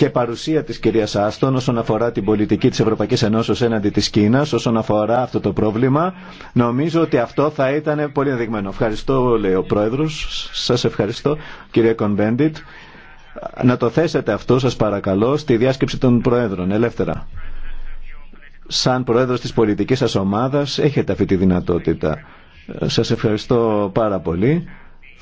και παρουσία της κυρίας Άστον όσον αφορά την πολιτική της Ευρωπαϊκής Ενώσεως έναντι της Κίνας, όσον αφορά αυτό το πρόβλημα, νομίζω ότι αυτό θα ήταν πολύ ενδειγμένο. Ευχαριστώ, λέει ο Πρόεδρος. Σας ευχαριστώ, κύριε Κονβέντιτ. Να το θέσετε αυτό, σας παρακαλώ, στη διάσκεψη των Προέδρων, ελεύθερα. Σαν Πρόεδρος της πολιτικής σας ομάδας έχετε αυτή τη δυνατότητα. Σας ευχαριστώ πάρα πολύ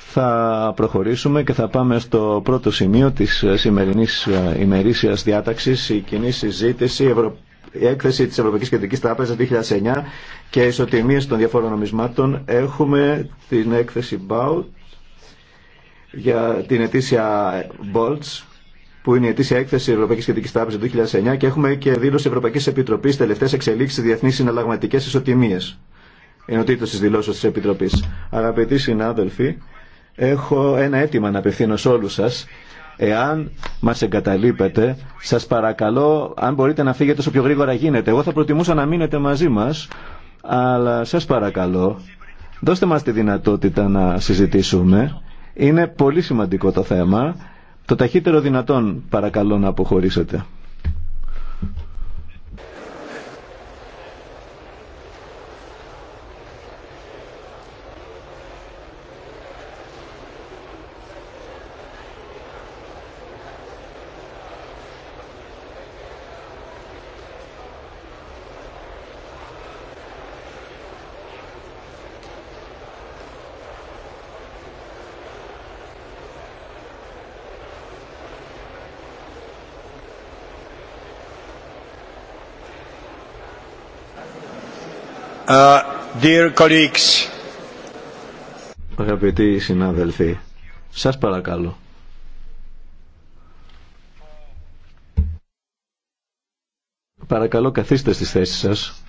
θα προχωρήσουμε και θα πάμε στο πρώτο σημείο της σημερινής ημερήσιας διάταξης, η κοινή συζήτηση, Ευρω... η έκθεση της Ευρωπαϊκής Κεντρικής Τράπεζας 2009 και ισοτιμίες των διαφόρων νομισμάτων. Έχουμε την έκθεση BAU για την ετήσια BOLTS που είναι η ετήσια έκθεση Ευρωπαϊκή Κεντρική Τράπεζα του 2009 και έχουμε και δήλωση Ευρωπαϊκή Επιτροπή τελευταίε εξελίξει διεθνεί συναλλαγματικέ ισοτιμίε. Ενωτήτω τη δηλώσεω τη Επιτροπή. Αγαπητοί συνάδελφοι, έχω ένα αίτημα να απευθύνω σε όλους σας. Εάν μας εγκαταλείπετε, σας παρακαλώ, αν μπορείτε να φύγετε όσο πιο γρήγορα γίνεται. Εγώ θα προτιμούσα να μείνετε μαζί μας, αλλά σας παρακαλώ, δώστε μας τη δυνατότητα να συζητήσουμε. Είναι πολύ σημαντικό το θέμα. Το ταχύτερο δυνατόν παρακαλώ να αποχωρήσετε. Uh, Αγαπητοί συνάδελφοι, σας παρακαλώ. Παρακαλώ καθίστε στις θέσεις σας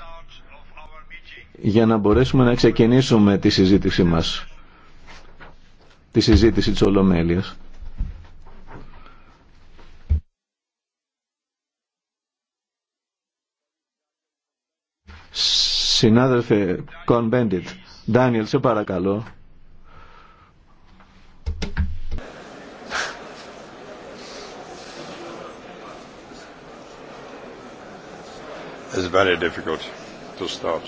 για να μπορέσουμε να ξεκινήσουμε τη συζήτηση μας, τη συζήτηση της Ολομέλειας. Συνάδελφε Κον Μπέντιτ, Ντάνιελ, σε παρακαλώ. It's very difficult to start.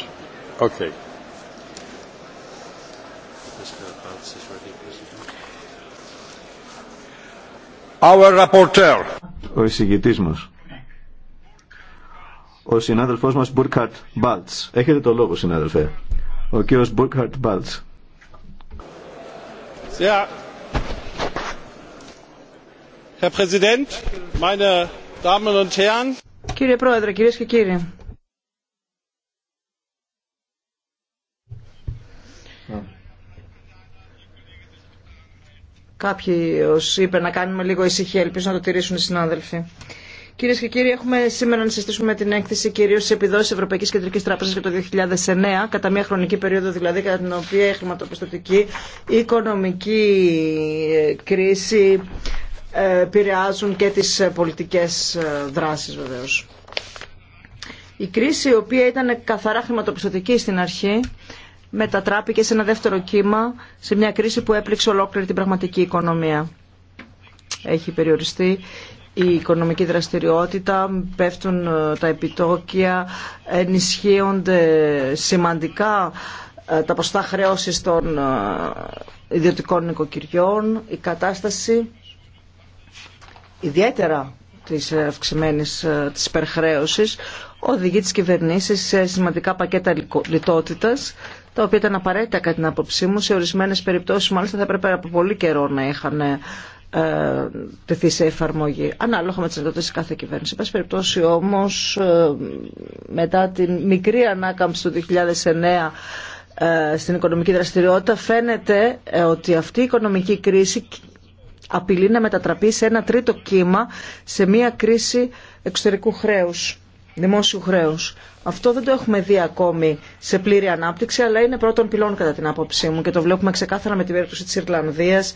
Okay. Our rapporteur. Ο εισηγητής μας ο συνάδελφός μας Μπουρκαρτ Μπάλτς. Έχετε το λόγο συνάδελφε. Ο κύριος Μπουρκαρτ Μπάλτς. Herr Präsident, Κύριε Πρόεδρε, κυρίες και κύριοι. Κάποιοι είπε να κάνουμε λίγο ησυχία, ελπίζω να το τηρήσουν οι συνάδελφοι. Κυρίε και κύριοι, έχουμε σήμερα να συζητήσουμε την έκθεση κυρίω τη επιδόση Ευρωπαϊκή Κεντρική Τράπεζα για το 2009, κατά μια χρονική περίοδο δηλαδή κατά την οποία η χρηματοπιστωτική η οικονομική ε, κρίση ε, επηρεάζουν και τις ε, πολιτικές δράσεις βεβαίως. Η κρίση η οποία ήταν καθαρά χρηματοπιστωτική στην αρχή μετατράπηκε σε ένα δεύτερο κύμα, σε μια κρίση που έπληξε ολόκληρη την πραγματική οικονομία. Έχει περιοριστεί η οικονομική δραστηριότητα, πέφτουν ε, τα επιτόκια, ενισχύονται σημαντικά ε, τα ποστά χρέωση των ε, ιδιωτικών νοικοκυριών, η κατάσταση ιδιαίτερα της αυξημένης της υπερχρέωσης οδηγεί τις κυβερνήσεις σε σημαντικά πακέτα λιτότητας τα οποία ήταν απαραίτητα κατά την άποψή μου. Σε ορισμένες περιπτώσεις μάλιστα θα έπρεπε από πολύ καιρό να είχαν ε, τεθεί σε εφαρμογή. Ανάλογα με τις τη κάθε κυβέρνηση. Πάση περιπτώσει όμως ε, μετά την μικρή ανάκαμψη του 2009 ε, στην οικονομική δραστηριότητα φαίνεται ότι αυτή η οικονομική κρίση απειλεί να μετατραπεί σε ένα τρίτο κύμα σε μια κρίση εξωτερικού χρέους, δημόσιου χρέους. Αυτό δεν το έχουμε δει ακόμη σε πλήρη ανάπτυξη, αλλά είναι πρώτον πυλών κατά την άποψή μου και το βλέπουμε ξεκάθαρα με την περίπτωση της Ιρλανδίας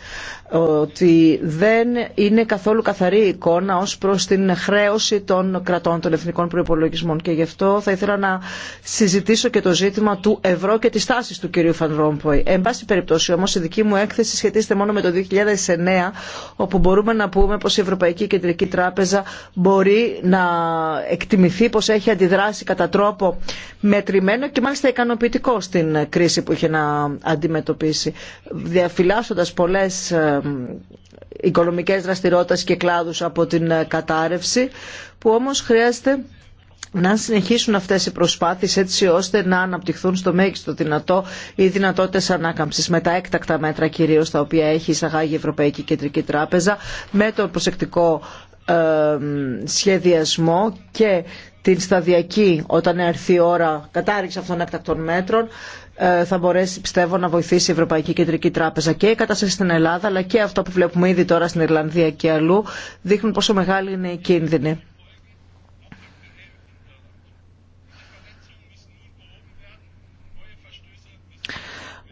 ότι δεν είναι καθόλου καθαρή εικόνα ως προς την χρέωση των κρατών των εθνικών προϋπολογισμών και γι' αυτό θα ήθελα να συζητήσω και το ζήτημα του ευρώ και της τάσης του κυρίου Φαν Ρόμποϊ. Εν πάση περιπτώσει όμως η δική μου έκθεση σχετίζεται μόνο με το 2009 όπου μπορούμε να πούμε πως η Ευρωπαϊκή Κεντρική Τράπεζα μπορεί να εκτιμηθεί πως έχει αντιδράσει κατά τρόπο μετρημένο και μάλιστα ικανοποιητικό στην κρίση που είχε να αντιμετωπίσει. Διαφυλάσσοντας πολλές ε, οικονομικές δραστηριότητες και κλάδους από την κατάρρευση που όμως χρειάζεται να συνεχίσουν αυτές οι προσπάθειες έτσι ώστε να αναπτυχθούν στο μέγιστο δυνατό οι δυνατότητες ανάκαμψης με τα έκτακτα μέτρα κυρίως τα οποία έχει εισαγάγει η Ευρωπαϊκή Κεντρική Τράπεζα με το προσεκτικό ε, σχεδιασμό και την σταδιακή όταν έρθει η ώρα κατάρριξη αυτών των έκτακτων μέτρων ε, θα μπορέσει πιστεύω να βοηθήσει η Ευρωπαϊκή Κεντρική Τράπεζα και η κατάσταση στην Ελλάδα αλλά και αυτό που βλέπουμε ήδη τώρα στην Ιρλανδία και αλλού δείχνουν πόσο μεγάλη είναι η κίνδυνη.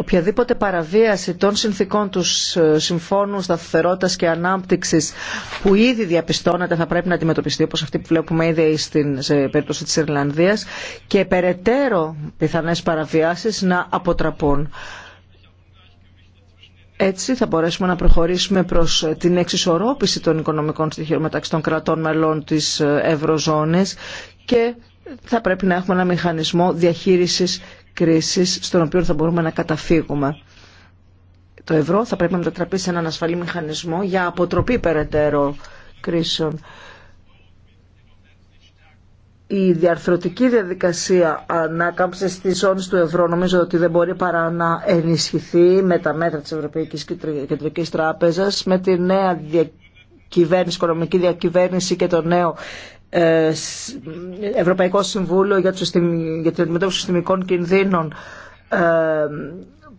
οποιαδήποτε παραβίαση των συνθήκων του ε, Συμφώνου Σταθερότητα και Ανάπτυξη που ήδη διαπιστώνεται θα πρέπει να αντιμετωπιστεί όπω αυτή που βλέπουμε ήδη στην περίπτωση τη Ιρλανδία και περαιτέρω πιθανέ παραβιάσει να αποτραπούν. Έτσι θα μπορέσουμε να προχωρήσουμε προς την εξισορρόπηση των οικονομικών στοιχείων μεταξύ των κρατών μελών της ε, Ευρωζώνης και θα πρέπει να έχουμε ένα μηχανισμό διαχείρισης κρίσης στον οποίο θα μπορούμε να καταφύγουμε. Το ευρώ θα πρέπει να μετατραπεί σε έναν ασφαλή μηχανισμό για αποτροπή περαιτέρω κρίσεων. Η διαρθρωτική διαδικασία ανάκαμψη τη όνη του ευρώ νομίζω ότι δεν μπορεί παρά να ενισχυθεί με τα μέτρα τη Ευρωπαϊκή Κεντρική Τράπεζα, με τη νέα διακυβέρνηση, οικονομική διακυβέρνηση και το νέο ε, Ευρωπαϊκό Συμβούλιο για, την αντιμετώπιση συστημικών κινδύνων. Ε,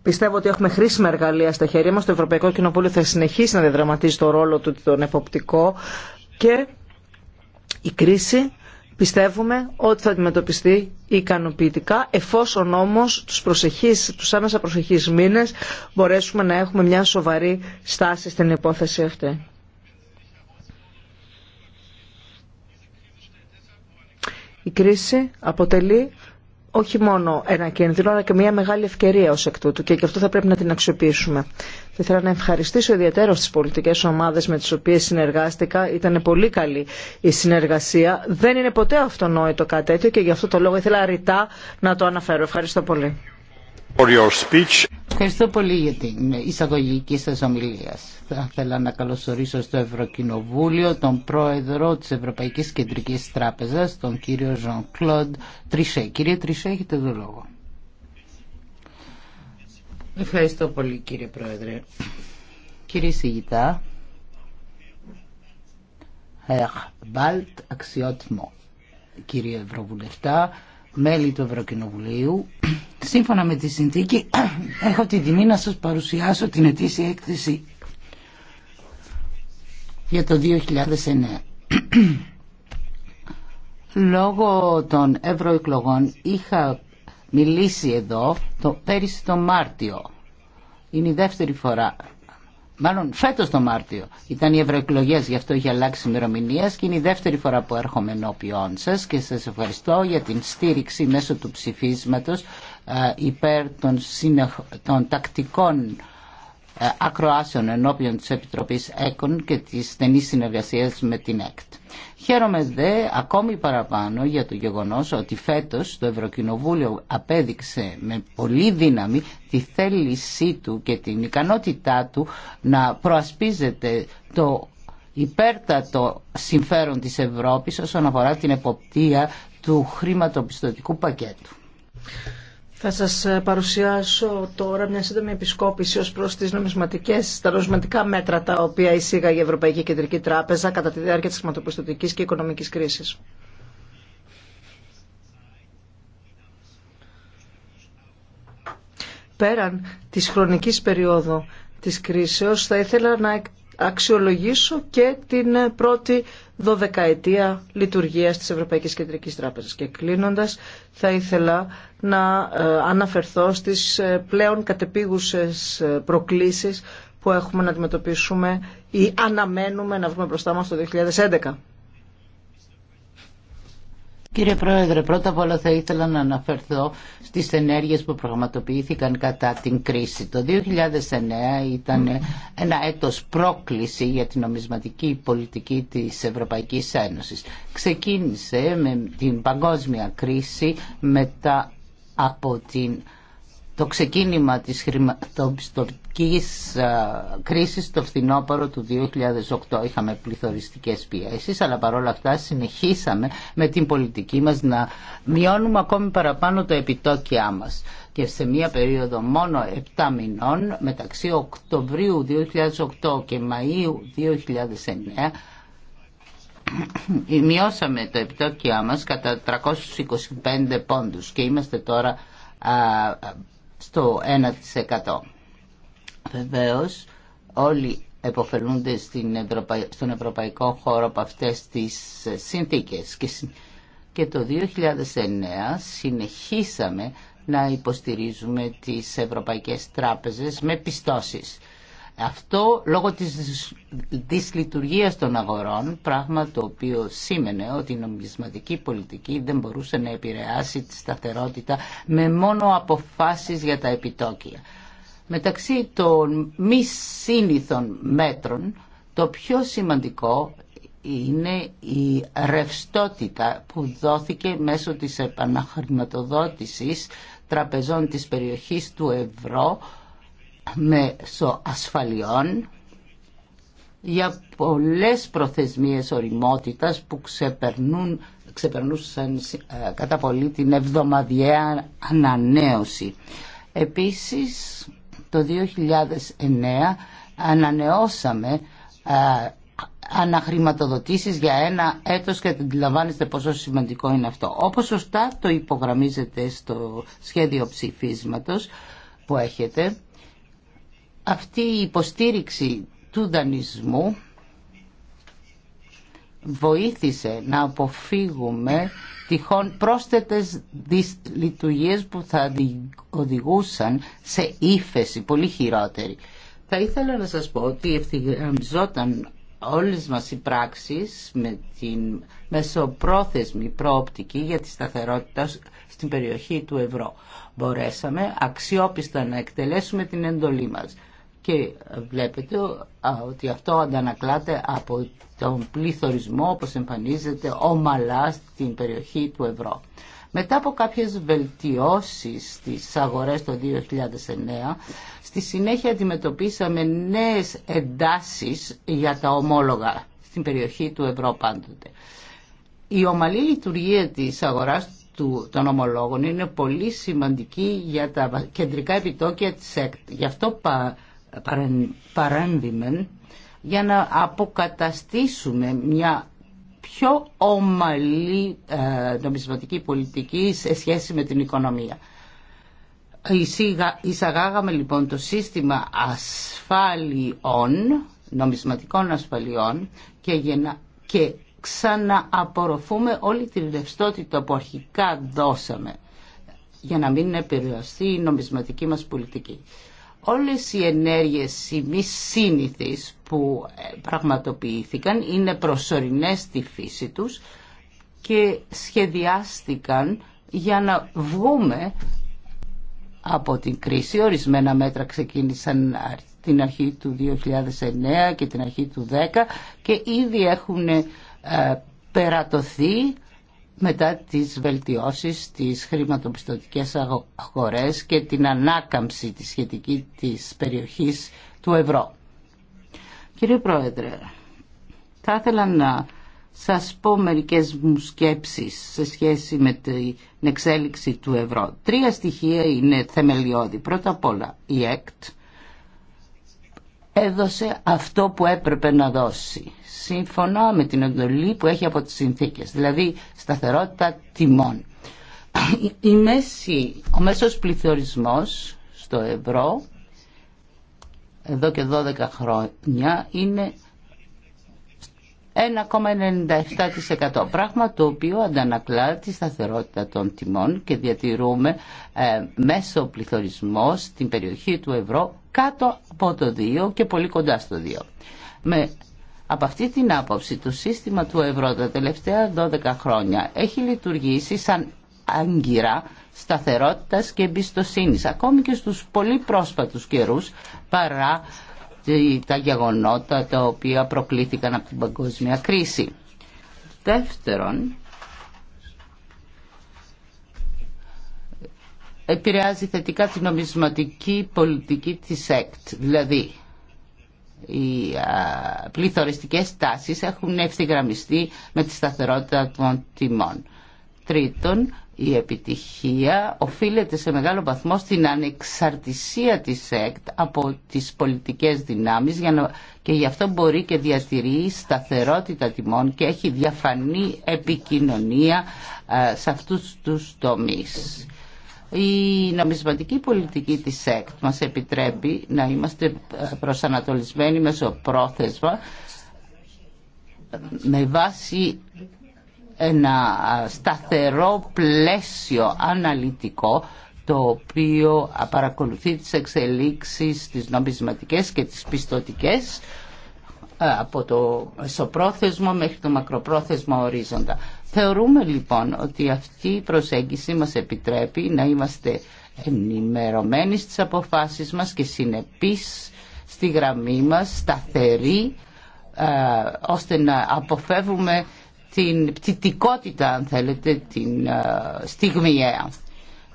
πιστεύω ότι έχουμε χρήσιμα εργαλεία στα χέρια μας. Το Ευρωπαϊκό Κοινοβούλιο θα συνεχίσει να διαδραματίζει το ρόλο του τον εποπτικό και η κρίση πιστεύουμε ότι θα αντιμετωπιστεί ικανοποιητικά εφόσον όμως τους, προσεχείς, τους άμεσα προσεχείς μήνες μπορέσουμε να έχουμε μια σοβαρή στάση στην υπόθεση αυτή. Η κρίση αποτελεί όχι μόνο ένα κίνδυνο, αλλά και μια μεγάλη ευκαιρία ω εκ τούτου και γι' αυτό θα πρέπει να την αξιοποιήσουμε. Θα ήθελα να ευχαριστήσω ιδιαίτερα τι πολιτικέ ομάδε με τι οποίε συνεργάστηκα. Ήταν πολύ καλή η συνεργασία. Δεν είναι ποτέ αυτονόητο κάτι τέτοιο και γι' αυτό το λόγο ήθελα ρητά να το αναφέρω. Ευχαριστώ πολύ. Ευχαριστώ πολύ για την εισαγωγική σα ομιλία. Θα ήθελα να καλωσορίσω στο Ευρωκοινοβούλιο τον πρόεδρο τη Ευρωπαϊκής Κεντρικής Τράπεζας, τον κύριο jean Jean-Claude Τρισέ. Κύριε Τρισέ, έχετε το λόγο. Ευχαριστώ πολύ κύριε πρόεδρε. Κύριε Σιγητά, Herr Balt, αξιότιμο κύριε Ευρωβουλευτά, μέλη του Ευρωκοινοβουλίου, σύμφωνα με τη συνθήκη, έχω την τιμή να σας παρουσιάσω την ετήσια έκθεση για το 2009. Λόγω των ευρωεκλογών είχα μιλήσει εδώ το, πέρυσι το Μάρτιο. Είναι η δεύτερη φορά μάλλον φέτο το Μάρτιο ήταν οι ευρωεκλογέ, γι' αυτό είχε αλλάξει ημερομηνία και είναι η δεύτερη φορά που έρχομαι ενώπιον σα και σα ευχαριστώ για την στήριξη μέσω του ψηφίσματο ε, υπέρ των, συνεχ... των τακτικών ακροάσεων ενώπιον της Επιτροπής ΕΚΟΝ και της στενής συνεργασίας με την ΕΚΤ. Χαίρομαι δε ακόμη παραπάνω για το γεγονός ότι φέτος το Ευρωκοινοβούλιο απέδειξε με πολύ δύναμη τη θέλησή του και την ικανότητά του να προασπίζεται το υπέρτατο συμφέρον της Ευρώπης όσον αφορά την εποπτεία του χρηματοπιστωτικού πακέτου. Θα σας παρουσιάσω τώρα μια σύντομη επισκόπηση ως προς τις νομισματικές, τα νομισματικά μέτρα τα οποία εισήγαγε η Ευρωπαϊκή Κεντρική Τράπεζα κατά τη διάρκεια της χρηματοπιστωτικής και οικονομικής κρίσης. Πέραν της χρονικής περίοδου της κρίσεως θα ήθελα να αξιολογήσω και την πρώτη δωδεκαετία λειτουργίας της Ευρωπαϊκής Κεντρικής Τράπεζας. Και κλείνοντας θα ήθελα να ε, αναφερθώ στις ε, πλέον κατεπίγουσες ε, προκλήσεις που έχουμε να αντιμετωπίσουμε ή αναμένουμε να βρούμε μπροστά μας το 2011. Κύριε Πρόεδρε, πρώτα απ' όλα θα ήθελα να αναφερθώ στις ενέργειες που πραγματοποιήθηκαν κατά την κρίση. Το 2009 ήταν ένα έτος πρόκληση για την νομισματική πολιτική της Ευρωπαϊκής Ένωσης. Ξεκίνησε με την παγκόσμια κρίση μετά από την το ξεκίνημα της χρημα οικονομικής ε, κρίσης το φθινόπωρο του 2008. Είχαμε πληθωριστικές πιέσεις, αλλά παρόλα αυτά συνεχίσαμε με την πολιτική μας να μειώνουμε ακόμη παραπάνω το επιτόκια μας. Και σε μία περίοδο μόνο 7 μηνών, μεταξύ Οκτωβρίου 2008 και Μαΐου 2009, μειώσαμε το επιτόκια μας κατά 325 πόντους και είμαστε τώρα στο 1%. Βεβαίως όλοι εποφελούνται στην στον ευρωπαϊκό χώρο από αυτές τις συνθήκες και, το 2009 συνεχίσαμε να υποστηρίζουμε τις ευρωπαϊκές τράπεζες με πιστώσεις. Αυτό λόγω της δυσλειτουργίας των αγορών, πράγμα το οποίο σήμαινε ότι η νομισματική πολιτική δεν μπορούσε να επηρεάσει τη σταθερότητα με μόνο αποφάσεις για τα επιτόκια. Μεταξύ των μη σύνηθων μέτρων, το πιο σημαντικό είναι η ρευστότητα που δόθηκε μέσω της επαναχρηματοδότησης τραπεζών της περιοχής του ευρώ μέσω ασφαλιών για πολλές προθεσμίες οριμότητας που ξεπερνούν, ξεπερνούσαν ε, κατά πολύ την εβδομαδιαία ανανέωση. Επίσης το 2009 ανανεώσαμε αναχρηματοδοτήσεις για ένα έτος και αντιλαμβάνεστε πόσο σημαντικό είναι αυτό. Όπως σωστά το υπογραμμίζετε στο σχέδιο ψηφίσματος που έχετε, αυτή η υποστήριξη του δανεισμού βοήθησε να αποφύγουμε τυχόν πρόσθετες λειτουργίες που θα οδηγούσαν σε ύφεση πολύ χειρότερη. Θα ήθελα να σας πω ότι ευθυγραμμιζόταν όλες μας οι πράξεις με την μεσοπρόθεσμη προοπτική για τη σταθερότητα στην περιοχή του ευρώ. Μπορέσαμε αξιόπιστα να εκτελέσουμε την εντολή μας και βλέπετε ότι αυτό αντανακλάται από τον πληθωρισμό όπως εμφανίζεται ομαλά στην περιοχή του ευρώ. Μετά από κάποιες βελτιώσεις στις αγορές το 2009, στη συνέχεια αντιμετωπίσαμε νέες εντάσεις για τα ομόλογα στην περιοχή του ευρώ πάντοτε. Η ομαλή λειτουργία της αγοράς των ομολόγων είναι πολύ σημαντική για τα κεντρικά επιτόκια της ΕΚΤ. Γι' αυτό παρέμβημεν για να αποκαταστήσουμε μια πιο ομαλή ε, νομισματική πολιτική σε σχέση με την οικονομία. Εισαγάγαμε λοιπόν το σύστημα ασφάλιων, νομισματικών ασφαλιών και, γεννα... και ξανααπορροφούμε όλη την ρευστότητα που αρχικά δώσαμε για να μην επηρεαστεί η νομισματική μας πολιτική. Όλες οι ενέργειες οι μη που ε, πραγματοποιήθηκαν είναι προσωρινές στη φύση τους και σχεδιάστηκαν για να βγούμε από την κρίση. Ορισμένα μέτρα ξεκίνησαν την αρχή του 2009 και την αρχή του 2010 και ήδη έχουν ε, περατωθεί μετά τις βελτιώσεις στις χρηματοπιστωτικές αγορές και την ανάκαμψη της σχετική της περιοχής του ευρώ. Κύριε Πρόεδρε, θα ήθελα να σας πω μερικές μου σκέψεις σε σχέση με την εξέλιξη του ευρώ. Τρία στοιχεία είναι θεμελιώδη. Πρώτα απ' όλα η ΕΚΤ έδωσε αυτό που έπρεπε να δώσει σύμφωνα με την εντολή που έχει από τις συνθήκες, δηλαδή σταθερότητα τιμών. Η μέση, ο μέσος πληθωρισμός στο ευρώ εδώ και 12 χρόνια είναι 1,97% πράγμα το οποίο αντανακλά τη σταθερότητα των τιμών και διατηρούμε ε, μέσο πληθωρισμό στην περιοχή του ευρώ κάτω από το 2 και πολύ κοντά στο 2. Με από αυτή την άποψη το σύστημα του ευρώ τα τελευταία 12 χρόνια έχει λειτουργήσει σαν άγκυρα σταθερότητας και εμπιστοσύνης ακόμη και στους πολύ πρόσπατους καιρούς παρά τα γεγονότα τα οποία προκλήθηκαν από την παγκόσμια κρίση. Δεύτερον, επηρεάζει θετικά την νομισματική πολιτική της ΕΚΤ, δηλαδή οι πληθωριστικές τάσεις έχουν ευθυγραμμιστεί με τη σταθερότητα των τιμών. Τρίτον, η επιτυχία οφείλεται σε μεγάλο βαθμό στην ανεξαρτησία της ΕΚΤ από τις πολιτικές δυνάμεις για και γι' αυτό μπορεί και διατηρεί σταθερότητα τιμών και έχει διαφανή επικοινωνία σε αυτούς τους τομείς. Η νομισματική πολιτική της ΕΚΤ μας επιτρέπει να είμαστε ε, προσανατολισμένοι μεσοπρόθεσμα με βάση ένα σταθερό πλαίσιο αναλυτικό το οποίο παρακολουθεί τις εξελίξεις τις νομισματικές και τις πιστοτικές ε, από το μεσοπρόθεσμο μέχρι το μακροπρόθεσμο ορίζοντα. Θεωρούμε λοιπόν ότι αυτή η προσέγγιση μας επιτρέπει να είμαστε ενημερωμένοι στις αποφάσεις μας και συνεπείς στη γραμμή μας, σταθεροί, ώστε να αποφεύγουμε την πτυτικότητα, αν θέλετε, την στιγμιαία.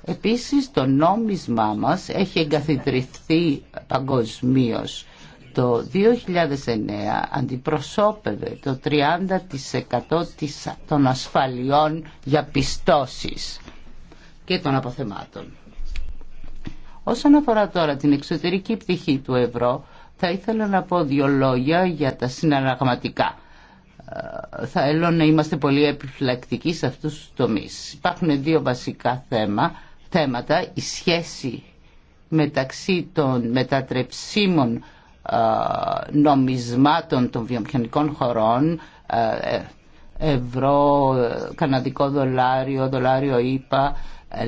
Επίσης, το νόμισμά μας έχει εγκαθιδρυθεί παγκοσμίως το 2009 αντιπροσώπευε το 30% των ασφαλιών για πιστώσεις και των αποθεμάτων. Όσον αφορά τώρα την εξωτερική πτυχή του ευρώ, θα ήθελα να πω δύο λόγια για τα συναλλαγματικά. Ε, θα έλω να είμαστε πολύ επιφυλακτικοί σε αυτούς τους τομείς. Υπάρχουν δύο βασικά θέμα, θέματα, η σχέση μεταξύ των μετατρεψίμων ε, νομισμάτων των βιομηχανικών χωρών ε, ε, ευρώ, καναδικό δολάριο, δολάριο ΙΠΑ,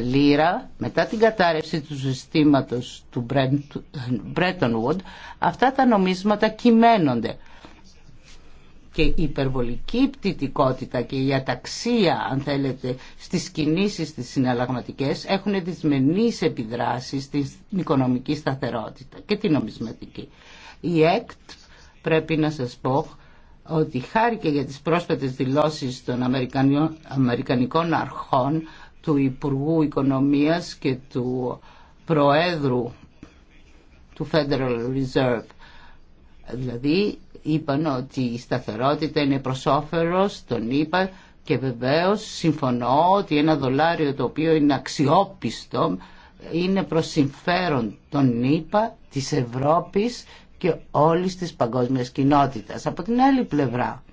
λίρα, μετά την κατάρρευση του συστήματος του Bretton Woods, αυτά τα νομίσματα κυμαίνονται. Και η υπερβολική πτυτικότητα και η αταξία, αν θέλετε, στις κινήσεις τις συναλλαγματικές έχουν δυσμενείς επιδράσεις στην οικονομική σταθερότητα και την νομισματική. Η ΕΚΤ πρέπει να σας πω ότι χάρη και για τις πρόσφατες δηλώσεις των Αμερικανικών αρχών του Υπουργού Οικονομίας και του Προέδρου του Federal Reserve. Δηλαδή είπαν ότι η σταθερότητα είναι προς όφερος, τον είπα και βεβαίως συμφωνώ ότι ένα δολάριο το οποίο είναι αξιόπιστο είναι προς συμφέρον τον ΗΠΑ, της Ευρώπης και όλης της παγκόσμιας κοινότητας. Από την άλλη πλευρά,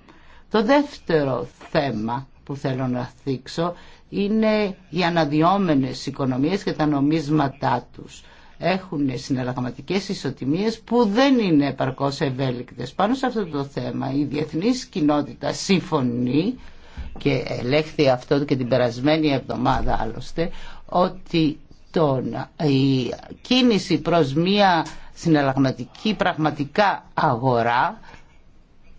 το δεύτερο θέμα που θέλω να θίξω είναι οι αναδυόμενες οικονομίες και τα νομίσματά τους. Έχουν συναλλαγματικές ισοτιμίες που δεν είναι επαρκώς ευέλικτες. Πάνω σε αυτό το θέμα η διεθνής κοινότητα συμφωνεί και ελέγχθη αυτό και την περασμένη εβδομάδα άλλωστε ότι η κίνηση προς μια συναλλαγματική πραγματικά αγορά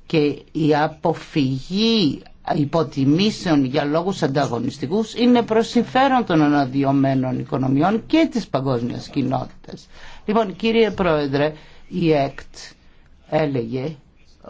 και η αποφυγή υποτιμήσεων για λόγους ανταγωνιστικούς είναι προς συμφέρον των αναδειωμένων οικονομιών και της παγκόσμιας κοινότητας. Λοιπόν κύριε Πρόεδρε, η ΕΚΤ έλεγε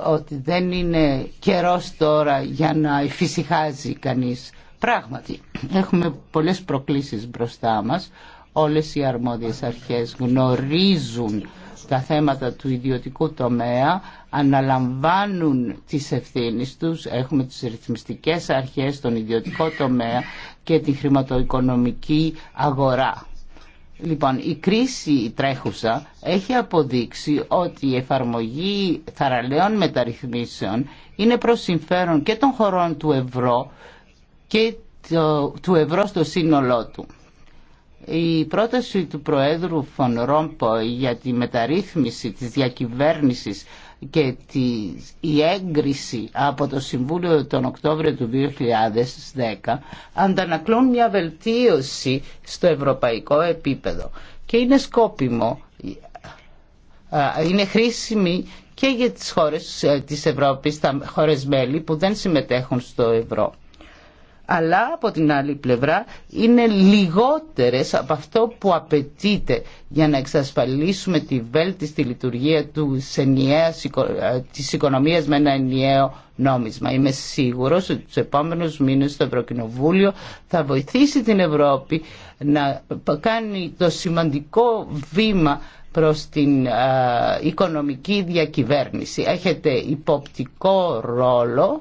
ότι δεν είναι καιρός τώρα για να εφησυχάζει κανείς. Πράγματι, έχουμε πολλές προκλήσεις μπροστά μας Όλες οι αρμόδιες αρχές γνωρίζουν τα θέματα του ιδιωτικού τομέα, αναλαμβάνουν τις ευθύνες τους, έχουμε τις ρυθμιστικές αρχές, τον ιδιωτικό τομέα και την χρηματοοικονομική αγορά. Λοιπόν, η κρίση η τρέχουσα έχει αποδείξει ότι η εφαρμογή θαραλέων μεταρρυθμίσεων είναι προς συμφέρον και των χωρών του ευρώ και του ευρώ στο σύνολό του. Η πρόταση του Προέδρου Φων Ρόμπο για τη μεταρρύθμιση της διακυβέρνησης και τη η έγκριση από το Συμβούλιο τον Οκτώβριο του 2010 αντανακλούν μια βελτίωση στο ευρωπαϊκό επίπεδο και είναι σκόπιμο, είναι χρήσιμη και για τις χώρες ε, της Ευρώπης, τα χώρες μέλη που δεν συμμετέχουν στο ευρώ αλλά από την άλλη πλευρά είναι λιγότερες από αυτό που απαιτείται για να εξασφαλίσουμε τη βέλτιστη λειτουργία του ενιαίας, ε, της οικονομίας με ένα ενιαίο νόμισμα. Είμαι σίγουρος ότι τους επόμενους μήνες το Ευρωκοινοβούλιο θα βοηθήσει την Ευρώπη να κάνει το σημαντικό βήμα προς την ε, οικονομική διακυβέρνηση. Έχετε υποπτικό ρόλο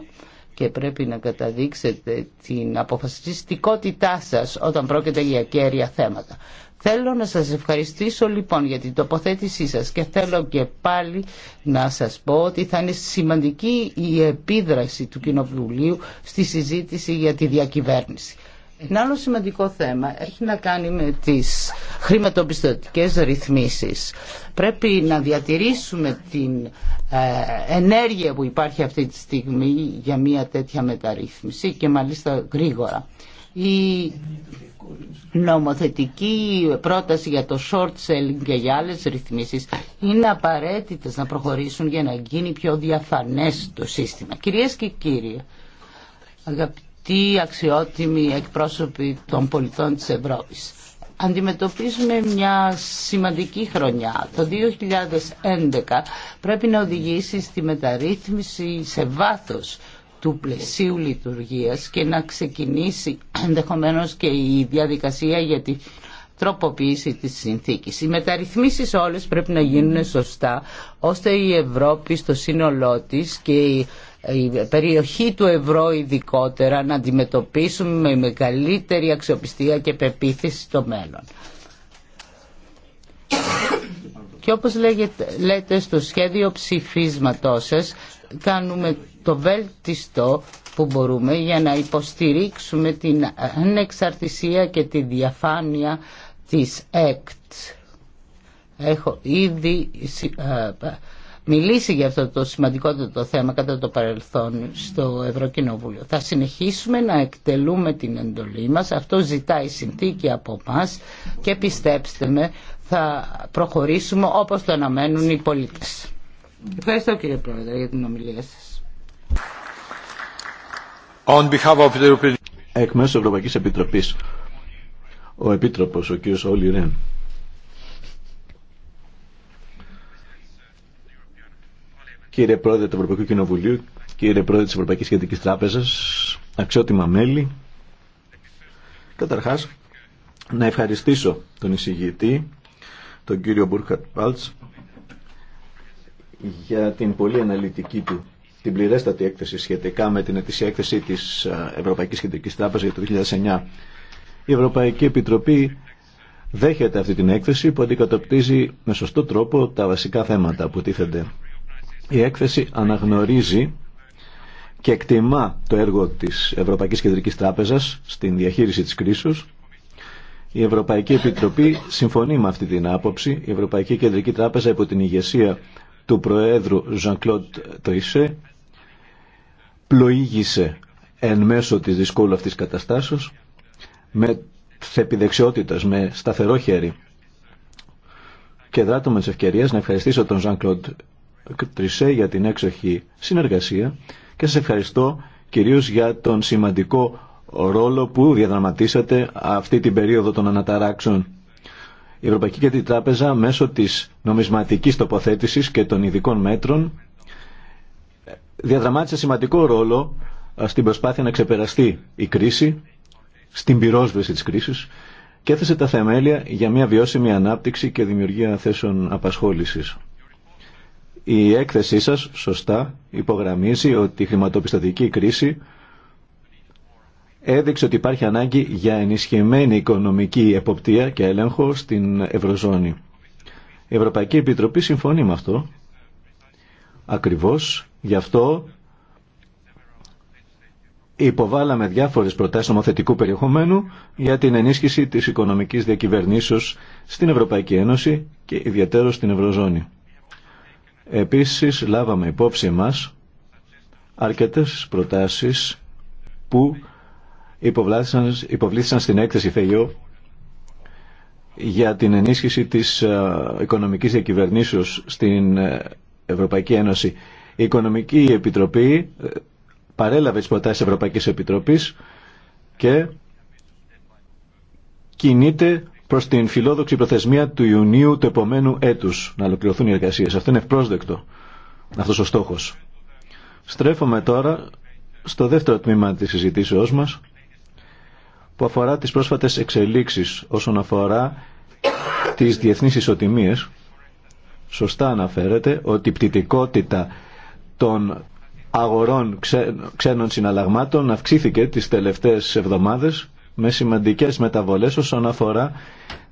και πρέπει να καταδείξετε την αποφασιστικότητά σας όταν πρόκειται για κέρια θέματα. Θέλω να σας ευχαριστήσω λοιπόν για την τοποθέτησή σας και θέλω και πάλι να σας πω ότι θα είναι σημαντική η επίδραση του Κοινοβουλίου στη συζήτηση για τη διακυβέρνηση. Ένα άλλο σημαντικό θέμα έχει να κάνει με τις χρηματοπιστωτικές ρυθμίσεις. Πρέπει να διατηρήσουμε την ε, ενέργεια που υπάρχει αυτή τη στιγμή για μια τέτοια μεταρρύθμιση και μάλιστα γρήγορα. Η νομοθετική πρόταση για το short selling και για άλλες ρυθμίσεις είναι απαραίτητες να προχωρήσουν για να γίνει πιο διαφανές το σύστημα. Κυρίες και κύριοι, αγαπητοί τι αξιότιμοι εκπρόσωποι των πολιτών της Ευρώπης. Αντιμετωπίζουμε μια σημαντική χρονιά. Το 2011 πρέπει να οδηγήσει στη μεταρρύθμιση σε βάθος του πλαισίου λειτουργίας και να ξεκινήσει ενδεχομένως και η διαδικασία για τη τροποποίηση της συνθήκης. Οι μεταρρυθμίσεις όλες πρέπει να γίνουν σωστά ώστε η Ευρώπη στο σύνολό της και η περιοχή του ευρώ ειδικότερα να αντιμετωπίσουμε με μεγαλύτερη αξιοπιστία και πεποίθηση στο μέλλον. Και όπως λέτε στο σχέδιο ψηφίσματός σας, κάνουμε το βέλτιστο που μπορούμε για να υποστηρίξουμε την ανεξαρτησία και τη διαφάνεια της ΕΚΤ. Έχω ήδη ε, μιλήσει για αυτό το σημαντικότερο θέμα κατά το παρελθόν στο Ευρωκοινοβούλιο. Θα συνεχίσουμε να εκτελούμε την εντολή μας, αυτό ζητάει συνθήκη από εμά και πιστέψτε με θα προχωρήσουμε όπως το αναμένουν οι πολίτες. Ευχαριστώ κύριε Πρόεδρε για την ομιλία σας. On behalf of the European... Εκ Ευρωπαϊκής Επιτροπής, ο Επίτροπος, ο κύριος Ρεν. Κύριε Πρόεδρε του Ευρωπαϊκού Κοινοβουλίου, κύριε Πρόεδρε της Ευρωπαϊκής Κεντρικής Τράπεζας, αξιότιμα μέλη, καταρχάς να ευχαριστήσω τον εισηγητή, τον κύριο Μπούρχαρτ Πάλτς, για την πολύ αναλυτική του την πληρέστατη έκθεση σχετικά με την ετήσια έκθεση της ε, Ευρωπαϊκής Κεντρικής Τράπεζας για το 2009. Η Ευρωπαϊκή Επιτροπή δέχεται αυτή την έκθεση που αντικατοπτρίζει με σωστό τρόπο τα βασικά θέματα που τίθενται η έκθεση αναγνωρίζει και εκτιμά το έργο της Ευρωπαϊκής Κεντρικής Τράπεζας στην διαχείριση της κρίσης. Η Ευρωπαϊκή Επιτροπή συμφωνεί με αυτή την άποψη. Η Ευρωπαϊκή Κεντρική Τράπεζα υπό την ηγεσία του Προέδρου Jean-Claude Trichet πλοήγησε εν μέσω της δυσκόλου αυτής καταστάσεως με θεπιδεξιότητας, με σταθερό χέρι. Και δράτω με τις ευκαιρίες να ευχαριστήσω τον Jean-Claude Τρισέ για την έξοχη συνεργασία και σας ευχαριστώ κυρίως για τον σημαντικό ρόλο που διαδραματίσατε αυτή την περίοδο των αναταράξεων. Η Ευρωπαϊκή Κεντρική Τράπεζα μέσω της νομισματικής τοποθέτησης και των ειδικών μέτρων διαδραμάτισε σημαντικό ρόλο στην προσπάθεια να ξεπεραστεί η κρίση, στην πυρόσβεση της κρίσης και έθεσε τα θεμέλια για μια βιώσιμη ανάπτυξη και δημιουργία θέσεων απασχόλησης. Η έκθεσή σας σωστά υπογραμμίζει ότι η χρηματοπιστωτική κρίση έδειξε ότι υπάρχει ανάγκη για ενισχυμένη οικονομική εποπτεία και έλεγχο στην Ευρωζώνη. Η Ευρωπαϊκή Επιτροπή συμφωνεί με αυτό. Ακριβώς γι' αυτό υποβάλαμε διάφορες προτάσεις νομοθετικού περιεχομένου για την ενίσχυση της οικονομικής διακυβερνήσεως στην Ευρωπαϊκή Ένωση και ιδιαίτερο στην Ευρωζώνη. Επίσης λάβαμε υπόψη μας αρκετές προτάσεις που υποβλήθησαν στην έκθεση ΦΕΙΟ για την ενίσχυση της ε, οικονομικής διακυβερνήσεως στην ε, Ευρωπαϊκή Ένωση. Η Οικονομική Επιτροπή ε, παρέλαβε τις προτάσεις της Ευρωπαϊκής Επιτροπής και κινείται Προ την φιλόδοξη προθεσμία του Ιουνίου του επομένου έτους να ολοκληρωθούν οι εργασίες. Αυτό είναι ευπρόσδεκτο, αυτός ο στόχο. Στρέφομαι τώρα στο δεύτερο τμήμα της συζητήσεώ μας που αφορά τις πρόσφατες εξελίξεις όσον αφορά τις διεθνείς ισοτιμίες. Σωστά αναφέρεται ότι η πτητικότητα των αγορών ξένων συναλλαγμάτων αυξήθηκε τις τελευταίες εβδομάδες με σημαντικές μεταβολές όσον αφορά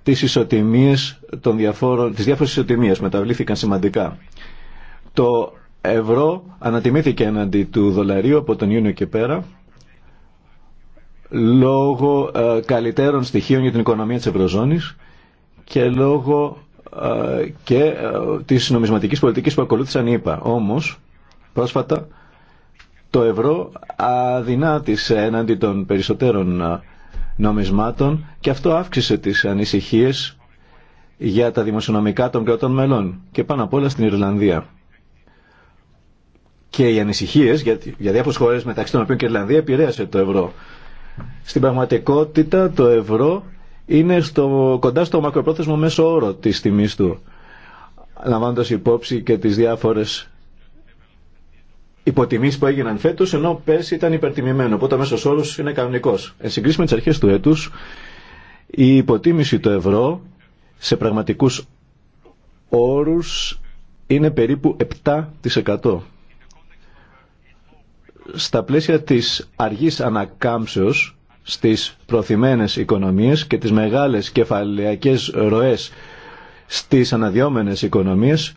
τις ισοτιμίες των διαφόρων, τις διάφορες ισοτιμίες μεταβλήθηκαν σημαντικά. Το ευρώ ανατιμήθηκε έναντι του δολαρίου από τον Ιούνιο και πέρα λόγω ε, καλυτέρων στοιχείων για την οικονομία της Ευρωζώνης και λόγω ε, και ε, της νομισματικής πολιτικής που ακολούθησαν οι ΕΠΑ. Όμως, πρόσφατα, το ευρώ αδυνάτησε έναντι των περισσότερων ε, νομισμάτων και αυτό αύξησε τις ανησυχίες για τα δημοσιονομικά των κρατών μελών και πάνω απ' όλα στην Ιρλανδία. Και οι ανησυχίε, για, για διάφορες χώρες μεταξύ των οποίων και η Ιρλανδία επηρέασε το ευρώ. Στην πραγματικότητα το ευρώ είναι στο, κοντά στο μακροπρόθεσμο μέσο όρο τη τιμή του λαμβάνοντα υπόψη και τι διάφορε υποτιμήσει που έγιναν φέτο, ενώ πέρσι ήταν υπερτιμημένο. Οπότε ο μέσο όρο είναι κανονικό. Εν συγκρίση με τι αρχέ του έτου, η υποτίμηση του ευρώ σε πραγματικού όρου είναι περίπου 7%. Στα πλαίσια της αργής ανακάμψεως στις προθυμένες οικονομίες και τις μεγάλες κεφαλαιακές ροές στις αναδιόμενες οικονομίες,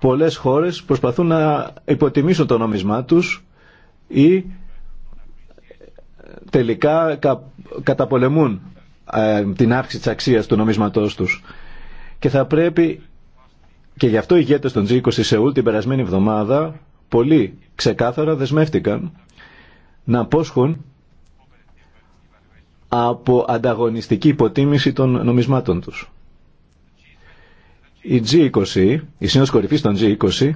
Πολλές χώρες προσπαθούν να υποτιμήσουν το νόμισμά τους ή τελικά καταπολεμούν ε, την αύξηση της αξίας του νομίσματός τους. Και θα πρέπει, και γι' αυτό οι ηγέτες των G20 Σεούλ την περασμένη εβδομάδα πολύ ξεκάθαρα δεσμεύτηκαν να πόσχουν από ανταγωνιστική υποτίμηση των νομισμάτων τους. Η G20, η Σύνοδος Κορυφής των G20,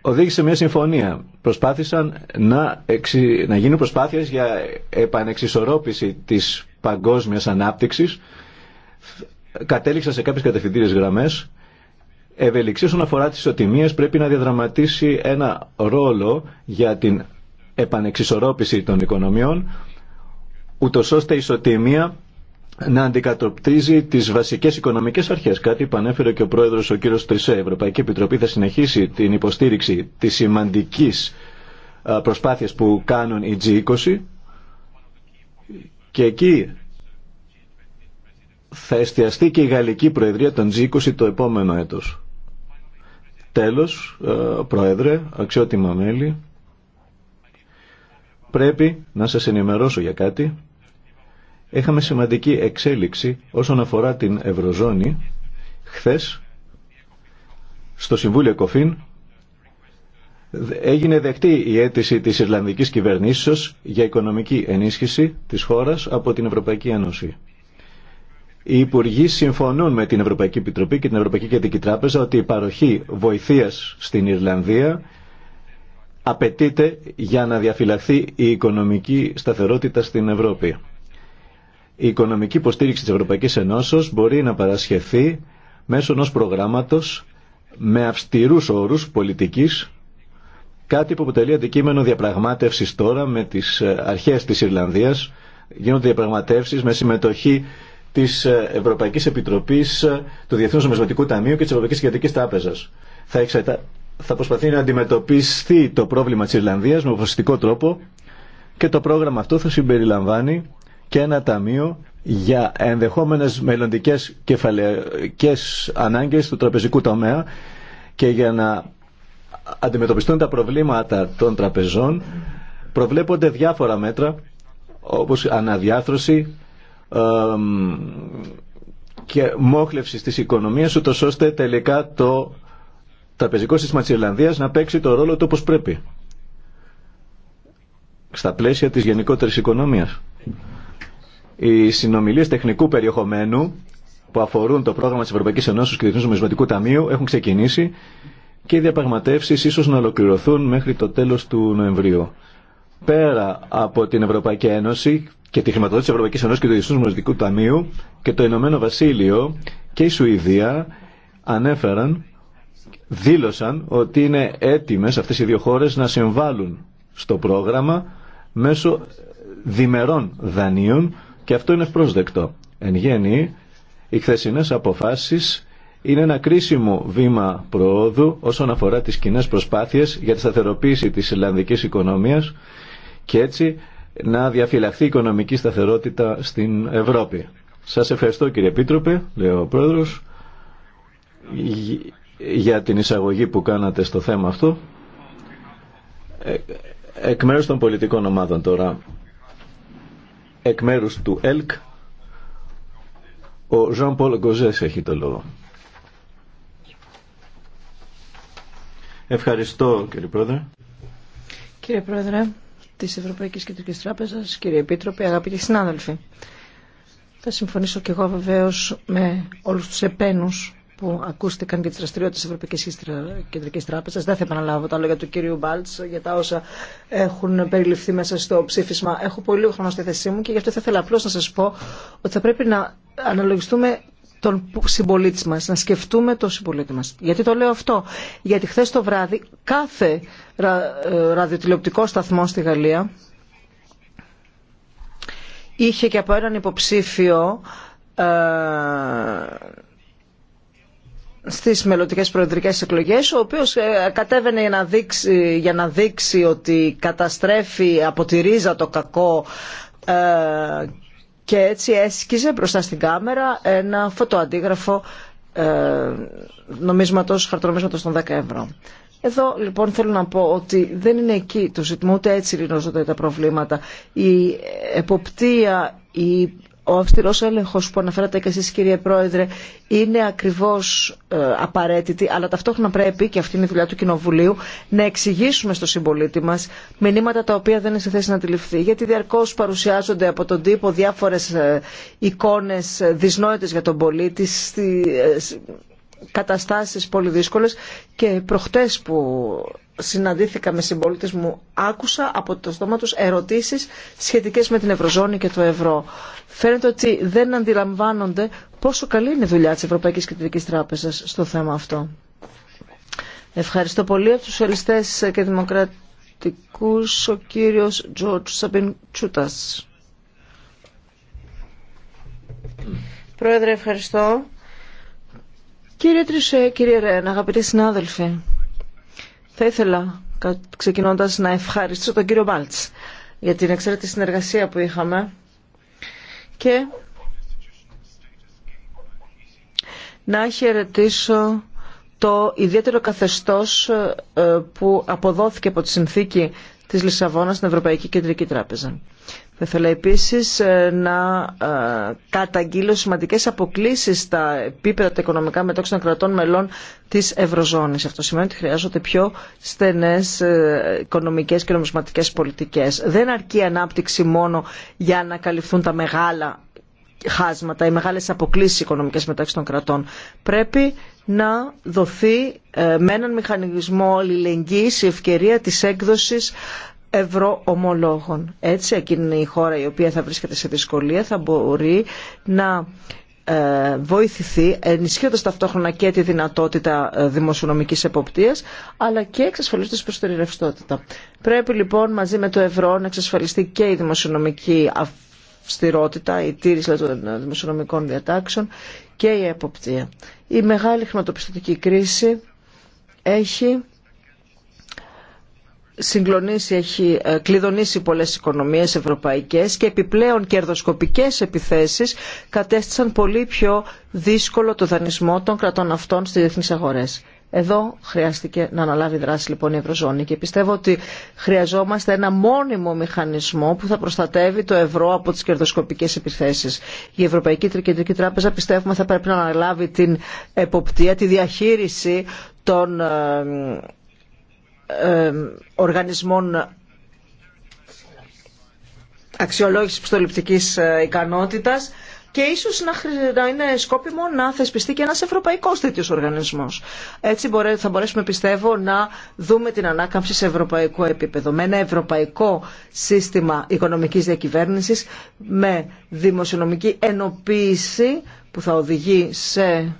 οδήγησε μια συμφωνία. Προσπάθησαν να, εξι... να γίνουν προσπάθειες για επανεξισορρόπηση της παγκόσμιας ανάπτυξης. Κατέληξαν σε κάποιες κατευθυντήριες γραμμές. Ευελιξία όσον αφορά τις ισοτιμίες πρέπει να διαδραματίσει ένα ρόλο για την επανεξισορρόπηση των οικονομιών, ούτω ώστε η ισοτιμία να αντικατοπτρίζει τι βασικέ οικονομικέ αρχέ. Κάτι που ανέφερε και ο πρόεδρο ο κύριο Τρισέ. Η Ευρωπαϊκή Επιτροπή θα συνεχίσει την υποστήριξη τη σημαντική προσπάθεια που κάνουν οι G20 και εκεί θα εστιαστεί και η Γαλλική Προεδρία των G20 το επόμενο έτος. Τέλος, Πρόεδρε, αξιότιμα μέλη, πρέπει να σας ενημερώσω για κάτι Έχαμε σημαντική εξέλιξη όσον αφορά την Ευρωζώνη χθες στο Συμβούλιο Κοφίν έγινε δεκτή η αίτηση της Ιρλανδικής κυβερνήσεως για οικονομική ενίσχυση της χώρας από την Ευρωπαϊκή Ένωση. Οι Υπουργοί συμφωνούν με την Ευρωπαϊκή Επιτροπή και την Ευρωπαϊκή Κεντρική Τράπεζα ότι η παροχή βοηθείας στην Ιρλανδία απαιτείται για να διαφυλαχθεί η οικονομική σταθερότητα στην Ευρώπη. Η οικονομική υποστήριξη της Ευρωπαϊκής Ενώσεως μπορεί να παρασχεθεί μέσω ενός προγράμματος με αυστηρούς όρους πολιτικής, κάτι που αποτελεί αντικείμενο διαπραγμάτευσης τώρα με τις ε, αρχές της Ιρλανδίας. Γίνονται διαπραγματεύσεις με συμμετοχή της ε, Ευρωπαϊκής Επιτροπής, ε, του Διεθνούς Νομισματικού Ταμείου και της Ευρωπαϊκής Κεντρικής Τράπεζας. Θα, θα προσπαθεί να αντιμετωπιστεί το πρόβλημα της Ιρλανδίας με αποφασιστικό τρόπο και το πρόγραμμα αυτό θα συμπεριλαμβάνει και ένα ταμείο για ενδεχόμενες μελλοντικές κεφαλαιακές ανάγκες του τραπεζικού τομέα και για να αντιμετωπιστούν τα προβλήματα των τραπεζών προβλέπονται διάφορα μέτρα όπως αναδιάθρωση και μόχλευση της οικονομίας ούτως ώστε τελικά το τραπεζικό σύστημα της Ιρλανδίας να παίξει το ρόλο του όπως πρέπει στα πλαίσια της γενικότερης οικονομίας. Οι συνομιλίε τεχνικού περιεχομένου που αφορούν το πρόγραμμα τη Ευρωπαϊκή Ένωση και του Νομισματικού Ταμείου έχουν ξεκινήσει και οι διαπραγματεύσει ίσω να ολοκληρωθούν μέχρι το τέλο του Νοεμβρίου. Πέρα από την Ευρωπαϊκή Ένωση και τη χρηματοδότηση τη Ευρωπαϊκή Ένωση και του Διεθνού Ταμείου και το Ηνωμένο Βασίλειο και η Σουηδία ανέφεραν, δήλωσαν ότι είναι έτοιμες αυτές οι δύο χώρες να συμβάλλουν στο πρόγραμμα μέσω διμερών δανείων και αυτό είναι πρόσδεκτο. Εν γέννη, οι χθεσινέ αποφάσεις είναι ένα κρίσιμο βήμα προόδου όσον αφορά τις κοινέ προσπάθειες για τη σταθεροποίηση της Ιρλανδική οικονομίας και έτσι να διαφυλαχθεί η οικονομική σταθερότητα στην Ευρώπη. Σα ευχαριστώ κύριε Επίτροπε, λέει ο Πρόεδρος, για την εισαγωγή που κάνατε στο θέμα αυτό. Ε, εκ μέρους των πολιτικών ομάδων τώρα. Εκ μέρους του ΕΛΚ, ο Ζαν Πολ Γκοζές έχει το λόγο. Ευχαριστώ κύριε Πρόεδρε. Κύριε Πρόεδρε της Ευρωπαϊκής Κεντρικής Τράπεζας, κύριε Επίτροπε, αγαπητοί συνάδελφοι. Θα συμφωνήσω και εγώ βεβαίως με όλους τους επένους που ακούστηκαν για τι δραστηριότητε τη Ευρωπαϊκή Κεντρική Τράπεζα. Δεν θα επαναλάβω τα λόγια του κυρίου Μπάλτ για τα όσα έχουν περιληφθεί μέσα στο ψήφισμα. Έχω πολύ λίγο χρόνο στη θέση μου και γι' αυτό θα ήθελα απλώ να σα πω ότι θα πρέπει να αναλογιστούμε τον συμπολίτη μα, να σκεφτούμε τον συμπολίτη μα. Γιατί το λέω αυτό, Γιατί χθε το βράδυ κάθε ε, ραδιοτηλεοπτικό σταθμό στη Γαλλία είχε και από έναν υποψήφιο ε, στις μελλοντικέ προεδρικές εκλογές, ο οποίος ε, κατέβαινε για να, δείξει, να δείξει ότι καταστρέφει από τη ρίζα το κακό ε, και έτσι έσκιζε μπροστά στην κάμερα ένα φωτοαντίγραφο ε, νομίσματος, χαρτονομίσματος των 10 ευρώ. Εδώ λοιπόν θέλω να πω ότι δεν είναι εκεί το ζήτημα, ούτε έτσι λυνώζονται τα προβλήματα. Η εποπτεία, η ο αυστηρός έλεγχος που αναφέρατε και εσείς κύριε Πρόεδρε είναι ακριβώς ε, απαραίτητη αλλά ταυτόχρονα πρέπει και αυτή είναι η δουλειά του Κοινοβουλίου να εξηγήσουμε στο συμπολίτη μας μηνύματα τα οποία δεν είναι σε θέση να αντιληφθεί γιατί διαρκώς παρουσιάζονται από τον τύπο διάφορες ε, εικόνες ε, δυσνόητες για τον πολίτη ε, καταστάσεις πολύ δύσκολες και προχτές που συναντήθηκα με συμπολίτε μου, άκουσα από το στόμα του ερωτήσεις σχετικέ με την Ευρωζώνη και το ευρώ. Φαίνεται ότι δεν αντιλαμβάνονται πόσο καλή είναι η δουλειά τη Ευρωπαϊκής Κεντρική Τράπεζα στο θέμα αυτό. Ευχαριστώ πολύ από τους σοσιαλιστέ και δημοκρατικούς, ο κύριος Τζορτ Σαμπιν Τσούτα. Πρόεδρε, ευχαριστώ. Κύριε Τρισέ, κύριε Ρέν, αγαπητοί συνάδελφοι. Θα ήθελα ξεκινώντας να ευχαριστήσω τον κύριο Μπάλτς για την εξαιρετική συνεργασία που είχαμε και να χαιρετήσω το ιδιαίτερο καθεστώς ε, που αποδόθηκε από τη συνθήκη της Λισαβόνας στην Ευρωπαϊκή Κεντρική Τράπεζα. Θα ήθελα επίσης ε, να ε, καταγγείλω σημαντικές αποκλήσεις στα επίπεδα τα οικονομικά μεταξύ των κρατών μελών της Ευρωζώνης. Αυτό σημαίνει ότι χρειάζονται πιο στενές ε, οικονομικές και νομισματικές πολιτικές. Δεν αρκεί ανάπτυξη μόνο για να καλυφθούν τα μεγάλα χάσματα, οι μεγάλες αποκλήσεις οικονομικές μεταξύ των κρατών. Πρέπει να δοθεί με έναν μηχανισμό αλληλεγγύης η ευκαιρία της έκδοσης Ευρώ ομολόγων, Έτσι, εκείνη η χώρα η οποία θα βρίσκεται σε δυσκολία θα μπορεί να ε, βοηθηθεί ενισχύοντας ταυτόχρονα και τη δυνατότητα ε, δημοσιονομικής εποπτείας αλλά και εξασφαλίζοντας προς τη ρευστότητα. Πρέπει λοιπόν μαζί με το ευρώ να εξασφαλιστεί και η δημοσιονομική αυστηρότητα, η τήρηση δηλαδή, των ε, δημοσιονομικών διατάξεων και η εποπτεία. Η μεγάλη χρηματοπιστωτική κρίση έχει συγκλονίσει, έχει ε, κλειδονίσει πολλές οικονομίες ευρωπαϊκές και επιπλέον κερδοσκοπικές επιθέσεις κατέστησαν πολύ πιο δύσκολο το δανεισμό των κρατών αυτών στις διεθνείς αγορές. Εδώ χρειάστηκε να αναλάβει δράση λοιπόν η Ευρωζώνη και πιστεύω ότι χρειαζόμαστε ένα μόνιμο μηχανισμό που θα προστατεύει το ευρώ από τις κερδοσκοπικές επιθέσεις. Η Ευρωπαϊκή Τρικεντρική Τράπεζα πιστεύουμε θα πρέπει να αναλάβει την εποπτεία, τη διαχείριση των ε, οργανισμών αξιολόγησης πιστοληπτικής ε, ικανότητας και ίσως να είναι σκόπιμο να θεσπιστεί και ένας ευρωπαϊκός τέτοιο οργανισμός. Έτσι θα μπορέσουμε πιστεύω να δούμε την ανάκαμψη σε ευρωπαϊκό επίπεδο με ένα ευρωπαϊκό σύστημα οικονομικής διακυβέρνησης με δημοσιονομική ενοποίηση που θα οδηγεί σε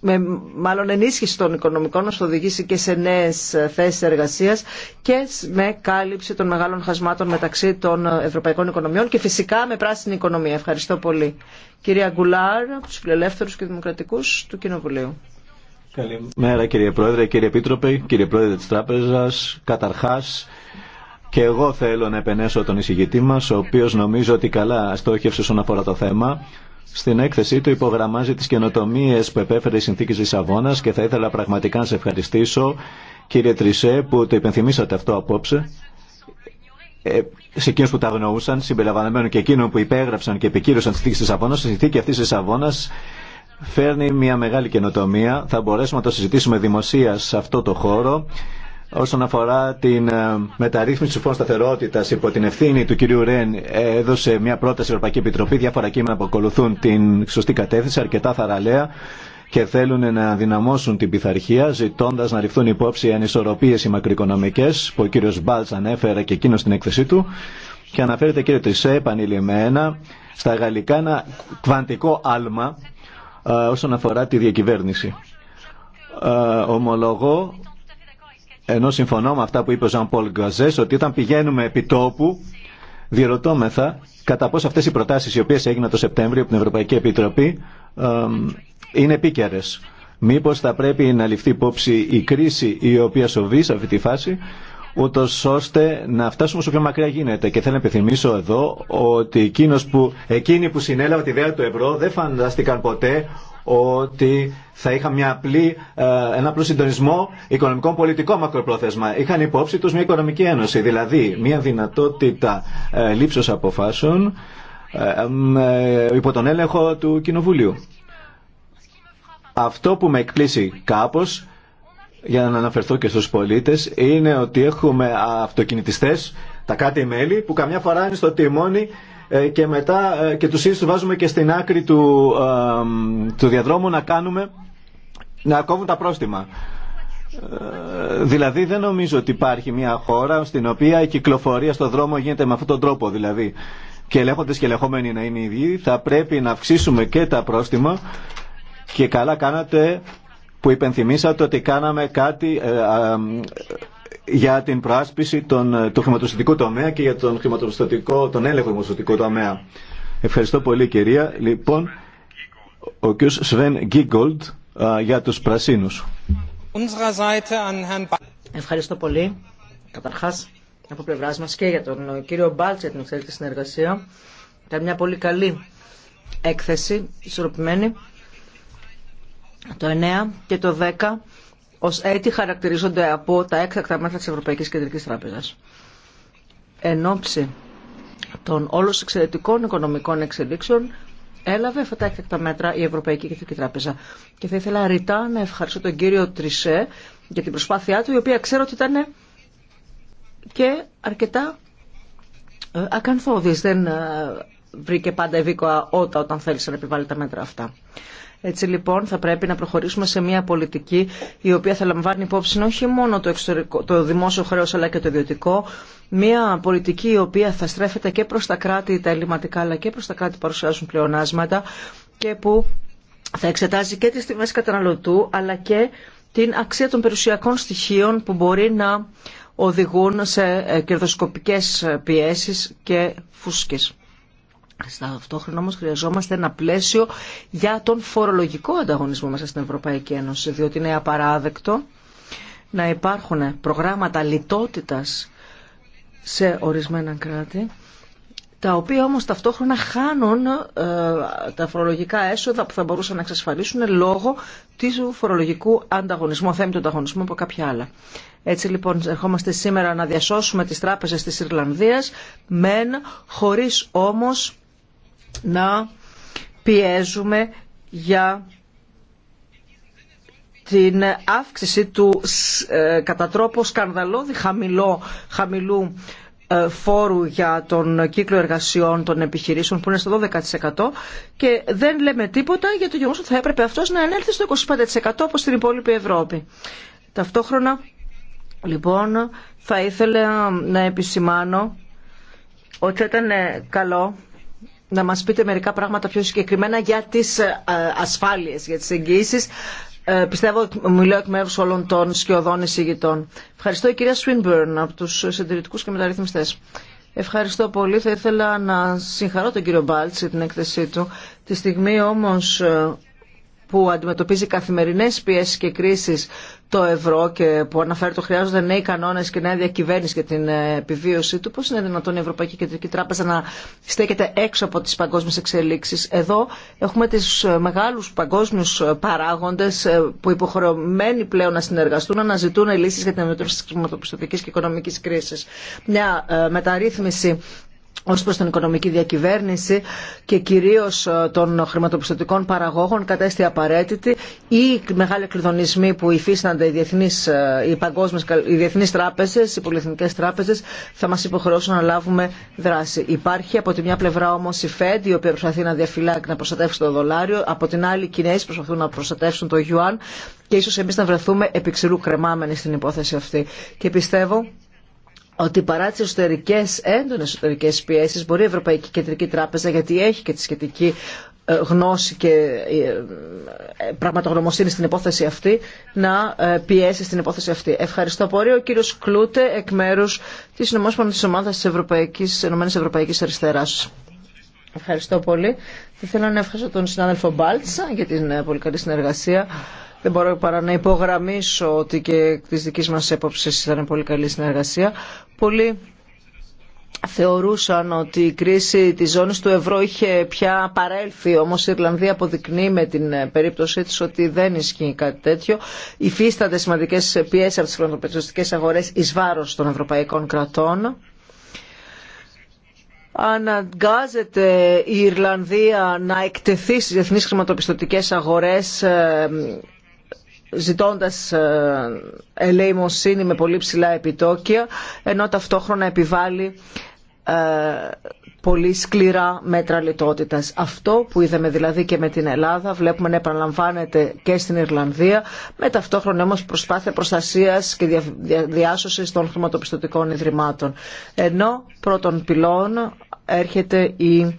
με μάλλον ενίσχυση των οικονομικών να οδηγήσει και σε νέες θέσεις εργασίας και με κάλυψη των μεγάλων χασμάτων μεταξύ των ευρωπαϊκών οικονομιών και φυσικά με πράσινη οικονομία. Ευχαριστώ πολύ. Κυρία Γκουλάρ, από τους φιλελεύθερους και δημοκρατικούς του Κοινοβουλίου. Καλημέρα κύριε Πρόεδρε, κύριε Επίτροπε, κύριε Πρόεδρε της Τράπεζας. Καταρχάς, και εγώ θέλω να επενέσω τον εισηγητή μα, ο οποίος νομίζω ότι καλά στόχευσε όσον αφορά το θέμα. Στην έκθεσή του υπογραμμάζει τις καινοτομίες που επέφερε η συνθήκη Λισαβόνα και θα ήθελα πραγματικά να σε ευχαριστήσω κύριε Τρισέ που το υπενθυμίσατε αυτό απόψε. Ε, σε εκείνου που τα γνωρούσαν, συμπεριλαμβανομένων και εκείνων που υπέγραψαν και επικύρωσαν τη συνθήκη τη Λισαβόνα, η συνθήκη αυτή τη Λισαβόνα φέρνει μια μεγάλη καινοτομία. Θα μπορέσουμε να το συζητήσουμε δημοσία σε αυτό το χώρο όσον αφορά την ε, μεταρρύθμιση του φόρου Σταθερότητα υπό την ευθύνη του κυρίου Ρεν, έδωσε μια πρόταση η Ευρωπαϊκή Επιτροπή. Διάφορα κείμενα που ακολουθούν την σωστή κατεύθυνση, αρκετά θαραλέα και θέλουν να δυναμώσουν την πειθαρχία, ζητώντα να ληφθούν υπόψη οι ανισορροπίε οι μακροοικονομικέ που ο κύριο Μπάλτ ανέφερε και εκείνο στην έκθεσή του. Και αναφέρεται κύριο Τρισέ επανειλημμένα στα γαλλικά ένα κβαντικό άλμα ε, όσον αφορά τη διακυβέρνηση. Ε, ομολογώ ενώ συμφωνώ με αυτά που είπε ο Ζαν Πολ Γκαζές, ότι όταν πηγαίνουμε επί τόπου, διερωτώμεθα κατά πόσο αυτές οι προτάσεις οι οποίες έγιναν το Σεπτέμβριο από την Ευρωπαϊκή Επιτροπή είναι επίκαιρε. Μήπως θα πρέπει να ληφθεί υπόψη η κρίση η οποία σοβεί σε αυτή τη φάση, ούτω ώστε να φτάσουμε όσο πιο μακριά γίνεται. Και θέλω να επιθυμίσω εδώ ότι που, εκείνοι που συνέλαβαν τη ιδέα του ευρώ δεν φανταστήκαν ποτέ ότι θα είχαν μια απλή, ε, ένα απλό συντονισμό οικονομικών πολιτικών μακροπρόθεσμα. Είχαν υπόψη τους μια οικονομική ένωση, δηλαδή μια δυνατότητα ε, λήψης αποφάσεων ε, υπό τον έλεγχο του Κοινοβουλίου. Αυτό που με εκπλήσει κάπως για να αναφερθώ και στους πολίτες, είναι ότι έχουμε αυτοκινητιστές, τα κάτι μέλη, που καμιά φορά είναι στο τιμόνι ε, και μετά ε, και τους ίδιους βάζουμε και στην άκρη του, του διαδρόμου να κάνουμε να κόβουν τα πρόστιμα. Ε, δηλαδή δεν νομίζω ότι υπάρχει μια χώρα στην οποία η κυκλοφορία στο δρόμο γίνεται με αυτόν τον τρόπο δηλαδή και ελέγχοντε και ελεγχόμενοι να είναι οι ίδιοι, θα πρέπει να αυξήσουμε και τα πρόστιμα και καλά κάνατε που υπενθυμίσατε ότι κάναμε κάτι για την προάσπιση των, ε, του χρηματοστατικού τομέα και για τον, χρηματοστατικό, τον έλεγχο του χρηματοστατικού τομέα. Ευχαριστώ πολύ κυρία. Λοιπόν, ο κ. Σβέν Γκίγκολτ ε, για τους πρασίνους. Ευχαριστώ πολύ. Καταρχάς, από πλευρά μας και για τον ε, κύριο Μπάλτς για την εξαιρετική συνεργασία. Ήταν μια πολύ καλή έκθεση, ισορροπημένη. Το 9 και το 10 ως έτη χαρακτηρίζονται από τα έκτακτα μέτρα της Ευρωπαϊκής Κεντρικής Τράπεζας. Εν ώψη των όλων εξαιρετικών οικονομικών εξελίξεων έλαβε αυτά τα έκτακτα μέτρα η Ευρωπαϊκή Κεντρική Τράπεζα. Και θα ήθελα ρητά να ευχαριστώ τον κύριο Τρισέ για την προσπάθειά του, η οποία ξέρω ότι ήταν και αρκετά ε, ακανθώδης. Δεν ε, βρήκε πάντα ευήκοα ότα όταν θέλησε να επιβάλλει τα μέτρα αυτά. Έτσι λοιπόν θα πρέπει να προχωρήσουμε σε μια πολιτική η οποία θα λαμβάνει υπόψη όχι μόνο το, εξωτερικό, το δημόσιο χρέος αλλά και το ιδιωτικό, μια πολιτική η οποία θα στρέφεται και προς τα κράτη τα ελληματικά αλλά και προς τα κράτη που παρουσιάζουν πλεονάσματα και που θα εξετάζει και τις τιμές καταναλωτού αλλά και την αξία των περιουσιακών στοιχείων που μπορεί να οδηγούν σε ε, κερδοσκοπικές πιέσεις και φούσκες. Ταυτόχρονα όμω χρειαζόμαστε ένα πλαίσιο για τον φορολογικό ανταγωνισμό μέσα στην Ευρωπαϊκή Ένωση, διότι είναι απαράδεκτο να υπάρχουν προγράμματα λιτότητας σε ορισμένα κράτη, τα οποία όμως ταυτόχρονα χάνουν ε, τα φορολογικά έσοδα που θα μπορούσαν να εξασφαλίσουν λόγω του φορολογικού ανταγωνισμού, θέμη του ανταγωνισμού από κάποια άλλα. Έτσι λοιπόν ερχόμαστε σήμερα να διασώσουμε τις τράπεζες της Ιρλανδίας, μεν χωρίς όμως να πιέζουμε για την αύξηση του ε, κατά τρόπο σκανδαλώδη χαμηλό, χαμηλού ε, φόρου για τον κύκλο εργασιών των επιχειρήσεων που είναι στο 12% και δεν λέμε τίποτα για το γεγονός ότι θα έπρεπε αυτός να ανέλθει στο 25% όπως στην υπόλοιπη Ευρώπη. Ταυτόχρονα, λοιπόν, θα ήθελα να επισημάνω ότι ήταν ε, καλό να μας πείτε μερικά πράγματα πιο συγκεκριμένα για τις ε, ασφάλειες, για τις εγγύησεις. Ε, πιστεύω ότι μιλάω εκ μέρους όλων των σκιωδών εισηγητών. Ευχαριστώ η κυρία Σουίνμπερν από τους συντηρητικούς και μεταρρυθμιστές. Ευχαριστώ πολύ. Θα ήθελα να συγχαρώ τον κύριο Μπάλτση την έκθεσή του. Τη στιγμή όμως ε, που αντιμετωπίζει καθημερινές πιέσεις και κρίσεις το ευρώ και που αναφέρει το χρειάζονται νέοι κανόνε και νέα διακυβέρνηση για την ε, επιβίωση του, πώ είναι δυνατόν η Ευρωπαϊκή Κεντρική Τράπεζα να στέκεται έξω από τι παγκόσμιε εξελίξει. Εδώ έχουμε του ε, μεγάλου παγκόσμιου ε, παράγοντε που υποχρεωμένοι πλέον να συνεργαστούν, να αναζητούν λύσει για την αντιμετώπιση τη χρηματοπιστωτική και οικονομική κρίση. Μια μεταρρύθμιση ως προς την οικονομική διακυβέρνηση και κυρίως ε, των χρηματοπιστωτικών παραγόγων κατέστη απαραίτητη ή μεγάλη κλειδονισμή που υφίστανται οι διεθνείς, ε, οι παγκόσμιες, οι διεθνείς τράπεζες, οι πολυεθνικές τράπεζες θα μας υποχρεώσουν να λάβουμε δράση. Υπάρχει από τη μια πλευρά όμως η Fed η οποία προσπαθεί να διαφυλάξει, να προστατεύσει το δολάριο, από την άλλη οι Κινέζοι προσπαθούν να προστατεύσουν το Ιουάν και ίσως εμείς να βρεθούμε επί ξηρού κρεμάμενοι στην υπόθεση αυτή. Και πιστεύω ότι παρά τι εσωτερικέ, έντονε εσωτερικέ πιέσει, μπορεί η Ευρωπαϊκή Κεντρική Τράπεζα, γιατί έχει και τη σχετική ε, γνώση και ε, ε, πραγματογνωμοσύνη στην υπόθεση αυτή, να πιέσει στην υπόθεση αυτή. Ευχαριστώ πολύ. Ο κύριο Κλούτε, εκ μέρου τη Νομόσπονδη τη Ομάδα τη Ευρωπαϊκή Αριστερά. Ευχαριστώ πολύ. Θα ήθελα να ευχαριστώ τον συνάδελφο Μπάλτσα για την πολύ καλή συνεργασία. Δεν μπορώ παρά να υπογραμμίσω ότι και τη δική μα έποψη ήταν πολύ καλή συνεργασία. Πολύ θεωρούσαν ότι η κρίση της ζώνης του ευρώ είχε πια παρέλθει, όμως η Ιρλανδία αποδεικνύει με την περίπτωσή της ότι δεν ισχύει κάτι τέτοιο. Υφίστανται σημαντικές πιέσεις από τις χρονοπετσοστικές αγορές εις βάρος των ευρωπαϊκών κρατών. Αναγκάζεται η Ιρλανδία να εκτεθεί στις διεθνείς χρηματοπιστωτικές αγορές ε, ζητώντας ε, ελεημοσύνη με πολύ ψηλά επιτόκια, ενώ ταυτόχρονα επιβάλλει ε, πολύ σκληρά μέτρα λιτότητας. Αυτό που είδαμε δηλαδή και με την Ελλάδα βλέπουμε να επαναλαμβάνεται και στην Ιρλανδία με ταυτόχρονα όμως προσπάθεια προστασίας και διάσωσης των χρηματοπιστωτικών ιδρυμάτων. Ενώ πρώτον πυλών έρχεται η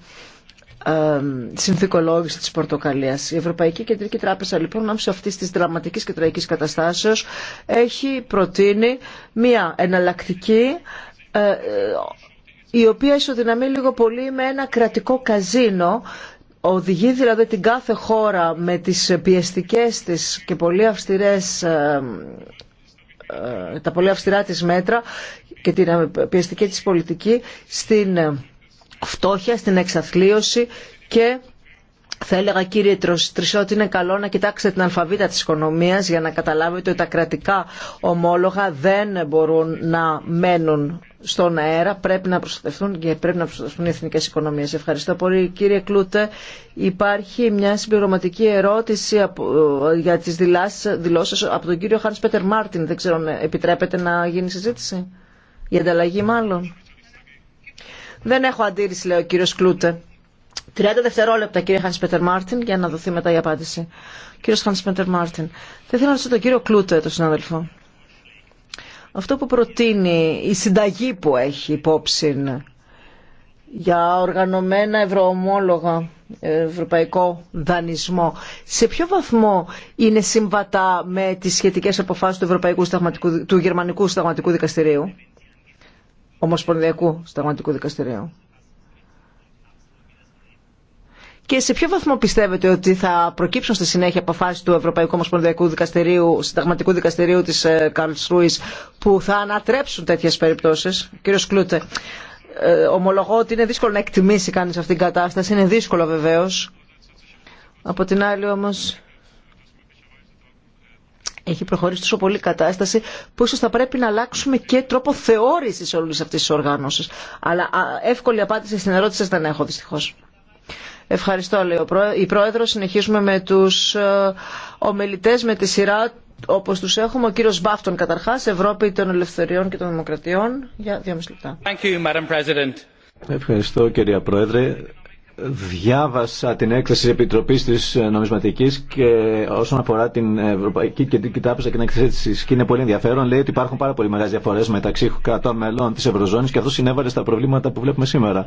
ε, συνθηκολόγηση της πορτοκαλίας. Η Ευρωπαϊκή Κεντρική Τράπεζα λοιπόν σε αυτής της δραματικής και τραγικής καταστάσεως έχει προτείνει μια εναλλακτική ε, η οποία ισοδυναμεί λίγο πολύ με ένα κρατικό καζίνο οδηγεί δηλαδή την κάθε χώρα με τις πιεστικές της και πολύ αυστηρές ε, τα πολύ αυστηρά της μέτρα και την πιεστική της πολιτική στην φτώχεια, στην εξαθλίωση και θα έλεγα κύριε Τρισό ότι είναι καλό να κοιτάξετε την αλφαβήτα της οικονομίας για να καταλάβετε ότι τα κρατικά ομόλογα δεν μπορούν να μένουν στον αέρα, πρέπει να προστατευτούν και πρέπει να προστατευτούν οι εθνικές οικονομίες. Ευχαριστώ πολύ κύριε Κλούτε. Υπάρχει μια συμπληρωματική ερώτηση για τις δηλώσεις από τον κύριο Χάνς Πέτερ Μάρτιν. Δεν ξέρω αν επιτρέπετε να γίνει συζήτηση. η ανταλλαγή μάλλον. Δεν έχω αντίρρηση, λέει ο κύριο Κλούτε. 30 δευτερόλεπτα, κύριε Χάνι Πέτερ Μάρτιν, για να δοθεί μετά η απάντηση. Κύριο Χάνι Πέτερ Μάρτιν, θα ήθελα να ρωτήσω τον κύριο Κλούτε, τον συνάδελφο. Αυτό που προτείνει, η συνταγή που έχει υπόψη για οργανωμένα ευρωομόλογα, ευρωπαϊκό δανεισμό. Σε ποιο βαθμό είναι συμβατά με τις σχετικές αποφάσεις του, του Γερμανικού Συνταγματικού Δικαστηρίου. Ομοσπονδιακού Σταγματικού Δικαστηρίου. Και σε ποιο βαθμό πιστεύετε ότι θα προκύψουν στη συνέχεια αποφάσει του Ευρωπαϊκού Ομοσπονδιακού Δικαστηρίου, Συνταγματικού Δικαστηρίου τη Καρλσρούη, ε, που θα ανατρέψουν τέτοιε περιπτώσει, κύριο Κλούτε. Ε, ομολογώ ότι είναι δύσκολο να εκτιμήσει κανεί αυτήν την κατάσταση. Είναι δύσκολο βεβαίω. Από την άλλη όμω έχει προχωρήσει τόσο πολύ η κατάσταση που ίσως θα πρέπει να αλλάξουμε και τρόπο θεώρησης όλης αυτής της οργάνωσης. Αλλά εύκολη απάντηση στην ερώτηση σας δεν έχω δυστυχώς. Ευχαριστώ, λέει η Πρόεδρο. Συνεχίζουμε με τους ε, ομιλητέ με τη σειρά όπως τους έχουμε. Ο κύριος Μπάφτον καταρχάς, Ευρώπη των Ελευθεριών και των Δημοκρατιών. Για δύο λεπτά. Ευχαριστώ, κυρία Πρόεδρε διάβασα την έκθεση της Επιτροπής της Νομισματικής και όσον αφορά την Ευρωπαϊκή Κεντρική Τράπεζα και την έκθεση της και είναι πολύ ενδιαφέρον, λέει ότι υπάρχουν πάρα πολύ μεγάλες διαφορές μεταξύ κρατών μελών της Ευρωζώνης και αυτό συνέβαλε στα προβλήματα που βλέπουμε σήμερα.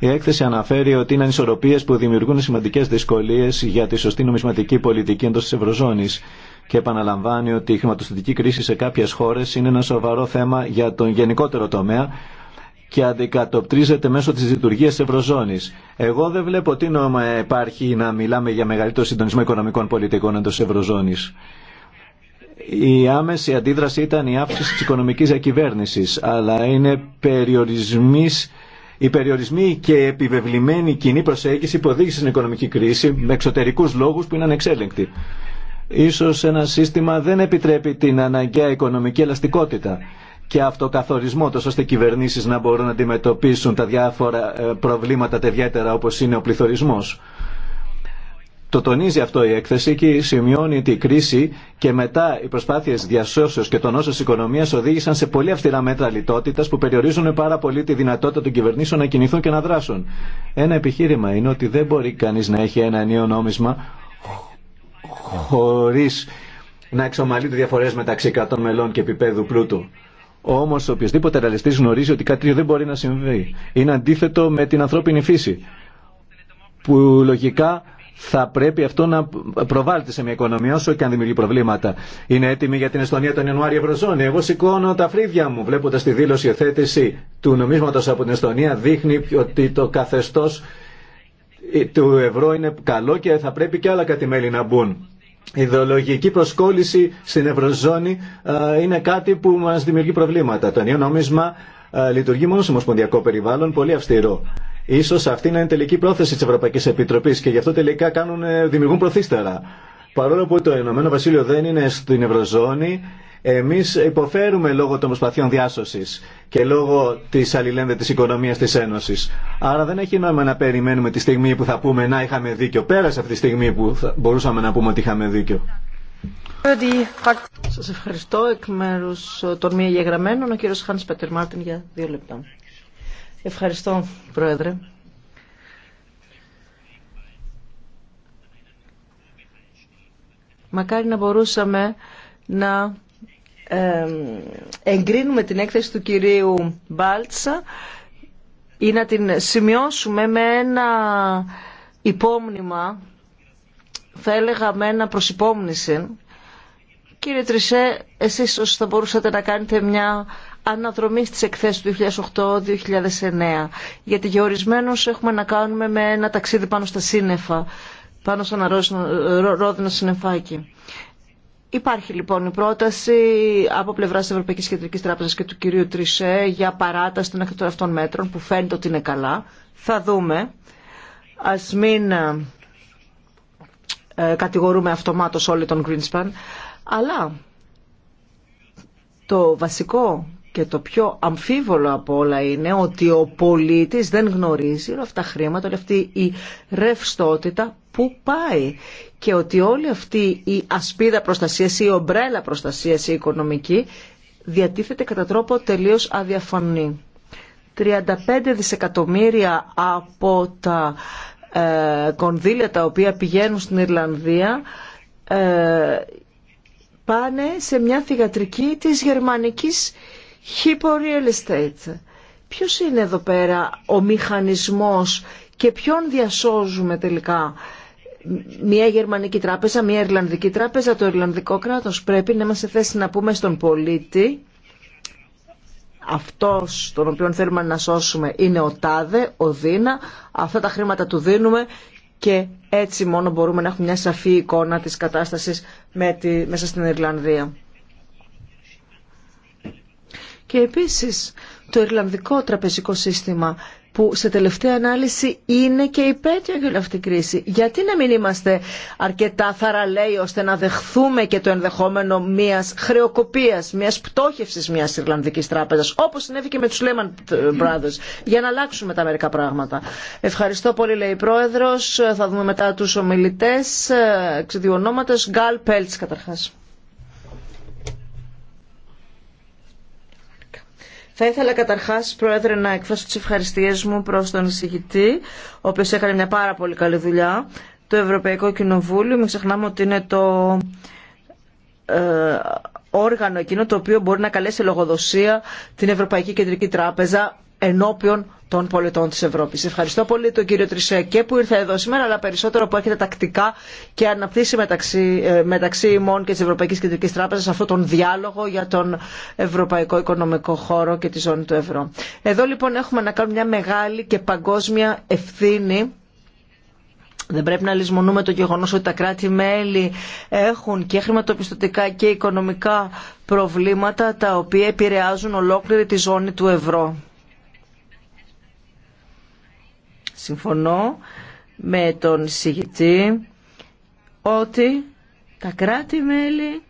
Η έκθεση αναφέρει ότι είναι ανισορροπίες που δημιουργούν σημαντικές δυσκολίες για τη σωστή νομισματική πολιτική εντός της Ευρωζώνης και επαναλαμβάνει ότι η χρηματοστατική κρίση σε κάποιες χώρες είναι ένα σοβαρό θέμα για τον γενικότερο τομέα και αντικατοπτρίζεται μέσω της λειτουργίας Ευρωζώνης. Εγώ δεν βλέπω τι νομο υπάρχει να μιλάμε για μεγαλύτερο συντονισμό οικονομικών πολιτικών εντός Ευρωζώνης. Η άμεση αντίδραση ήταν η αύξηση της οικονομικής διακυβέρνηση, αλλά είναι περιορισμής οι περιορισμοί και επιβεβλημένη κοινή προσέγγιση που οδήγησε στην οικονομική κρίση με εξωτερικούς λόγους που είναι ανεξέλεγκτοι. Ίσως ένα σύστημα δεν επιτρέπει την αναγκαία οικονομική ελαστικότητα και αυτοκαθορισμό, τόσο ώστε οι κυβερνήσεις να μπορούν να αντιμετωπίσουν τα διάφορα ε, προβλήματα, τα ιδιαίτερα όπως είναι ο πληθωρισμός. Το τονίζει αυτό η έκθεση και σημειώνει ότι η κρίση και μετά οι προσπάθειε διασώσεω και των όσων οικονομία οδήγησαν σε πολύ αυστηρά μέτρα λιτότητα που περιορίζουν πάρα πολύ τη δυνατότητα των κυβερνήσεων να κινηθούν και να δράσουν. Ένα επιχείρημα είναι ότι δεν μπορεί κανεί να έχει ένα νέο νόμισμα χωρί να εξομαλεί διαφορέ μεταξύ κρατών μελών και επίπεδου πλούτου. Όμω οποιοδήποτε ρεαλιστή γνωρίζει ότι κάτι δεν μπορεί να συμβεί. Είναι αντίθετο με την ανθρώπινη φύση. Που λογικά θα πρέπει αυτό να προβάλλεται σε μια οικονομία όσο και αν δημιουργεί προβλήματα. Είναι έτοιμη για την Εστονία τον Ιανουάριο Ευρωζώνη. Εγώ σηκώνω τα φρύδια μου βλέποντα τη δήλωση εθέτηση του νομίσματο από την Εστονία. Δείχνει ότι το καθεστώ του ευρώ είναι καλό και θα πρέπει και άλλα κατημέλη να μπουν. Η ιδεολογική προσκόλληση στην Ευρωζώνη ε, είναι κάτι που μας δημιουργεί προβλήματα. Το νέο νόμισμα ε, λειτουργεί μόνο σε ομοσπονδιακό περιβάλλον, πολύ αυστηρό. Ίσως αυτή να είναι τελική πρόθεση της Ευρωπαϊκής Επιτροπής και γι' αυτό τελικά κάνουν, ε, δημιουργούν προθύστερα. Παρόλο που το Ηνωμένο Βασίλειο δεν είναι στην Ευρωζώνη, εμείς υποφέρουμε λόγω των προσπαθειών διάσωσης και λόγω της αλληλένδετης οικονομίας της Ένωσης. Άρα δεν έχει νόημα να περιμένουμε τη στιγμή που θα πούμε να είχαμε δίκιο. Πέρασε αυτή τη στιγμή που μπορούσαμε να πούμε ότι είχαμε δίκιο. Σας ευχαριστώ εκ μέρους των μη εγγεγραμμένων, ο κύριος Χάνης Πέτερ Μάρτιν για δύο λεπτά. Ευχαριστώ, Πρόεδρε. Μακάρι να μπορούσαμε να εγκρίνουμε την έκθεση του κυρίου Μπάλτσα ή να την σημειώσουμε με ένα υπόμνημα, θα έλεγα με ένα προσυπόμνηση. Κύριε Τρισέ, εσείς όσοι θα μπορούσατε να κάνετε μια αναδρομή στις εκθέσεις του 2008-2009, γιατί ορισμένους έχουμε να κάνουμε με ένα ταξίδι πάνω στα σύννεφα, πάνω σε ένα ρόδινο συννεφάκι. Υπάρχει λοιπόν η πρόταση από πλευρά τη Ευρωπαϊκή Κεντρική Τράπεζα και του κυρίου Τρισέ για παράταση των αυτών μέτρων που φαίνεται ότι είναι καλά. Θα δούμε. Α μην ε, ε, κατηγορούμε αυτομάτως όλοι τον Greenspan. Αλλά το βασικό και το πιο αμφίβολο από όλα είναι ότι ο πολίτης δεν γνωρίζει όλα αυτά τα χρήματα, όλη αυτή η ρευστότητα που πάει και ότι όλη αυτή η ασπίδα προστασίας ή η ομπρέλα προστασίας η οικονομική διατίθεται κατά τρόπο τελείως αδιαφανή. 35 δισεκατομμύρια από τα ε, κονδύλια τα οποία πηγαίνουν στην Ιρλανδία ε, πάνε σε μια θηγατρική της γερμανικής Hippo Real Estate. Ποιος είναι εδώ πέρα ο μηχανισμός και ποιον διασώζουμε τελικά. Μια γερμανική τράπεζα, μια Ιρλανδική τράπεζα, το Ιρλανδικό κράτος πρέπει να είμαστε θέση να πούμε στον πολίτη αυτός τον οποίο θέλουμε να σώσουμε είναι ο τάδε, ο δίνα, αυτά τα χρήματα του δίνουμε και έτσι μόνο μπορούμε να έχουμε μια σαφή εικόνα της κατάστασης μέσα στην Ιρλανδία. Και επίσης το Ιρλανδικό τραπεζικό σύστημα που σε τελευταία ανάλυση είναι και υπέτειο για αυτή την κρίση. Γιατί να μην είμαστε αρκετά θαραλέοι ώστε να δεχθούμε και το ενδεχόμενο μια χρεοκοπία, μια πτώχευση μια Ιρλανδική τράπεζα, όπω συνέβη και με του Lehman Brothers, για να αλλάξουμε τα μερικά πράγματα. Ευχαριστώ πολύ, λέει η Πρόεδρο. Θα δούμε μετά του ομιλητέ, ε, ξεδιονόματο. Γκάλ Πέλτ, καταρχά. Θα ήθελα καταρχάς, Πρόεδρε, να εκφράσω τις ευχαριστίες μου προς τον εισηγητή, ο οποίος έκανε μια πάρα πολύ καλή δουλειά, το Ευρωπαϊκό Κοινοβούλιο. Μην ξεχνάμε ότι είναι το ε, όργανο εκείνο το οποίο μπορεί να καλέσει λογοδοσία την Ευρωπαϊκή Κεντρική Τράπεζα ενώπιον των πολιτών της Ευρώπης. Ευχαριστώ πολύ τον κύριο Τρισέ και που ήρθε εδώ σήμερα, αλλά περισσότερο που έχετε τακτικά και αναπτύσσει μεταξύ, ε, μεταξύ ημών και της Ευρωπαϊκής Κεντρικής Τράπεζας αυτόν τον διάλογο για τον Ευρωπαϊκό Οικονομικό Χώρο και τη ζώνη του ευρώ. Εδώ λοιπόν έχουμε να κάνουμε μια μεγάλη και παγκόσμια ευθύνη δεν πρέπει να λησμονούμε το γεγονός ότι τα κράτη-μέλη έχουν και χρηματοπιστωτικά και οικονομικά προβλήματα τα οποία επηρεάζουν ολόκληρη τη ζώνη του ευρώ. Συμφωνώ με τον συγητή ότι τα κράτη-μέλη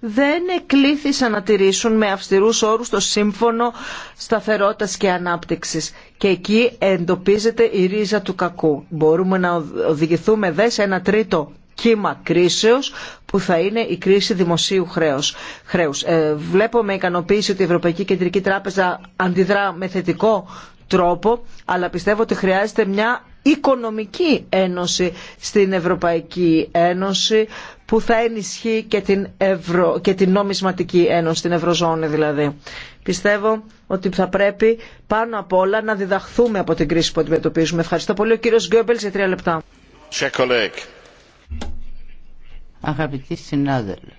δεν εκλήθησαν να τηρήσουν με αυστηρούς όρους το Σύμφωνο Σταθερότητας και Ανάπτυξης. Και εκεί εντοπίζεται η ρίζα του κακού. Μπορούμε να οδηγηθούμε δε σε ένα τρίτο κύμα κρίσεως που θα είναι η κρίση δημοσίου χρέους. χρέους. Ε, βλέπω με ικανοποίηση ότι η Ευρωπαϊκή Κεντρική Τράπεζα αντιδρά με θετικό τρόπο, αλλά πιστεύω ότι χρειάζεται μια οικονομική ένωση στην Ευρωπαϊκή Ένωση που θα ενισχύει και την, Ευρω... και την νομισματική ένωση, την Ευρωζώνη δηλαδή. Πιστεύω ότι θα πρέπει πάνω απ' όλα να διδαχθούμε από την κρίση που αντιμετωπίζουμε. Ευχαριστώ πολύ. Ο κύριος Γκέμπελς για τρία λεπτά. Αγαπητοί συνάδελφοι,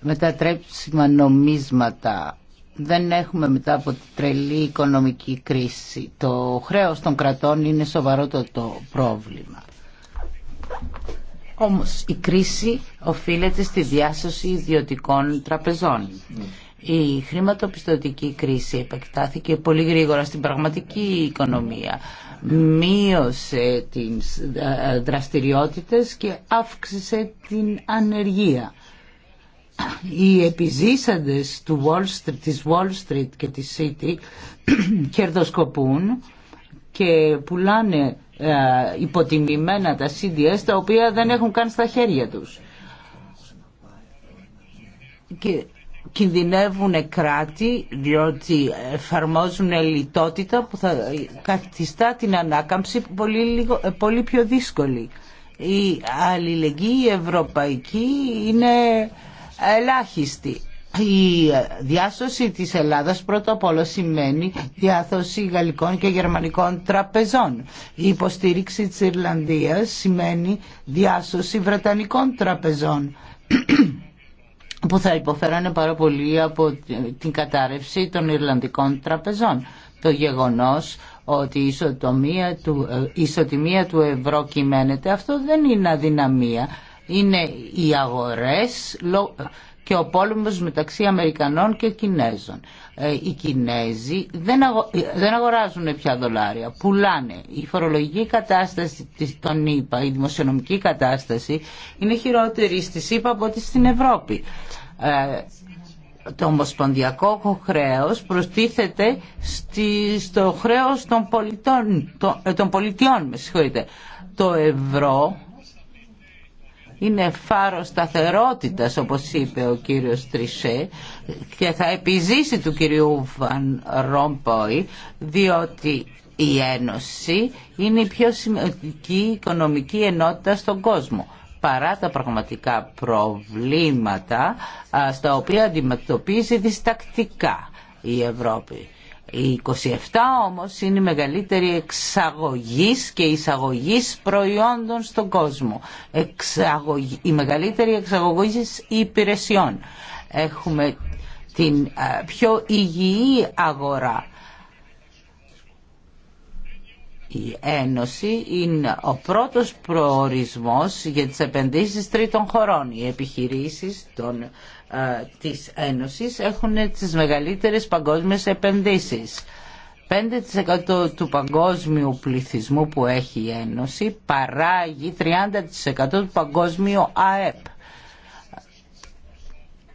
μετατρέψιμα νομίσματα δεν έχουμε μετά από την τρελή οικονομική κρίση. Το χρέος των κρατών είναι σοβαρό το πρόβλημα. Όμως η κρίση οφείλεται στη διάσωση ιδιωτικών τραπεζών. Η χρηματοπιστωτική κρίση επεκτάθηκε πολύ γρήγορα στην πραγματική οικονομία. Μείωσε τις ε, δραστηριότητες και αύξησε την ανεργία οι επιζήσαντες του Wall Street, της Wall Street και της City κερδοσκοπούν και πουλάνε ε, υποτιμημένα τα CDS τα οποία δεν έχουν καν στα χέρια τους. Και κινδυνεύουν κράτη διότι εφαρμόζουν λιτότητα που θα καθιστά την ανάκαμψη πολύ, ε, πολύ πιο δύσκολη. Η αλληλεγγύη ευρωπαϊκή είναι ελάχιστη. Η διάσωση της Ελλάδας πρώτο απ' όλα σημαίνει διάσωση γαλλικών και γερμανικών τραπεζών. Η υποστήριξη της Ιρλανδίας σημαίνει διάσωση βρετανικών τραπεζών που θα υποφέρανε πάρα πολύ από την κατάρρευση των Ιρλανδικών τραπεζών. Το γεγονός ότι η ε, ισοτιμία του ευρώ κυμαίνεται, αυτό δεν είναι αδυναμία είναι οι αγορές και ο πόλεμος μεταξύ Αμερικανών και Κινέζων. Ε, οι Κινέζοι ε, δεν αγοράζουν πια δολάρια, πουλάνε. Η φορολογική κατάσταση των ΗΠΑ, η δημοσιονομική κατάσταση είναι χειρότερη στις ΗΠΑ από ό,τι στην Ευρώπη. Ε, το ομοσπονδιακό χρέος προστίθεται στο χρέος των, πολιτών, των πολιτιών. το ευρώ είναι φάρος σταθερότητας όπως είπε ο κύριος Τρισέ και θα επιζήσει του κυρίου Βαν Ρόμποϊ διότι η Ένωση είναι η πιο σημαντική οικονομική ενότητα στον κόσμο παρά τα πραγματικά προβλήματα στα οποία αντιμετωπίζει διστακτικά η Ευρώπη. Οι 27 όμως είναι η μεγαλύτερη εξαγωγής και εισαγωγής προϊόντων στον κόσμο. Εξαγωγή, η μεγαλύτερη εξαγωγής υπηρεσιών. Έχουμε την πιο υγιή αγορά. Η Ένωση είναι ο πρώτος προορισμός για τις επενδύσεις τρίτων χωρών. Οι επιχειρήσεις των ε, της Ένωσης έχουν τις μεγαλύτερες παγκόσμιες επενδύσεις. 5% του παγκόσμιου πληθυσμού που έχει η Ένωση παράγει 30% του παγκόσμιου ΑΕΠ.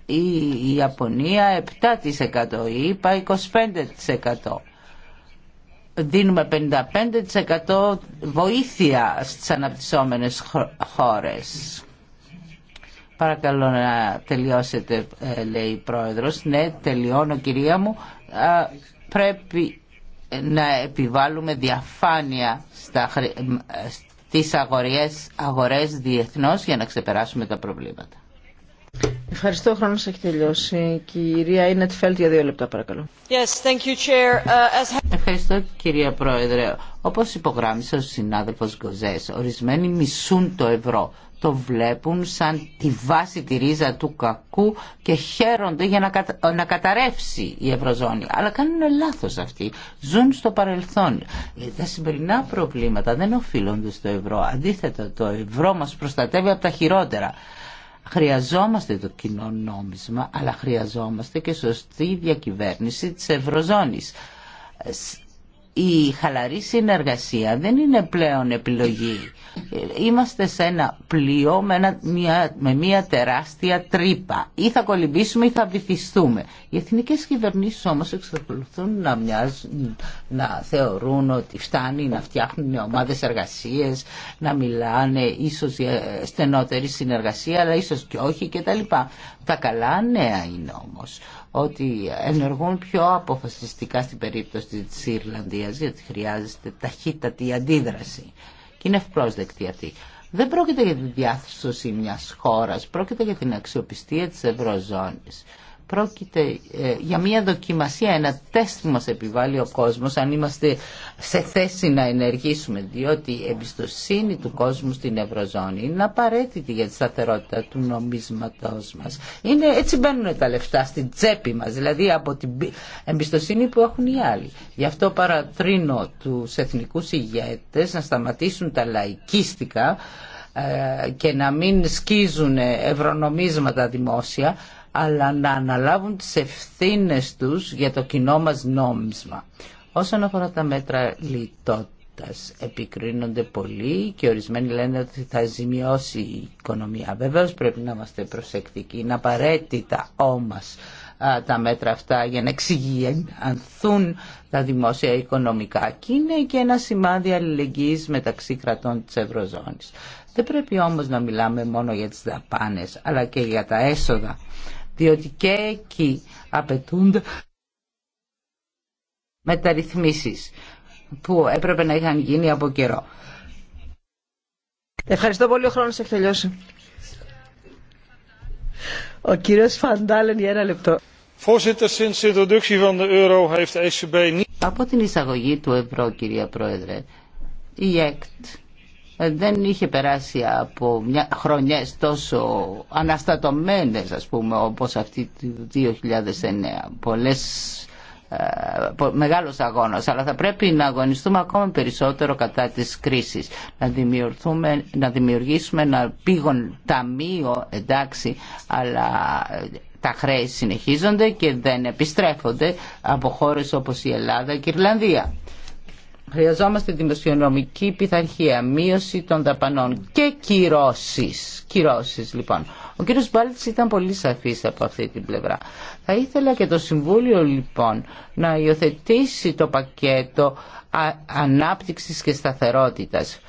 Η Ιαπωνία 7%, η 25%. Δίνουμε 55% βοήθεια στις αναπτυσσόμενες χώρες Παρακαλώ να τελειώσετε, ε, λέει η πρόεδρος. Ναι, τελειώνω κυρία μου. Πρέπει να επιβάλλουμε διαφάνεια στα, ε, ε, στις αγορές, διεθνώς για να ξεπεράσουμε τα προβλήματα. Ευχαριστώ, ο χρόνος έχει τελειώσει. Κυρία Φέλτ για δύο λεπτά παρακαλώ. Yes, thank you, Chair. Uh, Ευχαριστώ κυρία Πρόεδρε. Όπως υπογράμμισε ο συνάδελφος Γκοζές, ορισμένοι μισούν το ευρώ το βλέπουν σαν τη βάση, τη ρίζα του κακού και χαίρονται για να, κατα... να καταρρεύσει η Ευρωζώνη. Αλλά κάνουν λάθος αυτοί. Ζουν στο παρελθόν. Ε, τα σημερινά προβλήματα δεν οφείλονται στο ευρώ. Αντίθετα, το ευρώ μας προστατεύει από τα χειρότερα. Χρειαζόμαστε το κοινό νόμισμα, αλλά χρειαζόμαστε και σωστή διακυβέρνηση της Ευρωζώνης ε, η χαλαρή συνεργασία δεν είναι πλέον επιλογή. Είμαστε σε ένα πλοίο με, μια, με μια τεράστια τρύπα. Ή θα κολυμπήσουμε ή θα βυθιστούμε. Οι εθνικέ κυβερνήσει όμω εξακολουθούν να, μοιάζουν, να θεωρούν ότι φτάνει να φτιάχνουν ομάδε εργασίε, να μιλάνε ίσω στενότερη συνεργασία, αλλά ίσω και όχι κτλ. Τα καλά νέα είναι όμω ότι ενεργούν πιο αποφασιστικά στην περίπτωση της Ιρλανδίας Γερμανίας γιατί χρειάζεται ταχύτατη αντίδραση και είναι ευπρόσδεκτη αυτή. Δεν πρόκειται για τη διάθεση μιας χώρας, πρόκειται για την αξιοπιστία της Ευρωζώνης πρόκειται ε, για μια δοκιμασία, ένα τεστ μας επιβάλλει ο κόσμος αν είμαστε σε θέση να ενεργήσουμε διότι η εμπιστοσύνη του κόσμου στην Ευρωζώνη είναι απαραίτητη για τη σταθερότητα του νομίσματός μας. Είναι, έτσι μπαίνουν τα λεφτά στην τσέπη μας, δηλαδή από την εμπιστοσύνη που έχουν οι άλλοι. Γι' αυτό παρατρύνω τους εθνικούς ηγέτες να σταματήσουν τα λαϊκίστικα ε, και να μην σκίζουν ευρωνομίσματα δημόσια αλλά να αναλάβουν τις ευθύνες τους για το κοινό μας νόμισμα. Όσον αφορά τα μέτρα λιτότητας, επικρίνονται πολλοί και ορισμένοι λένε ότι θα ζημιώσει η οικονομία. Βεβαίως πρέπει να είμαστε προσεκτικοί, είναι απαραίτητα όμως τα μέτρα αυτά για να εξηγηθούν τα δημόσια οικονομικά και είναι και ένα σημάδι αλληλεγγύης μεταξύ κρατών της Ευρωζώνης. Δεν πρέπει όμως να μιλάμε μόνο για τις δαπάνες αλλά και για τα έσοδα διότι και εκεί απαιτούνται μεταρρυθμίσεις που έπρεπε να είχαν γίνει από καιρό. Ευχαριστώ πολύ, ο χρόνος έχει τελειώσει. Ο κύριος Φαντάλεν για ένα λεπτό. Από την εισαγωγή του ευρώ, κυρία Πρόεδρε, η ΕΚΤ δεν είχε περάσει από μια χρονιές τόσο αναστατωμένες ας πούμε όπως αυτή του 2009 πολλές ε, μεγάλος αγώνας αλλά θα πρέπει να αγωνιστούμε ακόμα περισσότερο κατά της κρίσης να, δημιουργούμε, να δημιουργήσουμε ένα πήγον ταμείο εντάξει αλλά ε, τα χρέη συνεχίζονται και δεν επιστρέφονται από χώρες όπως η Ελλάδα και η Ιρλανδία Χρειαζόμαστε δημοσιονομική πειθαρχία, μείωση των δαπανών και κυρώσεις. Κυρώσεις λοιπόν. Ο κύριος Μπάλτς ήταν πολύ σαφής από αυτή την πλευρά. Θα ήθελα και το Συμβούλιο λοιπόν να υιοθετήσει το πακέτο ανάπτυξης και σταθερότητας.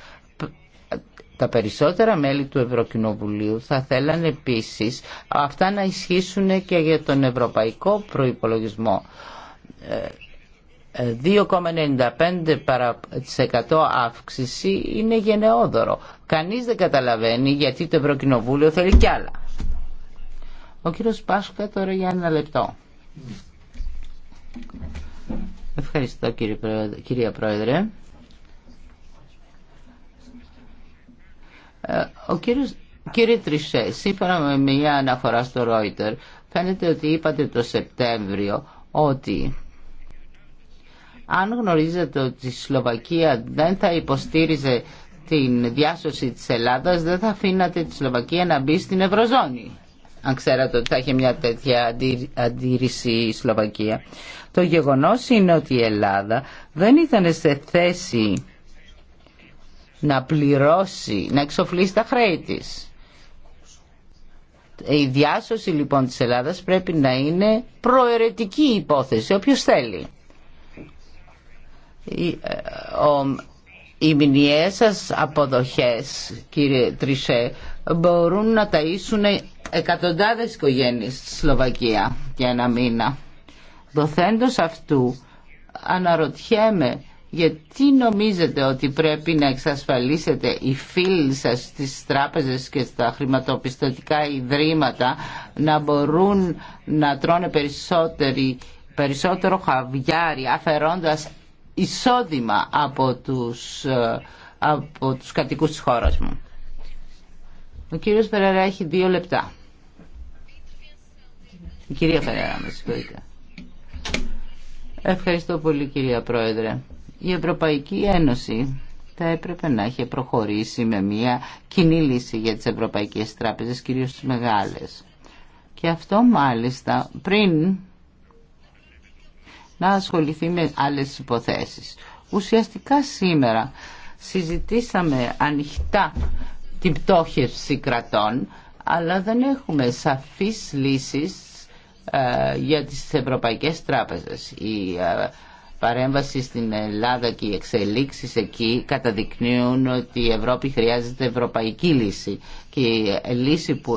Τα περισσότερα μέλη του Ευρωκοινοβουλίου θα θέλανε επίσης αυτά να ισχύσουν και για τον ευρωπαϊκό προϋπολογισμό ε, 2,95% ε, αύξηση είναι γενναιόδωρο. Κανείς δεν καταλαβαίνει γιατί το Ευρωκοινοβούλιο θέλει κι άλλα. Ο κύριος Πάσχα τώρα για ένα λεπτό. Ευχαριστώ κύριε Πρόεδρε, κυρία ε, Ο κύριος, κύριε Τρισέ, σύμφωνα με μια αναφορά στο Reuters, φαίνεται ότι είπατε το Σεπτέμβριο ότι αν γνωρίζετε ότι η Σλοβακία δεν θα υποστήριζε την διάσωση της Ελλάδας, δεν θα αφήνατε τη Σλοβακία να μπει στην Ευρωζώνη. Αν ξέρατε ότι θα είχε μια τέτοια αντίρρηση η Σλοβακία. Το γεγονός είναι ότι η Ελλάδα δεν ήταν σε θέση να πληρώσει, να εξοφλήσει τα χρέη της. Η διάσωση λοιπόν της Ελλάδας πρέπει να είναι προαιρετική υπόθεση, όποιος θέλει. Ε, οι μηνιαίες σας αποδοχές κύριε Τρισέ μπορούν να ταΐσουν εκατοντάδες οικογένειες στη Σλοβακία για ένα μήνα. Δοθέντος αυτού αναρωτιέμαι γιατί νομίζετε ότι πρέπει να εξασφαλίσετε οι φίλοι σας στις τράπεζες και στα χρηματοπιστωτικά ιδρύματα να μπορούν να τρώνε περισσότερο χαβιάρι αφαιρώντας εισόδημα από τους, ε, από τους κατοικούς της χώρας μου. Ο κύριος Φεραρά έχει δύο λεπτά. Η κυρία Φεραρά, με συγχωρείτε. Ευχαριστώ πολύ κυρία Πρόεδρε. Η Ευρωπαϊκή Ένωση θα έπρεπε να είχε προχωρήσει με μια κοινή λύση για τις ευρωπαϊκές τράπεζες, κυρίως τις μεγάλες. Και αυτό μάλιστα πριν να ασχοληθεί με άλλες υποθέσεις. Ουσιαστικά σήμερα συζητήσαμε ανοιχτά την πτώχευση κρατών, αλλά δεν έχουμε σαφείς λύσεις ε, για τις ευρωπαϊκές τράπεζες. Η ε, παρέμβαση στην Ελλάδα και οι εξελίξεις εκεί καταδεικνύουν ότι η Ευρώπη χρειάζεται ευρωπαϊκή λύση και η ε, λύση που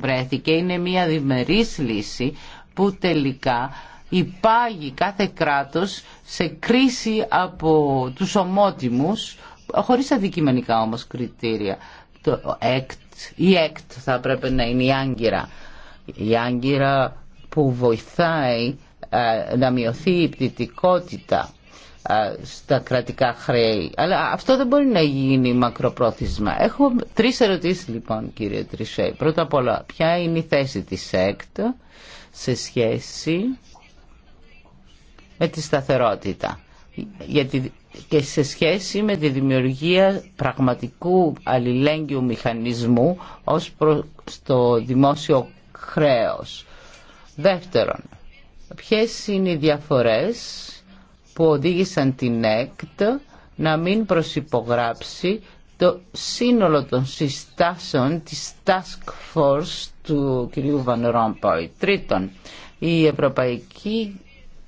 βρέθηκε είναι μια διμερής λύση που τελικά υπάγει κάθε κράτος σε κρίση από τους ομότιμους, χωρίς αντικειμενικά όμως κριτήρια. Το ΕΚΤ, η ΕΚΤ θα πρέπει να είναι η Άγκυρα. Η Άγκυρα που βοηθάει ε, να μειωθεί η πτυτικότητα ε, στα κρατικά χρέη. Αλλά αυτό δεν μπορεί να γίνει μακροπρόθεσμα. Έχω τρεις ερωτήσεις λοιπόν κύριε Τρισέ. Πρώτα απ' όλα, ποια είναι η θέση της ΕΚΤ σε σχέση με τη σταθερότητα γιατί και σε σχέση με τη δημιουργία πραγματικού αλληλέγγυου μηχανισμού ως προς το δημόσιο χρέος. Δεύτερον, ποιες είναι οι διαφορές που οδήγησαν την ΕΚΤ να μην προσυπογράψει το σύνολο των συστάσεων της Task Force του κ. Βαν Ρόμποϊ. Τρίτον, η Ευρωπαϊκή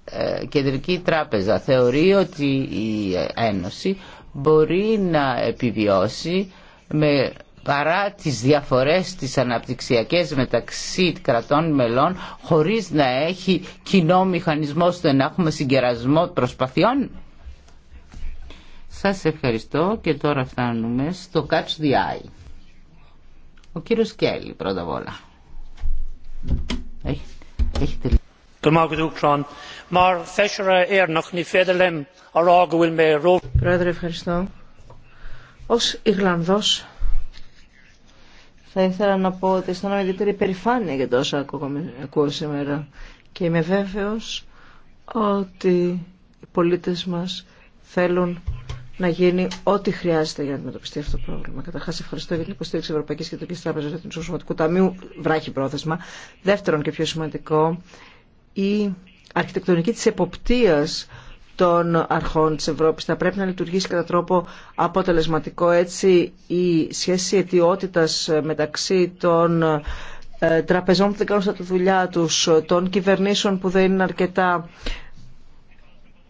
ε, Κεντρική Τράπεζα θεωρεί ότι η Ένωση μπορεί να επιβιώσει με παρά τις διαφορές της αναπτυξιακές μεταξύ κρατών μελών χωρίς να έχει κοινό μηχανισμό ώστε να έχουμε συγκερασμό προσπαθειών σας ευχαριστώ και τώρα φτάνουμε στο Catch the Eye. Ο κύριος Κέλλη πρώτα απ' όλα. Πρόεδρε, ευχαριστώ. Ως Ιρλανδός θα ήθελα να πω ότι αισθάνομαι ιδιαίτερη περηφάνεια για το όσα ακούω σήμερα και είμαι βέβαιος ότι οι πολίτες μας θέλουν να γίνει ό,τι χρειάζεται για να αντιμετωπιστεί αυτό το πρόβλημα. Καταρχά, ευχαριστώ για την υποστήριξη Ευρωπαϊκή Κεντρική Τράπεζα του Σωματικού Ταμείου, βράχη πρόθεσμα. Δεύτερον και πιο σημαντικό, η αρχιτεκτονική τη εποπτεία των αρχών της Ευρώπης θα πρέπει να λειτουργήσει κατά τρόπο αποτελεσματικό έτσι η σχέση αιτιότητας μεταξύ των ε, τραπεζών που δεν κάνουν στα δουλειά τους, των κυβερνήσεων που δεν είναι αρκετά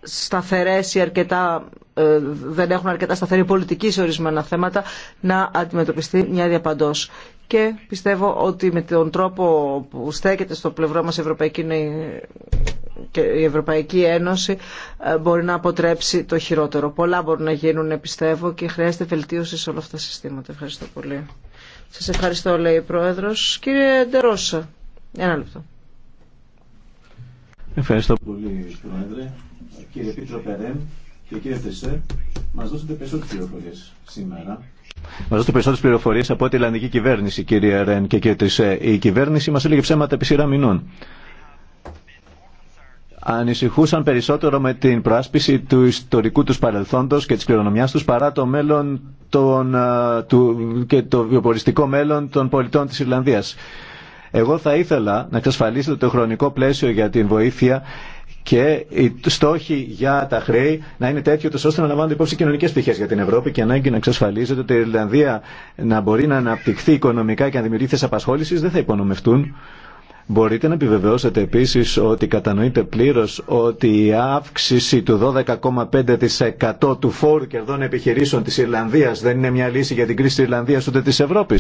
σταθερές ή αρκετά, ε, δεν έχουν αρκετά σταθερή πολιτική σε ορισμένα θέματα να αντιμετωπιστεί μια διαπαντός. Και πιστεύω ότι με τον τρόπο που στέκεται στο πλευρό μας η Ευρωπαϊκή, και η Ευρωπαϊκή Ένωση ε, μπορεί να αποτρέψει το χειρότερο. Πολλά μπορούν να γίνουν, πιστεύω, και χρειάζεται βελτίωση σε όλα αυτά τα συστήματα. Ευχαριστώ πολύ. Σας ευχαριστώ, λέει η Πρόεδρος. Κύριε Ντερόσα, ένα λεπτό. Ευχαριστώ πολύ, Πρόεδρε κύριε Πίτρο Περέν και κύριε Τεσέ, μας δώσετε περισσότερες πληροφορίες σήμερα. Μα δώσετε περισσότερε πληροφορίε από ό,τι η Ιρλανδική κυβέρνηση, κύριε Ρεν και κύριε Τρισέ. Η κυβέρνηση μα έλεγε ψέματα επί σειρά μηνών. Ανησυχούσαν περισσότερο με την προάσπιση του ιστορικού του παρελθόντο και τη κληρονομιά του παρά το μέλλον των, και το βιοποριστικό μέλλον των πολιτών τη Ιρλανδία. Εγώ θα ήθελα να εξασφαλίσετε το χρονικό πλαίσιο για την βοήθεια και οι στόχοι για τα χρέη να είναι τέτοιοι ώστε να λαμβάνονται υπόψη κοινωνικέ πτυχέ για την Ευρώπη και ανάγκη να εξασφαλίζεται ότι η Ιρλανδία να μπορεί να αναπτυχθεί οικονομικά και να δημιουργεί θέσει απασχόληση δεν θα υπονομευτούν. Μπορείτε να επιβεβαιώσετε επίση ότι κατανοείτε πλήρω ότι η αύξηση του 12,5% του φόρου κερδών επιχειρήσεων τη Ιρλανδία δεν είναι μια λύση για την κρίση τη Ιρλανδία ούτε τη Ευρώπη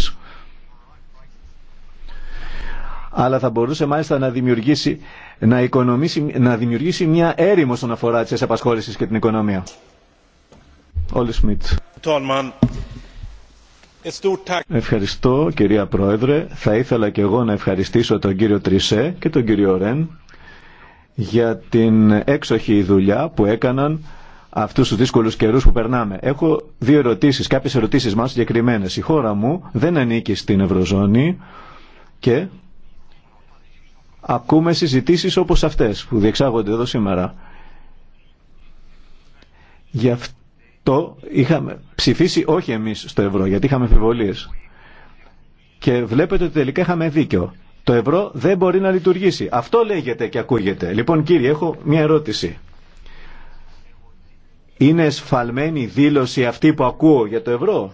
αλλά θα μπορούσε μάλιστα να δημιουργήσει, να, οικονομήσει, να δημιουργήσει μια έρημο στον αφορά τη απασχόλησης και την οικονομία. Όλοι Σμιτ. Ε, Ευχαριστώ κυρία Πρόεδρε. Θα ήθελα και εγώ να ευχαριστήσω τον κύριο Τρισέ και τον κύριο Ρεν για την έξοχη δουλειά που έκαναν αυτού του δύσκολου καιρού που περνάμε. Έχω δύο ερωτήσει, κάποιε ερωτήσει μα συγκεκριμένε. Η χώρα μου δεν ανήκει στην Ευρωζώνη και ακούμε συζητήσεις όπως αυτές που διεξάγονται εδώ σήμερα. Γι' αυτό είχαμε ψηφίσει όχι εμείς στο ευρώ, γιατί είχαμε αμφιβολίες. Και βλέπετε ότι τελικά είχαμε δίκιο. Το ευρώ δεν μπορεί να λειτουργήσει. Αυτό λέγεται και ακούγεται. Λοιπόν κύριε, έχω μια ερώτηση. Είναι σφαλμένη δήλωση αυτή που ακούω για το ευρώ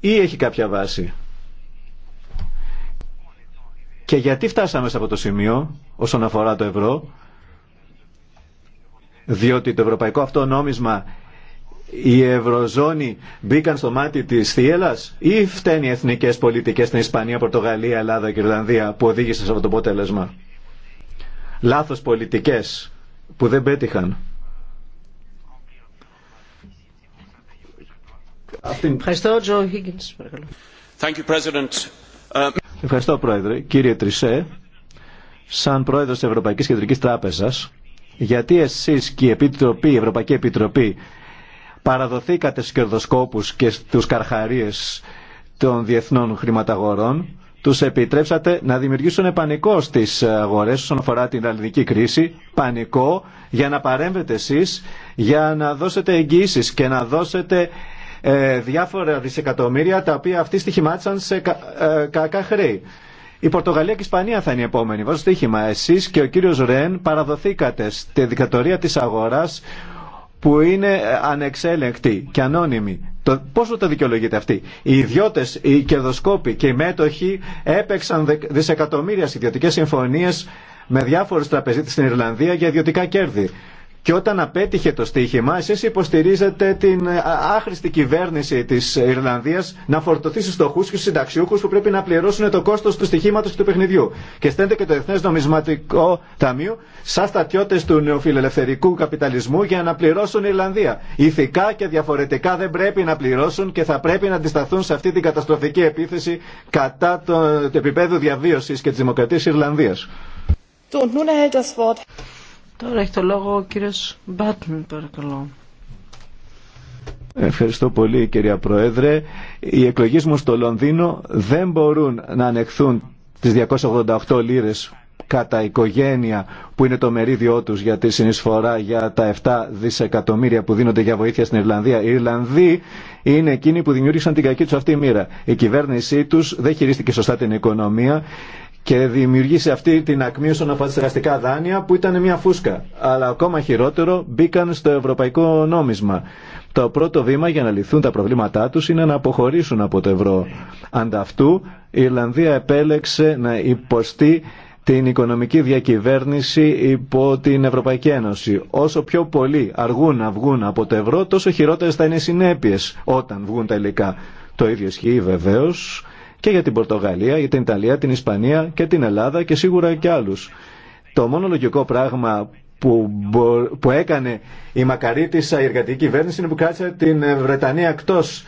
ή έχει κάποια βάση. Και γιατί φτάσαμε σε αυτό το σημείο όσον αφορά το ευρώ, διότι το ευρωπαϊκό αυτό νόμισμα η Ευρωζώνη μπήκαν στο μάτι τη θύελα ή φταίνει οι εθνικέ πολιτικέ στην Ισπανία, Πορτογαλία, Ελλάδα και Ιρλανδία που οδήγησαν σε αυτό το αποτέλεσμα. Λάθο πολιτικέ που δεν πέτυχαν. Ευχαριστώ, Τζο Higgins, Ευχαριστώ, Πρόεδρε. Κύριε Τρισέ, σαν Πρόεδρος της Ευρωπαϊκής Κεντρικής Τράπεζας, γιατί εσείς και η, Επιτροπή, Ευρωπαϊκή Επιτροπή παραδοθήκατε στους κερδοσκόπους και στους καρχαρίες των διεθνών χρηματαγορών, τους επιτρέψατε να δημιουργήσουν πανικό στις αγορές όσον αφορά την αλληλική κρίση, πανικό για να παρέμβετε εσείς, για να δώσετε εγγύησεις και να δώσετε ε, διάφορα δισεκατομμύρια τα οποία αυτοί στοιχημάτισαν σε ε, κακά χρέη. Η Πορτογαλία και η Ισπανία θα είναι η επόμενη. Βάζω στοίχημα. Εσεί και ο κύριο Ρεν παραδοθήκατε στη δικτατορία τη αγορά που είναι ε, ανεξέλεγκτη και ανώνυμη. Το, πόσο το δικαιολογείτε αυτή. Οι ιδιώτε, οι κερδοσκόποι και οι μέτοχοι έπαιξαν δισεκατομμύρια σε ιδιωτικέ συμφωνίε με διάφορου τραπεζίτε στην Ιρλανδία για ιδιωτικά κέρδη. Και όταν απέτυχε το στοίχημα, εσείς υποστηρίζετε την ε, άχρηστη κυβέρνηση της Ιρλανδίας να φορτωθεί στους στοχούς και στους συνταξιούχους που πρέπει να πληρώσουν το κόστος του στοιχήματος και του παιχνιδιού. Και στέλνετε και το Εθνές Νομισματικό Ταμείο σαν στατιώτες του νεοφιλελευθερικού καπιταλισμού για να πληρώσουν η Ιρλανδία. Ηθικά και διαφορετικά δεν πρέπει να πληρώσουν και θα πρέπει να αντισταθούν σε αυτή την καταστροφική επίθεση κατά το, το επίπεδο διαβίωσης και της Δημοκρατίας Ιρλανδίας. Τώρα έχει το λόγο ο κύριος Μπάτμιν, παρακαλώ. Ευχαριστώ πολύ κυρία Πρόεδρε. Οι εκλογές μου στο Λονδίνο δεν μπορούν να ανεχθούν τις 288 λίρες κατά οικογένεια που είναι το μερίδιό τους για τη συνεισφορά για τα 7 δισεκατομμύρια που δίνονται για βοήθεια στην Ιρλανδία. Οι Ιρλανδοί είναι εκείνοι που δημιούργησαν την κακή τους αυτή η μοίρα. Η κυβέρνησή τους δεν χειρίστηκε σωστά την οικονομία και δημιουργήσει αυτή την ακμή όσον αφορά τα δάνεια που ήταν μια φούσκα. Αλλά ακόμα χειρότερο μπήκαν στο ευρωπαϊκό νόμισμα. Το πρώτο βήμα για να λυθούν τα προβλήματά του είναι να αποχωρήσουν από το ευρώ. Ανταυτού η Ιρλανδία επέλεξε να υποστεί την οικονομική διακυβέρνηση υπό την Ευρωπαϊκή Ένωση. Όσο πιο πολλοί αργούν να βγουν από το ευρώ, τόσο χειρότερε θα είναι οι συνέπειε όταν βγουν τελικά. Το ίδιο ισχύει βεβαίω και για την Πορτογαλία, για την Ιταλία, την Ισπανία και την Ελλάδα και σίγουρα και άλλους. Το μόνο λογικό πράγμα που, που έκανε η μακαρίτησα η εργατική κυβέρνηση είναι που κράτησε την Βρετανία εκτός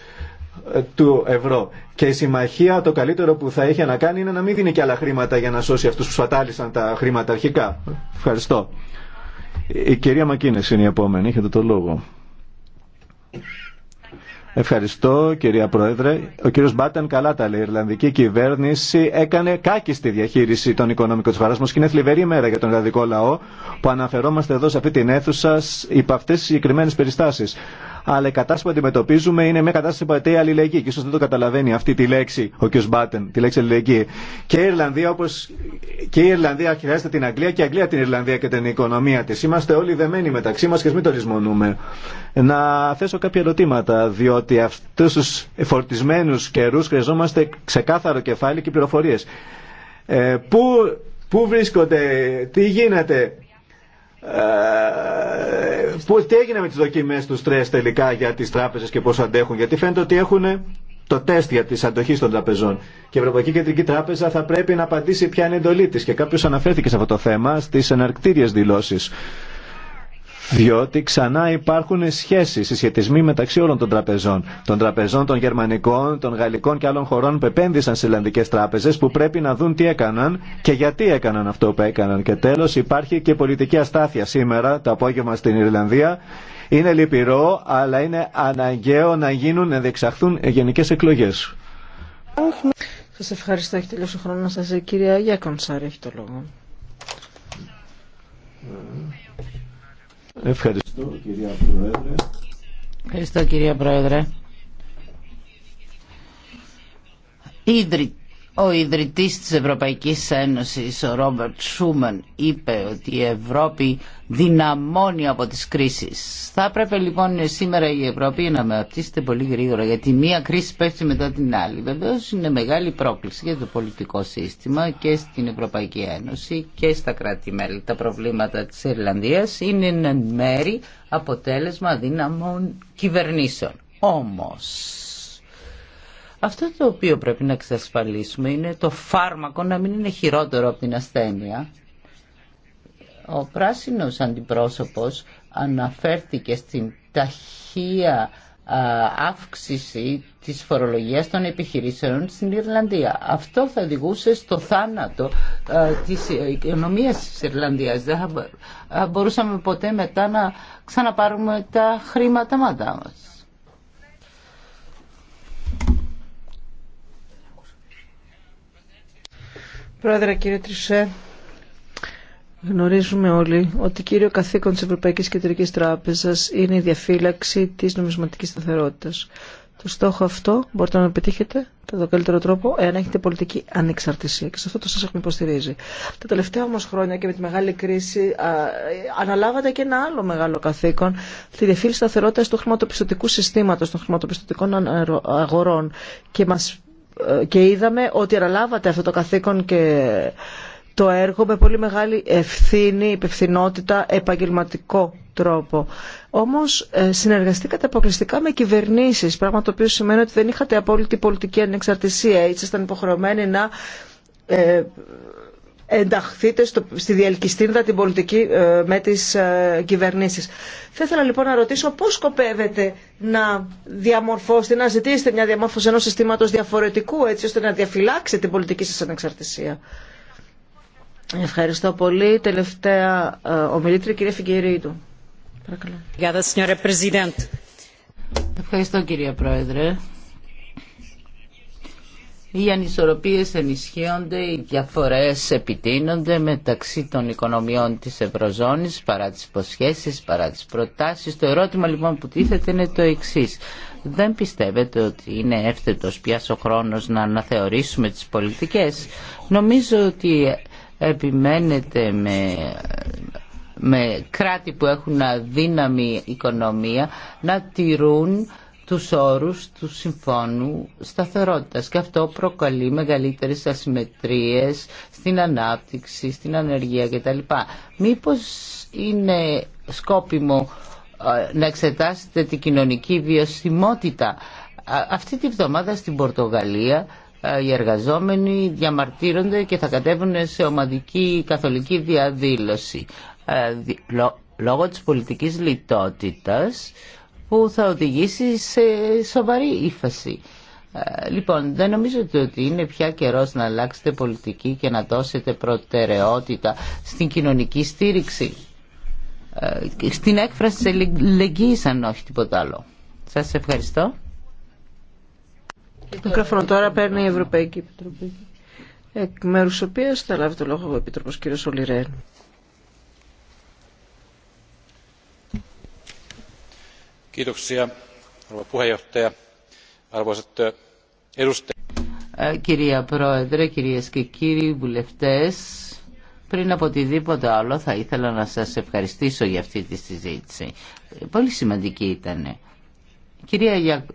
ε, του ευρώ. Και η συμμαχία το καλύτερο που θα είχε να κάνει είναι να μην δίνει και άλλα χρήματα για να σώσει αυτούς που σφατάλησαν τα χρήματα αρχικά. Ευχαριστώ. Η κυρία Μακίνες είναι η επόμενη. Έχετε το λόγο. Ευχαριστώ κυρία Πρόεδρε. Ο κύριος Μπάτεν καλά τα λέει. Η Ιρλανδική κυβέρνηση έκανε κάκιστη διαχείριση των οικονομικών της χώρας και είναι θλιβερή μέρα για τον Ιρλανδικό λαό που αναφερόμαστε εδώ σε αυτή την αίθουσα υπ' αυτές τις συγκεκριμένες περιστάσεις αλλά η κατάσταση που αντιμετωπίζουμε είναι μια κατάσταση που αλληλεγγύη. Και ίσω δεν το καταλαβαίνει αυτή τη λέξη ο κ. Μπάτεν, τη λέξη αλληλεγγύη. Και η Ιρλανδία, όπω και η Ιρλανδία χρειάζεται την Αγγλία και η Αγγλία την Ιρλανδία και την οικονομία τη. Είμαστε όλοι δεμένοι μεταξύ μα και μην το λησμονούμε. Να θέσω κάποια ερωτήματα, διότι αυτού του φορτισμένου καιρού χρειαζόμαστε ξεκάθαρο κεφάλι και πληροφορίε. Ε, πού, πού βρίσκονται, τι γίνεται, ε, τι έγινε με τις δοκιμές του στρες τελικά για τις τράπεζες και πώς αντέχουν γιατί φαίνεται ότι έχουν το τεστ για τις αντοχές των τραπεζών και η Ευρωπαϊκή Κεντρική Τράπεζα θα πρέπει να απαντήσει ποια είναι η εντολή της και κάποιος αναφέρθηκε σε αυτό το θέμα στις εναρκτήριες δηλώσεις διότι ξανά υπάρχουν σχέσεις, συσχετισμοί μεταξύ όλων των τραπεζών. Των τραπεζών των γερμανικών, των γαλλικών και άλλων χωρών που επένδυσαν σε Ιλλανδικές τράπεζες που πρέπει να δουν τι έκαναν και γιατί έκαναν αυτό που έκαναν. Και τέλος υπάρχει και πολιτική αστάθεια σήμερα το απόγευμα στην Ιρλανδία. Είναι λυπηρό, αλλά είναι αναγκαίο να γίνουν, να διεξαχθούν γενικές εκλογές. Σα ευχαριστώ. Έχει τελειώσει ο χρόνο σας. Η κυρία Γιάκονσάρη έχει ε, Ευχαριστώ κυρία Πρόεδρε. Ευχαριστώ κυρία Πρόεδρε. Ίδρυ ο ιδρυτής της Ευρωπαϊκής Ένωσης, ο Ρόμπερτ Σούμαν, είπε ότι η Ευρώπη δυναμώνει από τις κρίσεις. Θα έπρεπε λοιπόν σήμερα η Ευρώπη να με πολύ γρήγορα, γιατί μία κρίση πέφτει μετά την άλλη. Βεβαίω είναι μεγάλη πρόκληση για το πολιτικό σύστημα και στην Ευρωπαϊκή Ένωση και στα κράτη-μέλη. Τα προβλήματα της Ιρλανδίας είναι εν μέρη αποτέλεσμα δύναμων κυβερνήσεων. Όμως, αυτό το οποίο πρέπει να εξασφαλίσουμε είναι το φάρμακο να μην είναι χειρότερο από την ασθένεια. Ο πράσινος αντιπρόσωπος αναφέρθηκε στην ταχεία αύξηση της φορολογίας των επιχειρήσεων στην Ιρλανδία. Αυτό θα οδηγούσε στο θάνατο της οικονομίας της Ιρλανδίας. Δεν μπορούσαμε ποτέ μετά να ξαναπάρουμε τα χρήματά μας. Πρόεδρε, κύριε Τρισέ, γνωρίζουμε όλοι ότι κύριο καθήκον της Ευρωπαϊκής Κεντρικής Τράπεζας είναι η διαφύλαξη της νομισματικής σταθερότητας. Το στόχο αυτό μπορείτε να το πετύχετε με τον καλύτερο τρόπο εάν έχετε πολιτική ανεξαρτησία. Και σε αυτό το σας έχουμε υποστηρίζει. Τα τελευταία όμως χρόνια και με τη μεγάλη κρίση α, αναλάβατε και ένα άλλο μεγάλο καθήκον, τη διαφύλαξη σταθερότητας του χρηματοπιστωτικού συστήματος, των χρηματοπιστωτικών αγορών. Και μας και είδαμε ότι αναλάβατε αυτό το καθήκον και το έργο με πολύ μεγάλη ευθύνη, υπευθυνότητα, επαγγελματικό τρόπο. Όμως ε, συνεργαστήκατε αποκλειστικά με κυβερνήσεις, πράγμα το οποίο σημαίνει ότι δεν είχατε απόλυτη πολιτική ανεξαρτησία. Ήσασταν υποχρεωμένοι να ε, ενταχθείτε στη διελκυστήρδα την πολιτική ε, με τις ε, κυβερνήσεις. Θα ήθελα λοιπόν να ρωτήσω πώς σκοπεύετε να διαμορφώσετε, να ζητήσετε μια διαμόρφωση ενός συστήματος διαφορετικού έτσι ώστε να διαφυλάξετε την πολιτική σας ανεξαρτησία. Ευχαριστώ πολύ. Τελευταία ε, ομιλήτρια, κυρία Φιγκερίδου. Παρακαλώ. Ευχαριστώ κύριε Πρόεδρε οι ανισορροπίες ενισχύονται, οι διαφορές επιτείνονται μεταξύ των οικονομιών της Ευρωζώνης παρά τις υποσχέσεις, παρά τις προτάσεις. Το ερώτημα λοιπόν που τίθεται είναι το εξής. Δεν πιστεύετε ότι είναι εύθετος πια ο χρόνος να αναθεωρήσουμε τις πολιτικές. Νομίζω ότι επιμένετε με με κράτη που έχουν αδύναμη οικονομία να τηρούν του όρους του Συμφώνου Σταθερότητας και αυτό προκαλεί μεγαλύτερες ασυμμετρίες στην ανάπτυξη, στην ανεργία κτλ. Μήπως είναι σκόπιμο ε, να εξετάσετε την κοινωνική βιωσιμότητα. Αυτή τη βδομάδα στην Πορτογαλία ε, οι εργαζόμενοι διαμαρτύρονται και θα κατέβουν σε ομαδική καθολική διαδήλωση. Ε, λόγω της πολιτικής λιτότητας που θα οδηγήσει σε σοβαρή ύφαση. Ε, λοιπόν, δεν νομίζετε ότι είναι πια καιρός να αλλάξετε πολιτική και να δώσετε προτεραιότητα στην κοινωνική στήριξη, ε, στην έκφραση της ελεγγύης αν όχι τίποτα άλλο. Σας ευχαριστώ. Το μικρόφωνο τώρα παίρνει η Ευρωπαϊκή Επιτροπή, εκ μέρους οποίας θα λάβει το λόγο ο Επίτροπος κ. Ολυρέν. Ε, κυρία Πρόεδρε, κυρίες και κύριοι βουλευτέ, πριν από οτιδήποτε άλλο θα ήθελα να σας ευχαριστήσω για αυτή τη συζήτηση. Ε, πολύ σημαντική ήταν.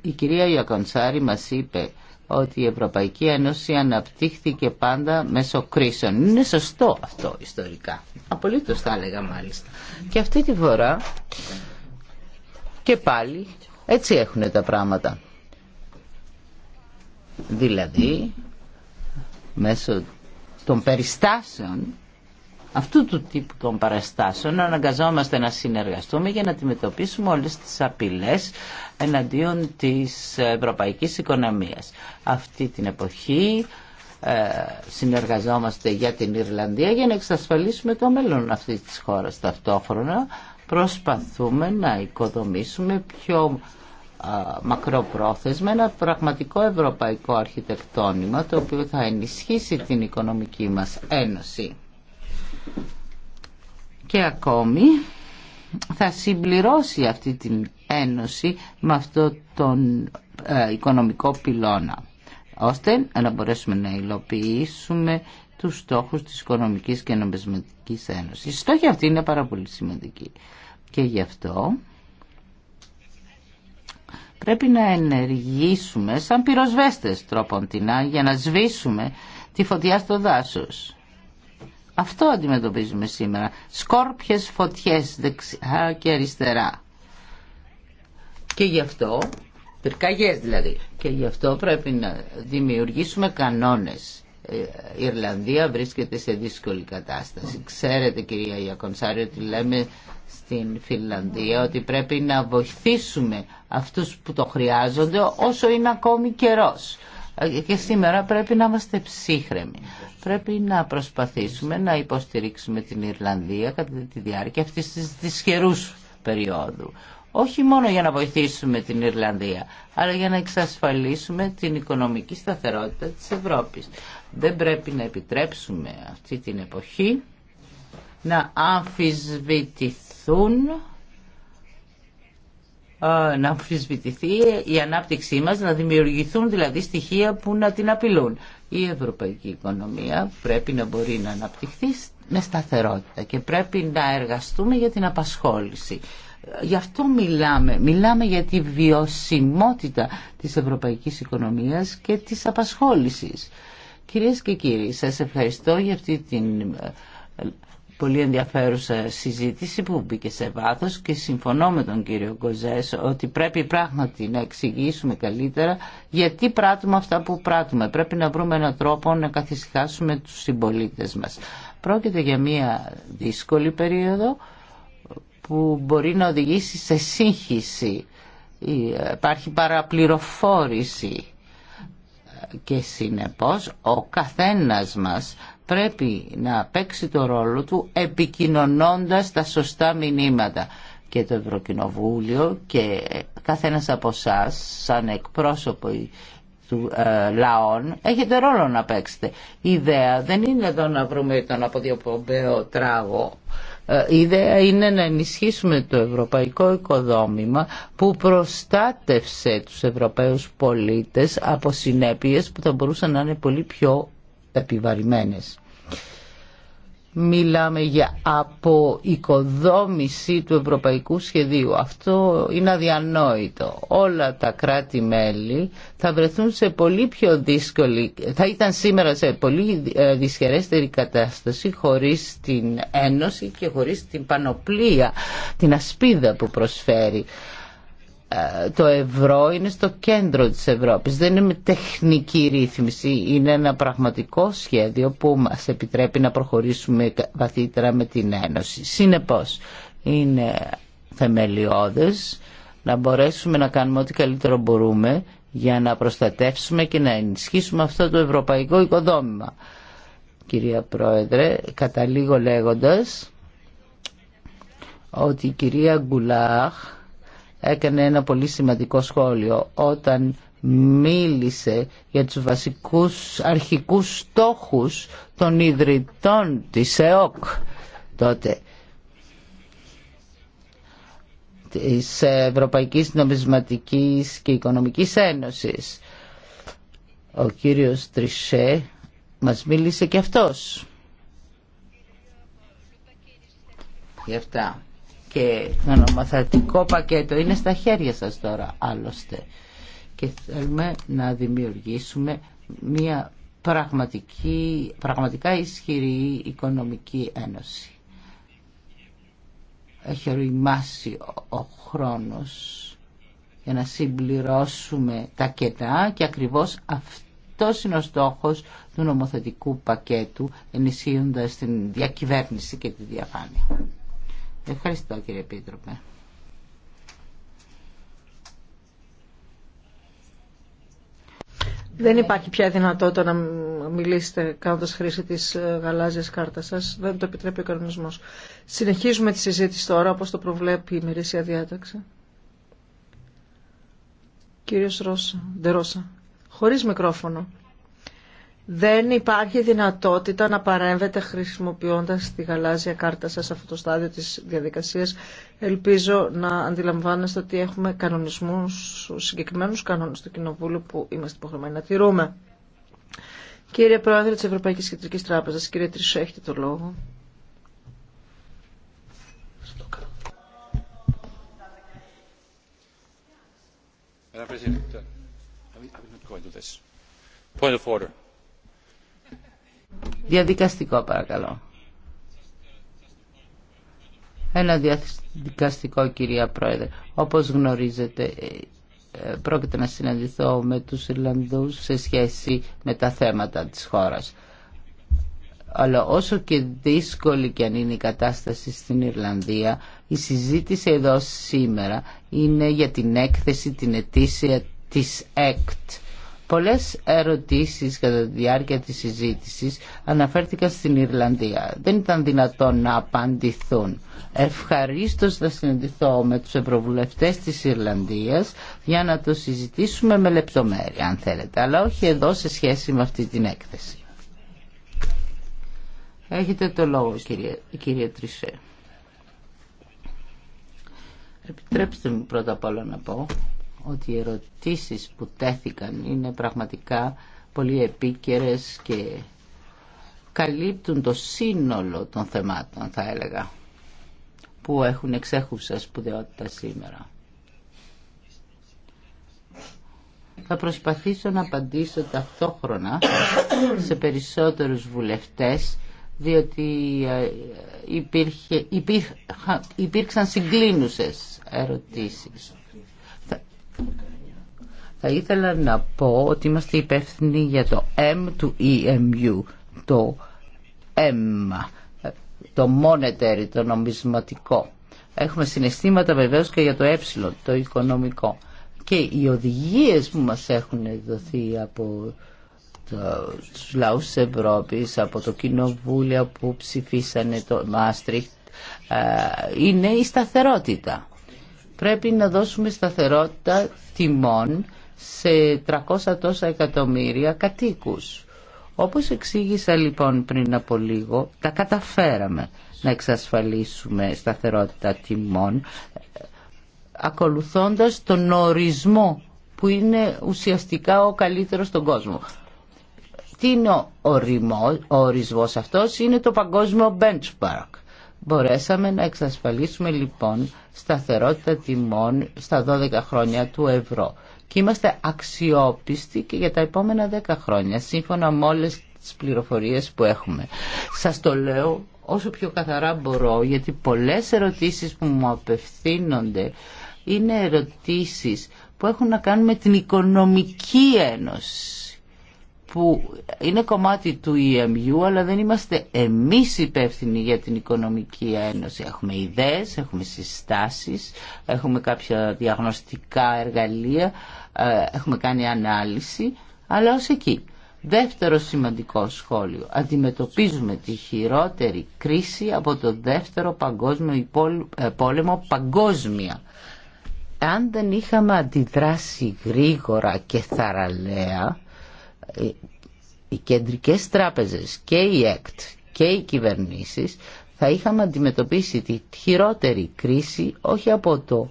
Η κυρία Γιακονσάρη μας είπε ότι η Ευρωπαϊκή Ένωση αναπτύχθηκε πάντα μέσω κρίσεων. Είναι σωστό αυτό ιστορικά. Απολύτω θα έλεγα μάλιστα. Και αυτή τη φορά και πάλι έτσι έχουν τα πράγματα. Δηλαδή, μέσω των περιστάσεων, αυτού του τύπου των παραστάσεων αναγκαζόμαστε να συνεργαστούμε για να αντιμετωπίσουμε όλες τις απειλές εναντίον της ευρωπαϊκής οικονομίας. Αυτή την εποχή ε, συνεργαζόμαστε για την Ιρλανδία για να εξασφαλίσουμε το μέλλον αυτής της χώρας ταυτόχρονα προσπαθούμε να οικοδομήσουμε πιο μακροπρόθεσμα ένα πραγματικό ευρωπαϊκό αρχιτεκτόνημα το οποίο θα ενισχύσει την οικονομική μας ένωση και ακόμη θα συμπληρώσει αυτή την ένωση με αυτό τον ε, οικονομικό πυλώνα ώστε να μπορέσουμε να υλοποιήσουμε τους στόχους της Οικονομικής και Νομισματικής Ένωσης. Η στόχη αυτή είναι πάρα πολύ σημαντική. και γι' αυτό πρέπει να ενεργήσουμε σαν πυροσβέστες τρόπον την για να σβήσουμε τη φωτιά στο δάσος. Αυτό αντιμετωπίζουμε σήμερα. Σκόρπιες φωτιές δεξιά και αριστερά. Και γι' αυτό, πυρκαγιές δηλαδή, και γι' αυτό πρέπει να δημιουργήσουμε κανόνες ε, η Ιρλανδία βρίσκεται σε δύσκολη κατάσταση. Ξέρετε κυρία Ιακονσάρη ότι λέμε στην Φιλανδία ότι πρέπει να βοηθήσουμε αυτούς που το χρειάζονται όσο είναι ακόμη καιρός. Ε, και σήμερα πρέπει να είμαστε ψύχρεμοι. Πρέπει να προσπαθήσουμε να υποστηρίξουμε την Ιρλανδία κατά τη διάρκεια αυτής της δυσχερούς περίοδου. Όχι μόνο για να βοηθήσουμε την Ιρλανδία, αλλά για να εξασφαλίσουμε την οικονομική σταθερότητα της Ευρώπης. Δεν πρέπει να επιτρέψουμε αυτή την εποχή να αμφισβητηθούν ε, να αμφισβητηθεί η ανάπτυξή μας, να δημιουργηθούν δηλαδή στοιχεία που να την απειλούν. Η ευρωπαϊκή οικονομία πρέπει να μπορεί να αναπτυχθεί με σταθερότητα και πρέπει να εργαστούμε για την απασχόληση. Γι' αυτό μιλάμε. Μιλάμε για τη βιωσιμότητα της ευρωπαϊκής οικονομίας και της απασχόλησης. Κυρίες και κύριοι, σας ευχαριστώ για αυτή την ε, πολύ ενδιαφέρουσα συζήτηση που μπήκε σε βάθος και συμφωνώ με τον κύριο Κοζές ότι πρέπει πράγματι να εξηγήσουμε καλύτερα γιατί πράττουμε αυτά που πράττουμε. Πρέπει να βρούμε έναν τρόπο να καθησυχάσουμε τους συμπολίτε μας. Πρόκειται για μια δύσκολη περίοδο που μπορεί να οδηγήσει σε σύγχυση. Ε, υπάρχει παραπληροφόρηση και συνεπώς ο καθένας μας πρέπει να παίξει το ρόλο του επικοινωνώντας τα σωστά μηνύματα και το Ευρωκοινοβούλιο και καθένας από εσά σαν εκπρόσωποι του ε, λαών έχετε ρόλο να παίξετε. Η ιδέα δεν είναι εδώ να βρούμε τον αποδιοπομπαίο τράγο ε, η ιδέα είναι να ενισχύσουμε το ευρωπαϊκό οικοδόμημα που προστάτευσε τους Ευρωπαίους πολίτες από συνέπειες που θα μπορούσαν να είναι πολύ πιο επιβαρημένες. Μιλάμε για αποοικοδόμηση του ευρωπαϊκού σχεδίου. Αυτό είναι αδιανόητο. Όλα τα κράτη-μέλη θα βρεθούν σε πολύ πιο δύσκολη, θα ήταν σήμερα σε πολύ ε, δυσχερέστερη κατάσταση χωρίς την Ένωση και χωρίς την πανοπλία, την ασπίδα που προσφέρει. Ε, το ευρώ είναι στο κέντρο της Ευρώπης. Δεν είναι τεχνική ρύθμιση, είναι ένα πραγματικό σχέδιο που μας επιτρέπει να προχωρήσουμε βαθύτερα με την Ένωση. Συνεπώς, είναι θεμελιώδες να μπορέσουμε να κάνουμε ό,τι καλύτερο μπορούμε για να προστατεύσουμε και να ενισχύσουμε αυτό το ευρωπαϊκό οικοδόμημα. Κυρία Πρόεδρε, καταλήγω λέγοντας ότι η κυρία Γκουλάχ έκανε ένα πολύ σημαντικό σχόλιο όταν μίλησε για τους βασικούς αρχικούς στόχους των ιδρυτών της ΕΟΚ τότε της Ευρωπαϊκής Νομισματικής και Οικονομικής Ένωσης. Ο κύριος Τρισέ μας μίλησε και αυτός. Γι' αυτά και το νομοθετικό πακέτο είναι στα χέρια σας τώρα άλλωστε και θέλουμε να δημιουργήσουμε μια πραγματική, πραγματικά ισχυρή οικονομική ένωση. Έχει οριμάσει ο χρόνος για να συμπληρώσουμε τα κετά και ακριβώς αυτό είναι ο στόχος του νομοθετικού πακέτου ενισχύοντας την διακυβέρνηση και τη διαφάνεια. Ευχαριστώ κύριε Επίτροπε. Δεν υπάρχει πια δυνατότητα να μιλήσετε κάνοντα χρήση τη ε, γαλάζια κάρτα σα. Δεν το επιτρέπει ο κανονισμό. Συνεχίζουμε τη συζήτηση τώρα, όπω το προβλέπει η ημερήσια διάταξη. Κύριο Ρώσα, Ντερόσα, χωρί μικρόφωνο δεν υπάρχει δυνατότητα να παρέμβετε χρησιμοποιώντας τη γαλάζια κάρτα σας σε αυτό το στάδιο της διαδικασίας. Ελπίζω να αντιλαμβάνεστε ότι έχουμε κανονισμούς, συγκεκριμένους κανόνες του Κοινοβούλου που είμαστε υποχρεωμένοι να τηρούμε. Κύριε Πρόεδρε της Ευρωπαϊκής Κεντρικής Τράπεζας, κύριε Τρισό, το λόγο. Uh, Point of order. Διαδικαστικό παρακαλώ. Ένα διαδικαστικό κυρία Πρόεδρε. Όπως γνωρίζετε ε, ε, πρόκειται να συναντηθώ με τους Ιρλανδούς σε σχέση με τα θέματα της χώρας. Αλλά όσο και δύσκολη και αν είναι η κατάσταση στην Ιρλανδία, η συζήτηση εδώ σήμερα είναι για την έκθεση την ετήσια της ΕΚΤ Πολλές ερωτήσεις κατά τη διάρκεια της συζήτησης αναφέρθηκαν στην Ιρλανδία. Δεν ήταν δυνατόν να απαντηθούν. Ευχαρίστως να συναντηθώ με τους ευρωβουλευτές της Ιρλανδίας για να το συζητήσουμε με λεπτομέρεια αν θέλετε, αλλά όχι εδώ σε σχέση με αυτή την έκθεση. Έχετε το λόγο κύριε, κύριε Τρισέ. Επιτρέψτε μου πρώτα απ' όλα να πω ότι οι ερωτήσεις που τέθηκαν είναι πραγματικά πολύ επίκαιρες και καλύπτουν το σύνολο των θεμάτων, θα έλεγα, που έχουν εξέχουσα σπουδαιότητα σήμερα. Θα προσπαθήσω να απαντήσω ταυτόχρονα σε περισσότερους βουλευτές διότι ε, υπήρχε, υπήρξαν συγκλίνουσες ερωτήσεις. Θα ήθελα να πω ότι είμαστε υπεύθυνοι για το M του EMU, το M, το monetary, το νομισματικό. Έχουμε συναισθήματα βεβαίως και για το ε, το οικονομικό. Και οι οδηγίες που μας έχουν δοθεί από τους λαούς της Ευρώπης, από το κοινοβούλιο που ψηφίσανε το Μάστριχτ, ε, είναι η σταθερότητα. Πρέπει να δώσουμε σταθερότητα τιμών σε 300 τόσα εκατομμύρια κατοίκους. Όπως εξήγησα λοιπόν πριν από λίγο, τα καταφέραμε να εξασφαλίσουμε σταθερότητα τιμών ακολουθώντας τον ορισμό που είναι ουσιαστικά ο καλύτερος στον κόσμο. Τι είναι ο, ορισμός αυτός, είναι το παγκόσμιο benchmark. Μπορέσαμε να εξασφαλίσουμε λοιπόν σταθερότητα τιμών στα 12 χρόνια του ευρώ και είμαστε αξιόπιστοι και για τα επόμενα 10 χρόνια σύμφωνα με όλες τις πληροφορίες που έχουμε. Σας το λέω όσο πιο καθαρά μπορώ γιατί πολλές ερωτήσεις που μου απευθύνονται είναι ερωτήσεις που έχουν να κάνουν με την οικονομική ένωση που είναι κομμάτι του EMU αλλά δεν είμαστε εμείς υπεύθυνοι για την οικονομική ένωση. Έχουμε ιδέες, έχουμε συστάσεις, έχουμε κάποια διαγνωστικά εργαλεία, ε, έχουμε κάνει ανάλυση, αλλά ως εκεί. Δεύτερο σημαντικό σχόλιο. Αντιμετωπίζουμε τη χειρότερη κρίση από το δεύτερο παγκόσμιο ε, πόλεμο παγκόσμια. Αν δεν είχαμε αντιδράσει γρήγορα και θαραλέα, ε, οι κεντρικές τράπεζες και η ΕΚΤ και οι κυβερνήσεις θα είχαμε αντιμετωπίσει τη χειρότερη κρίση όχι από το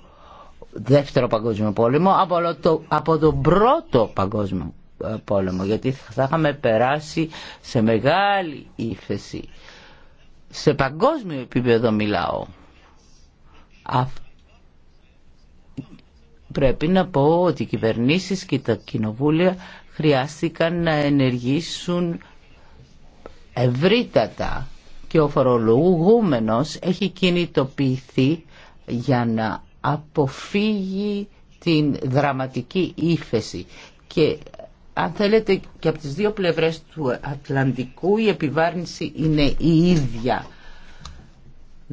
δεύτερο παγκόσμιο πόλεμο από, το, από το πρώτο παγκόσμιο ε, πόλεμο γιατί θα είχαμε περάσει σε μεγάλη ύφεση σε παγκόσμιο επίπεδο μιλάω πρέπει να πω ότι οι κυβερνήσεις και τα κοινοβούλια χρειάστηκαν να ενεργήσουν ευρύτατα και ο φορολογούμενος έχει κινητοποιηθεί για να αποφύγει την δραματική ύφεση και αν θέλετε και από τις δύο πλευρές του Ατλαντικού η επιβάρυνση είναι η ίδια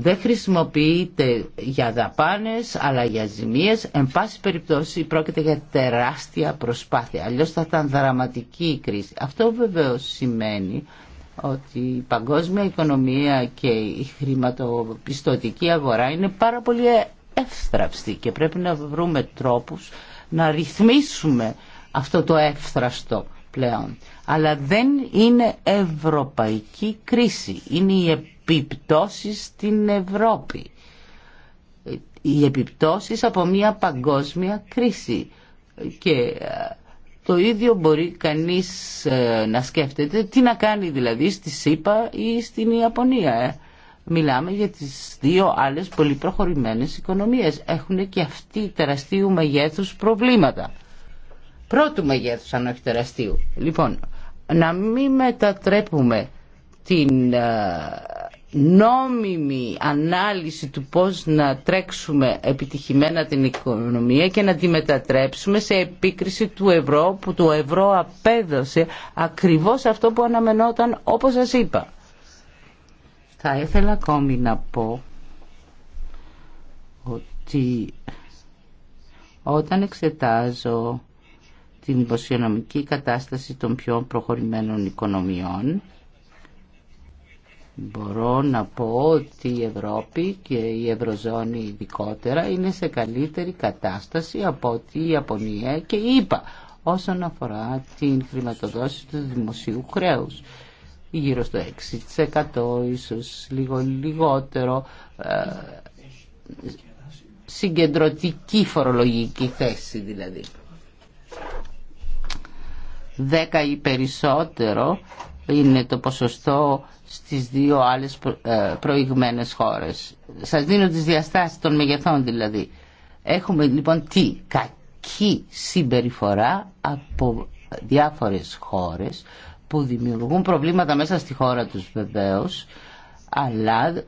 δεν χρησιμοποιείται για δαπάνες αλλά για ζημίες. Εν πάση περιπτώσει πρόκειται για τεράστια προσπάθεια. Αλλιώς θα ήταν δραματική η κρίση. Αυτό βεβαίω σημαίνει ότι η παγκόσμια οικονομία και η χρηματοπιστωτική αγορά είναι πάρα πολύ εύθραυστη και πρέπει να βρούμε τρόπους να ρυθμίσουμε αυτό το εύθραστο πλέον. Αλλά δεν είναι ευρωπαϊκή κρίση. Είναι η επιπτώσεις στην Ευρώπη. Οι επιπτώσεις από μια παγκόσμια κρίση. Και ε, το ίδιο μπορεί κανείς ε, να σκέφτεται τι να κάνει δηλαδή στη ΣΥΠΑ ή στην Ιαπωνία. Ε? Μιλάμε για τις δύο άλλες πολύ προχωρημένες οικονομίες. Έχουν και αυτοί τεραστίου μεγέθους προβλήματα. Πρώτου μεγέθους αν όχι τεραστίου. Λοιπόν, να μην μετατρέπουμε την νόμιμη ανάλυση του πώς να τρέξουμε επιτυχημένα την οικονομία και να τη μετατρέψουμε σε επίκριση του ευρώ που το ευρώ απέδωσε ακριβώς αυτό που αναμενόταν όπως σας είπα. Θα ήθελα ακόμη να πω ότι όταν εξετάζω την υποσυνομική κατάσταση των πιο προχωρημένων οικονομιών Μπορώ να πω ότι η Ευρώπη και η Ευρωζώνη ειδικότερα είναι σε καλύτερη κατάσταση από ότι η Ιαπωνία και είπα όσον αφορά την χρηματοδότηση του δημοσίου χρέους γύρω στο 6% ίσως λίγο λιγότερο ε, συγκεντρωτική φορολογική θέση δηλαδή Δέκα ή περισσότερο είναι το ποσοστό στις δύο άλλες ε, προηγμένες χώρες. Σας δίνω τις διαστάσεις των μεγεθών δηλαδή. Έχουμε λοιπόν τι κακή συμπεριφορά από διάφορες χώρες που δημιουργούν προβλήματα μέσα στη χώρα τους βεβαίως αλλά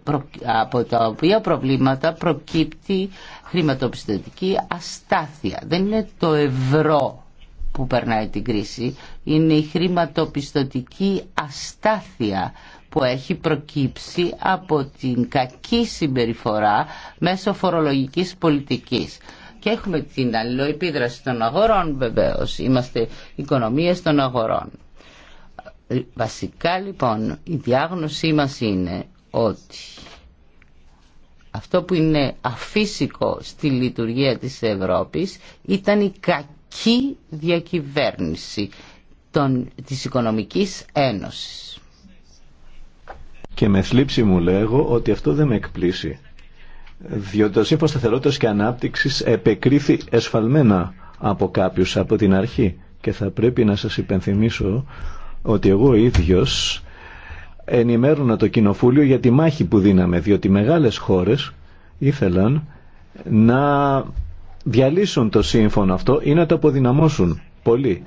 από τα οποία προβλήματα προκύπτει χρηματοπιστωτική αστάθεια. Δεν είναι το ευρώ που περνάει την κρίση είναι η χρηματοπιστωτική αστάθεια που έχει προκύψει από την κακή συμπεριφορά μέσω φορολογικής πολιτικής. Και έχουμε την αλληλοεπίδραση των αγορών βεβαίως. Είμαστε οικονομίες των αγορών. Βασικά λοιπόν η διάγνωσή μας είναι ότι αυτό που είναι αφύσικο στη λειτουργία της Ευρώπης ήταν η κακή οικονομική διακυβέρνηση των, της Οικονομικής Ένωσης. Και με θλίψη μου λέγω ότι αυτό δεν με εκπλήσει. Διότι το Σύμφωνο Σταθερότητας και Ανάπτυξης επεκρίθη εσφαλμένα από κάποιους από την αρχή. Και θα πρέπει να σας υπενθυμίσω ότι εγώ ίδιος ενημέρωνα το κοινοφούλιο για τη μάχη που δίναμε, διότι μεγάλες χώρες ήθελαν να διαλύσουν το σύμφωνο αυτό ή να το αποδυναμώσουν πολύ.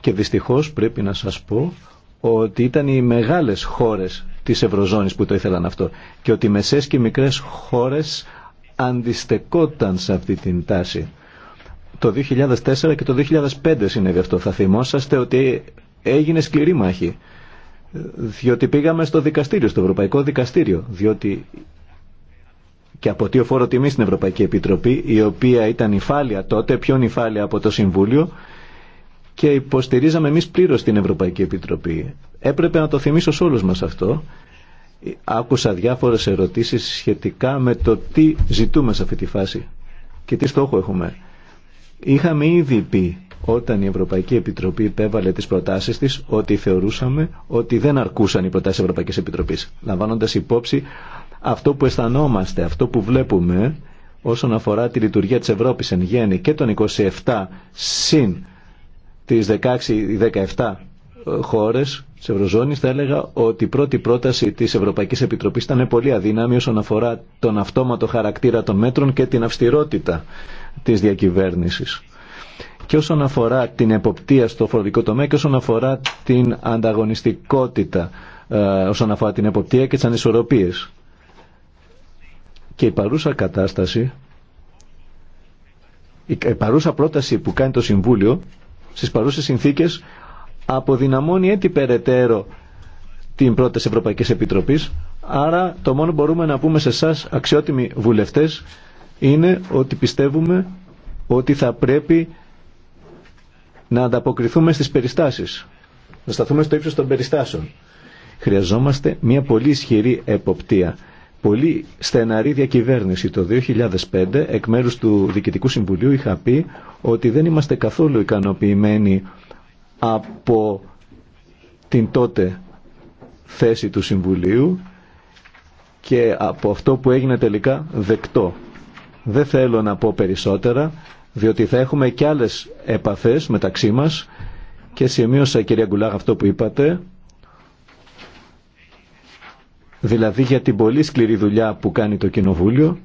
Και δυστυχώς πρέπει να σας πω ότι ήταν οι μεγάλες χώρες της Ευρωζώνης που το ήθελαν αυτό και ότι οι μεσές και οι μικρές χώρες αντιστεκόταν σε αυτή την τάση. Το 2004 και το 2005 συνέβη αυτό. Θα θυμόσαστε ότι έγινε σκληρή μάχη. Διότι πήγαμε στο δικαστήριο, στο Ευρωπαϊκό Δικαστήριο και από τι φόρο τιμή στην Ευρωπαϊκή Επιτροπή, η οποία ήταν υφάλια τότε, πιο υφάλια από το Συμβούλιο και υποστηρίζαμε εμεί πλήρω την Ευρωπαϊκή Επιτροπή. Έπρεπε να το θυμίσω σε όλου μα αυτό. Άκουσα διάφορε ερωτήσει σχετικά με το τι ζητούμε σε αυτή τη φάση και τι στόχο έχουμε. Είχαμε ήδη πει όταν η Ευρωπαϊκή Επιτροπή υπέβαλε τι προτάσει τη ότι θεωρούσαμε ότι δεν αρκούσαν οι προτάσει τη Ευρωπαϊκή Επιτροπή, υπόψη αυτό που αισθανόμαστε, αυτό που βλέπουμε όσον αφορά τη λειτουργία της Ευρώπης εν γέννη και των 27 συν τις 16-17 ε, χώρες της Ευρωζώνης θα έλεγα ότι η πρώτη πρόταση της Ευρωπαϊκής Επιτροπής ήταν πολύ αδύναμη όσον αφορά τον αυτόματο χαρακτήρα των μέτρων και την αυστηρότητα της διακυβέρνησης και όσον αφορά την εποπτεία στο φορολογικό τομέα και όσον αφορά την ανταγωνιστικότητα ε, όσον αφορά την εποπτεία και τις ανισορροπίες. Και η παρούσα κατάσταση, η παρούσα πρόταση που κάνει το Συμβούλιο στις παρούσες συνθήκες αποδυναμώνει έτσι περαιτέρω την πρόταση Ευρωπαϊκής Επιτροπής. Άρα το μόνο που μπορούμε να πούμε σε εσά αξιότιμοι βουλευτές είναι ότι πιστεύουμε ότι θα πρέπει να ανταποκριθούμε στις περιστάσεις. Να σταθούμε στο ύψος των περιστάσεων. Χρειαζόμαστε μια πολύ ισχυρή εποπτεία πολύ στεναρή διακυβέρνηση. Το 2005 εκ μέρους του Διοικητικού Συμβουλίου είχα πει ότι δεν είμαστε καθόλου ικανοποιημένοι από την τότε θέση του Συμβουλίου και από αυτό που έγινε τελικά δεκτό. Δεν θέλω να πω περισσότερα, διότι θα έχουμε και άλλες επαφές μεταξύ μας και σημείωσα κυρία Γκουλάγ αυτό που είπατε δηλαδή για την πολύ σκληρή δουλειά που κάνει το Κοινοβούλιο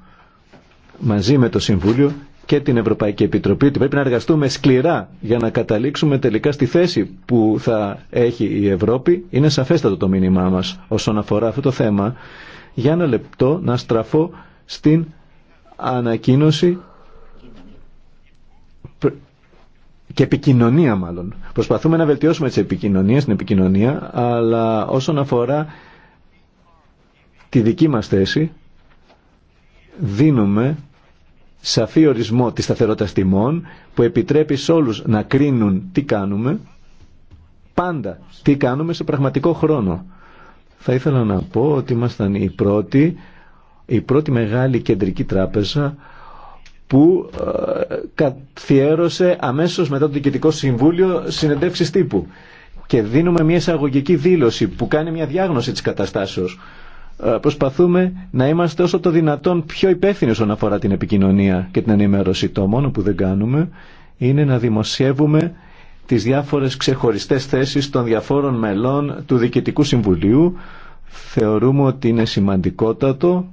μαζί με το Συμβούλιο και την Ευρωπαϊκή Επιτροπή ότι πρέπει να εργαστούμε σκληρά για να καταλήξουμε τελικά στη θέση που θα έχει η Ευρώπη. Είναι σαφέστατο το μήνυμά μας όσον αφορά αυτό το θέμα. Για ένα λεπτό να στραφώ στην ανακοίνωση και επικοινωνία μάλλον. Προσπαθούμε να βελτιώσουμε τις επικοινωνίες, την επικοινωνία, αλλά όσον αφορά τη δική μας θέση δίνουμε σαφή ορισμό της σταθερότητας τιμών που επιτρέπει σε όλους να κρίνουν τι κάνουμε πάντα τι κάνουμε σε πραγματικό χρόνο. Θα ήθελα να πω ότι ήμασταν η πρώτη, η πρώτη μεγάλη κεντρική τράπεζα που ε, καθιέρωσε αμέσως μετά το Διοικητικό Συμβούλιο συνεντεύξεις τύπου. Και δίνουμε μια εισαγωγική δήλωση που κάνει μια διάγνωση της καταστάσεως ε, προσπαθούμε να είμαστε όσο το δυνατόν πιο υπεύθυνοι όσον αφορά την επικοινωνία και την ενημέρωση. Το μόνο που δεν κάνουμε είναι να δημοσιεύουμε τις διάφορες ξεχωριστές θέσεις των διαφόρων μελών του Διοικητικού Συμβουλίου. Θεωρούμε ότι είναι σημαντικότατο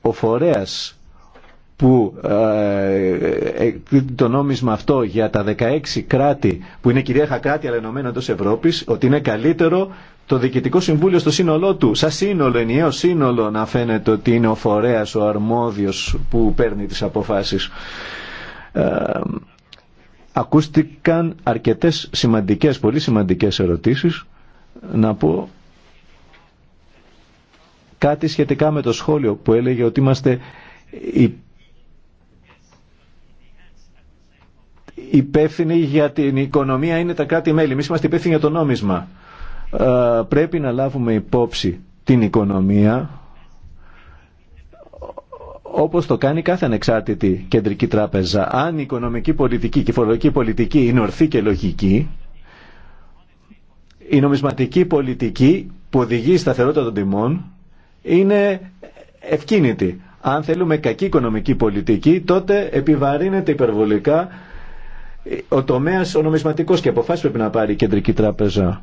ο φορέας που ε, ε, το νόμισμα αυτό για τα 16 κράτη που είναι κυρίαρχα κράτη αλλά ενωμένα εντός Ευρώπης ότι είναι καλύτερο το Διοικητικό Συμβούλιο στο σύνολό του, σαν σύνολο, ενιαίο σύνολο να φαίνεται ότι είναι ο φορέας, ο αρμόδιος που παίρνει τις αποφάσεις. Ε, ακούστηκαν αρκετές σημαντικές, πολύ σημαντικές ερωτήσεις. Να πω κάτι σχετικά με το σχόλιο που έλεγε ότι είμαστε υπεύθυνοι για την οικονομία είναι τα κράτη-μέλη. Εμεί είμαστε υπεύθυνοι για το νόμισμα. Ε, πρέπει να λάβουμε υπόψη την οικονομία όπως το κάνει κάθε ανεξάρτητη κεντρική τράπεζα. Αν η οικονομική πολιτική και η φορολογική πολιτική είναι ορθή και λογική, η νομισματική πολιτική που οδηγεί σταθερότητα των τιμών είναι ευκίνητη. Αν θέλουμε κακή οικονομική πολιτική, τότε επιβαρύνεται υπερβολικά ο τομέας ο νομισματικός και αποφάσει πρέπει να πάρει η Κεντρική Τράπεζα.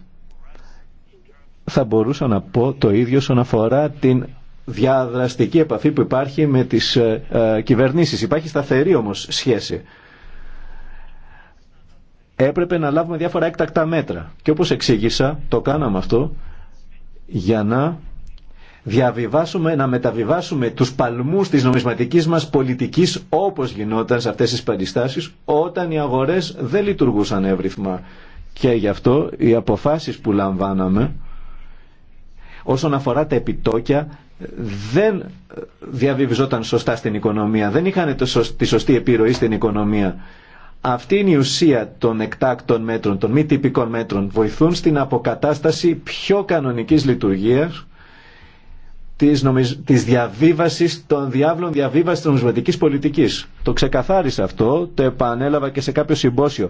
Θα μπορούσα να πω το ίδιο όσον αφορά την διαδραστική επαφή που υπάρχει με τις ε, ε κυβερνήσεις. Υπάρχει σταθερή όμως σχέση. Έπρεπε να λάβουμε διάφορα έκτακτα μέτρα. Και όπως εξήγησα, το κάναμε αυτό για να διαβιβάσουμε, να μεταβιβάσουμε τους παλμούς της νομισματικής μας πολιτικής όπως γινόταν σε αυτές τις περιστάσεις όταν οι αγορές δεν λειτουργούσαν εύρυθμα. Και γι' αυτό οι αποφάσεις που λαμβάναμε όσον αφορά τα επιτόκια δεν διαβιβιζόταν σωστά στην οικονομία, δεν είχαν τη σωστή επιρροή στην οικονομία. Αυτή είναι η ουσία των εκτάκτων μέτρων, των μη τυπικών μέτρων. Βοηθούν στην αποκατάσταση πιο κανονικής λειτουργίας της, νομιζ... διαβίβασης των διάβλων διαβίβασης της νομισματικής πολιτικής. Το ξεκαθάρισα αυτό, το επανέλαβα και σε κάποιο συμπόσιο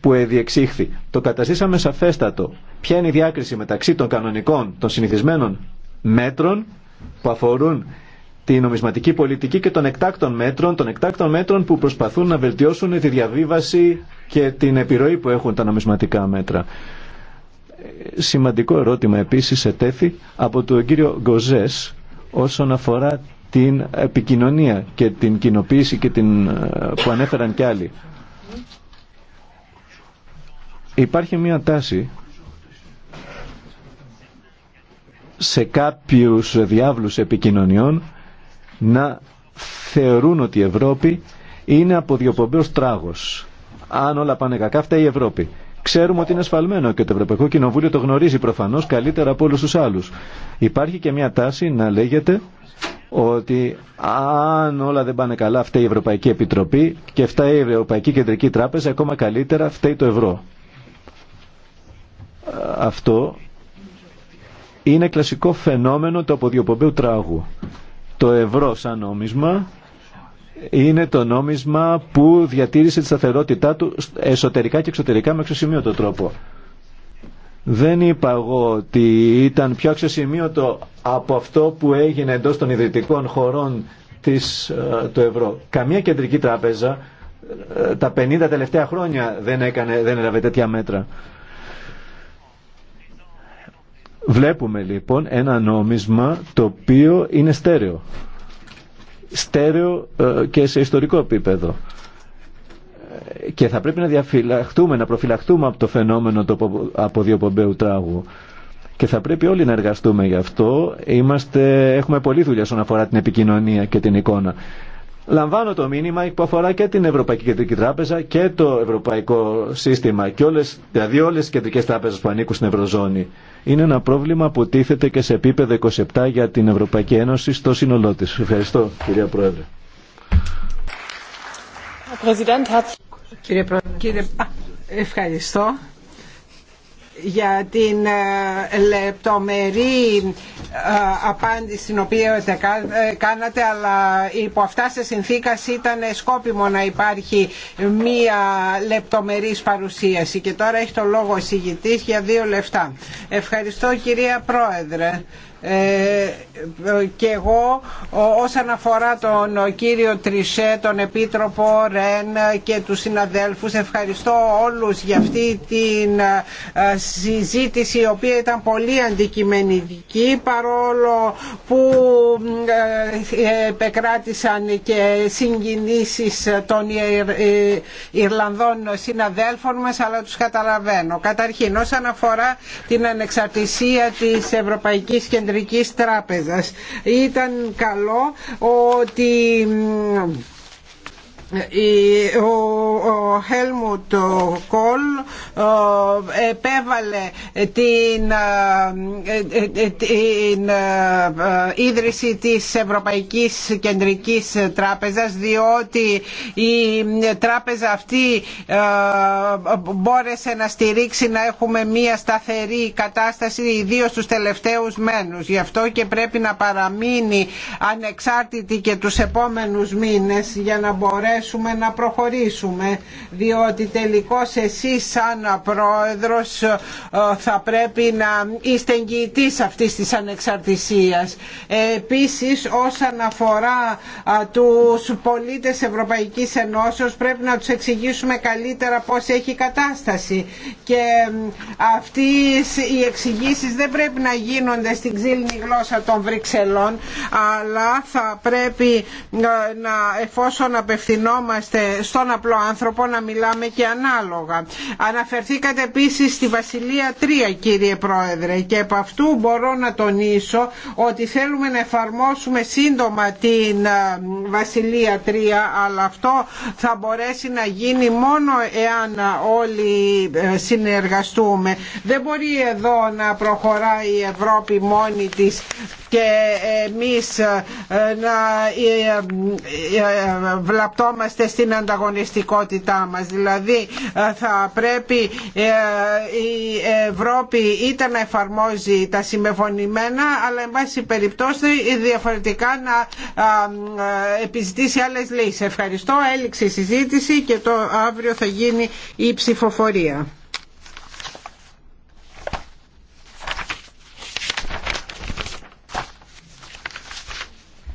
που εδιεξήχθη. Το καταστήσαμε σαφέστατο. Ποια είναι η διάκριση μεταξύ των κανονικών, των συνηθισμένων μέτρων που αφορούν τη νομισματική πολιτική και των εκτάκτων μέτρων, των εκτάκτων μέτρων που προσπαθούν να βελτιώσουν τη διαβίβαση και την επιρροή που έχουν τα νομισματικά μέτρα. Σημαντικό ερώτημα επίσης ετέθη από τον κύριο Γκοζές όσον αφορά την επικοινωνία και την κοινοποίηση και την, ε, που ανέφεραν κι άλλοι. Υπάρχει μια τάση σε κάποιους διάβλους επικοινωνιών να θεωρούν ότι η Ευρώπη είναι αποδιοπομπέως τράγος. Αν όλα πάνε κακά, φταίει η Ευρώπη. Ξέρουμε ότι είναι ασφαλμένο και το Ευρωπαϊκό Κοινοβούλιο το γνωρίζει προφανώ καλύτερα από όλου του άλλου. Υπάρχει και μια τάση να λέγεται ότι αν όλα δεν πάνε καλά φταίει η Ευρωπαϊκή Επιτροπή και φταίει η Ευρωπαϊκή Κεντρική Τράπεζα, ακόμα καλύτερα φταίει το ευρώ. Αυτό είναι κλασικό φαινόμενο του αποδιοπομπέου τράγου. Το ευρώ σαν νόμισμα είναι το νόμισμα που διατήρησε τη σταθερότητά του εσωτερικά και εξωτερικά με αξιοσημείωτο τρόπο. Δεν είπα εγώ ότι ήταν πιο αξιοσημείωτο από αυτό που έγινε εντός των ιδρυτικών χωρών της, ε, του ευρώ. Καμία κεντρική τράπεζα ε, τα 50 τελευταία χρόνια δεν, έκανε, δεν έλαβε τέτοια μέτρα. Βλέπουμε λοιπόν ένα νόμισμα το οποίο είναι στέρεο στέρεο ε, και σε ιστορικό επίπεδο. Και θα πρέπει να διαφυλαχτούμε, να προφυλαχτούμε από το φαινόμενο δύο πομπέου τράγου. Και θα πρέπει όλοι να εργαστούμε γι' αυτό. Είμαστε, έχουμε πολλή δουλειά όσον αφορά την επικοινωνία και την εικόνα. Λαμβάνω το μήνυμα που αφορά και την Ευρωπαϊκή Κεντρική Τράπεζα και το Ευρωπαϊκό Σύστημα και όλες, δηλαδή όλες τις κεντρικές τράπεζες που ανήκουν στην Ευρωζώνη. Είναι ένα πρόβλημα που τίθεται και σε επίπεδο 27 για την Ευρωπαϊκή Ένωση στο σύνολό της. Ευχαριστώ κυρία Πρόεδρε. Κύριε Πρόεδρε, ευχαριστώ για την ε, λεπτομερή ε, απάντηση την οποία ε, κάνατε αλλά υπό αυτά σε συνθήκας ήταν σκόπιμο να υπάρχει μία λεπτομερής παρουσίαση και τώρα έχει το λόγο ο για δύο λεφτά. Ευχαριστώ κυρία Πρόεδρε. Ε, και εγώ όσον αφορά τον κύριο Τρισέ, τον Επίτροπο Ρεν και τους συναδέλφους ευχαριστώ όλους για αυτή την ε, συζήτηση η οποία ήταν πολύ αντικειμενική παρόλο που ε, επεκράτησαν και συγκινήσεις των Ιρλανδών συναδέλφων μας αλλά τους καταλαβαίνω. Καταρχήν όσον αφορά την ανεξαρτησία της Ευρωπαϊκής Κεντρικής Κεντρικής Τράπεζας. Ήταν καλό ότι ο Χέλμουτ Κόλ ε, επέβαλε την, ε, ε, την ίδρυση της Ευρωπαϊκής Κεντρικής Τράπεζας διότι η τράπεζα αυτή μπόρεσε να στηρίξει να έχουμε μια σταθερή κατάσταση ιδίως τους τελευταίους μένους. Γι' αυτό και πρέπει να παραμείνει ανεξάρτητη και τους επόμενους μήνες για να μπορέσουμε μπορέσουμε να προχωρήσουμε διότι τελικώς εσείς σαν πρόεδρος ε, θα πρέπει να είστε εγγυητής αυτής της ανεξαρτησίας. Επίσης όσον αφορά τους πολίτες Ευρωπαϊκής Ενώσεως πρέπει να τους εξηγήσουμε καλύτερα πώς έχει κατάσταση και αυτές οι εξηγήσει δεν πρέπει να γίνονται στην ξύλινη γλώσσα των Βρυξελών αλλά θα πρέπει ε, να εφόσον απευθυνόμαστε απευθυνόμαστε στον απλό άνθρωπο να μιλάμε και ανάλογα. Αναφερθήκατε επίσης στη Βασιλεία 3 κύριε Πρόεδρε και από αυτού μπορώ να τονίσω ότι θέλουμε να εφαρμόσουμε σύντομα την ε, Βασιλεία 3 αλλά αυτό θα μπορέσει να γίνει μόνο εάν όλοι ε, συνεργαστούμε. Δεν μπορεί εδώ να προχωράει η Ευρώπη μόνη της και εμείς ε, να βασιζόμαστε στην ανταγωνιστικότητά μας. Δηλαδή ε, θα πρέπει ε, η Ευρώπη είτε να εφαρμόζει τα συμμεφωνημένα αλλά εν πάση περιπτώσει διαφορετικά να ε, επιζητήσει άλλες λύσεις. Ευχαριστώ. Έληξε η συζήτηση και το αύριο θα γίνει η ψηφοφορία.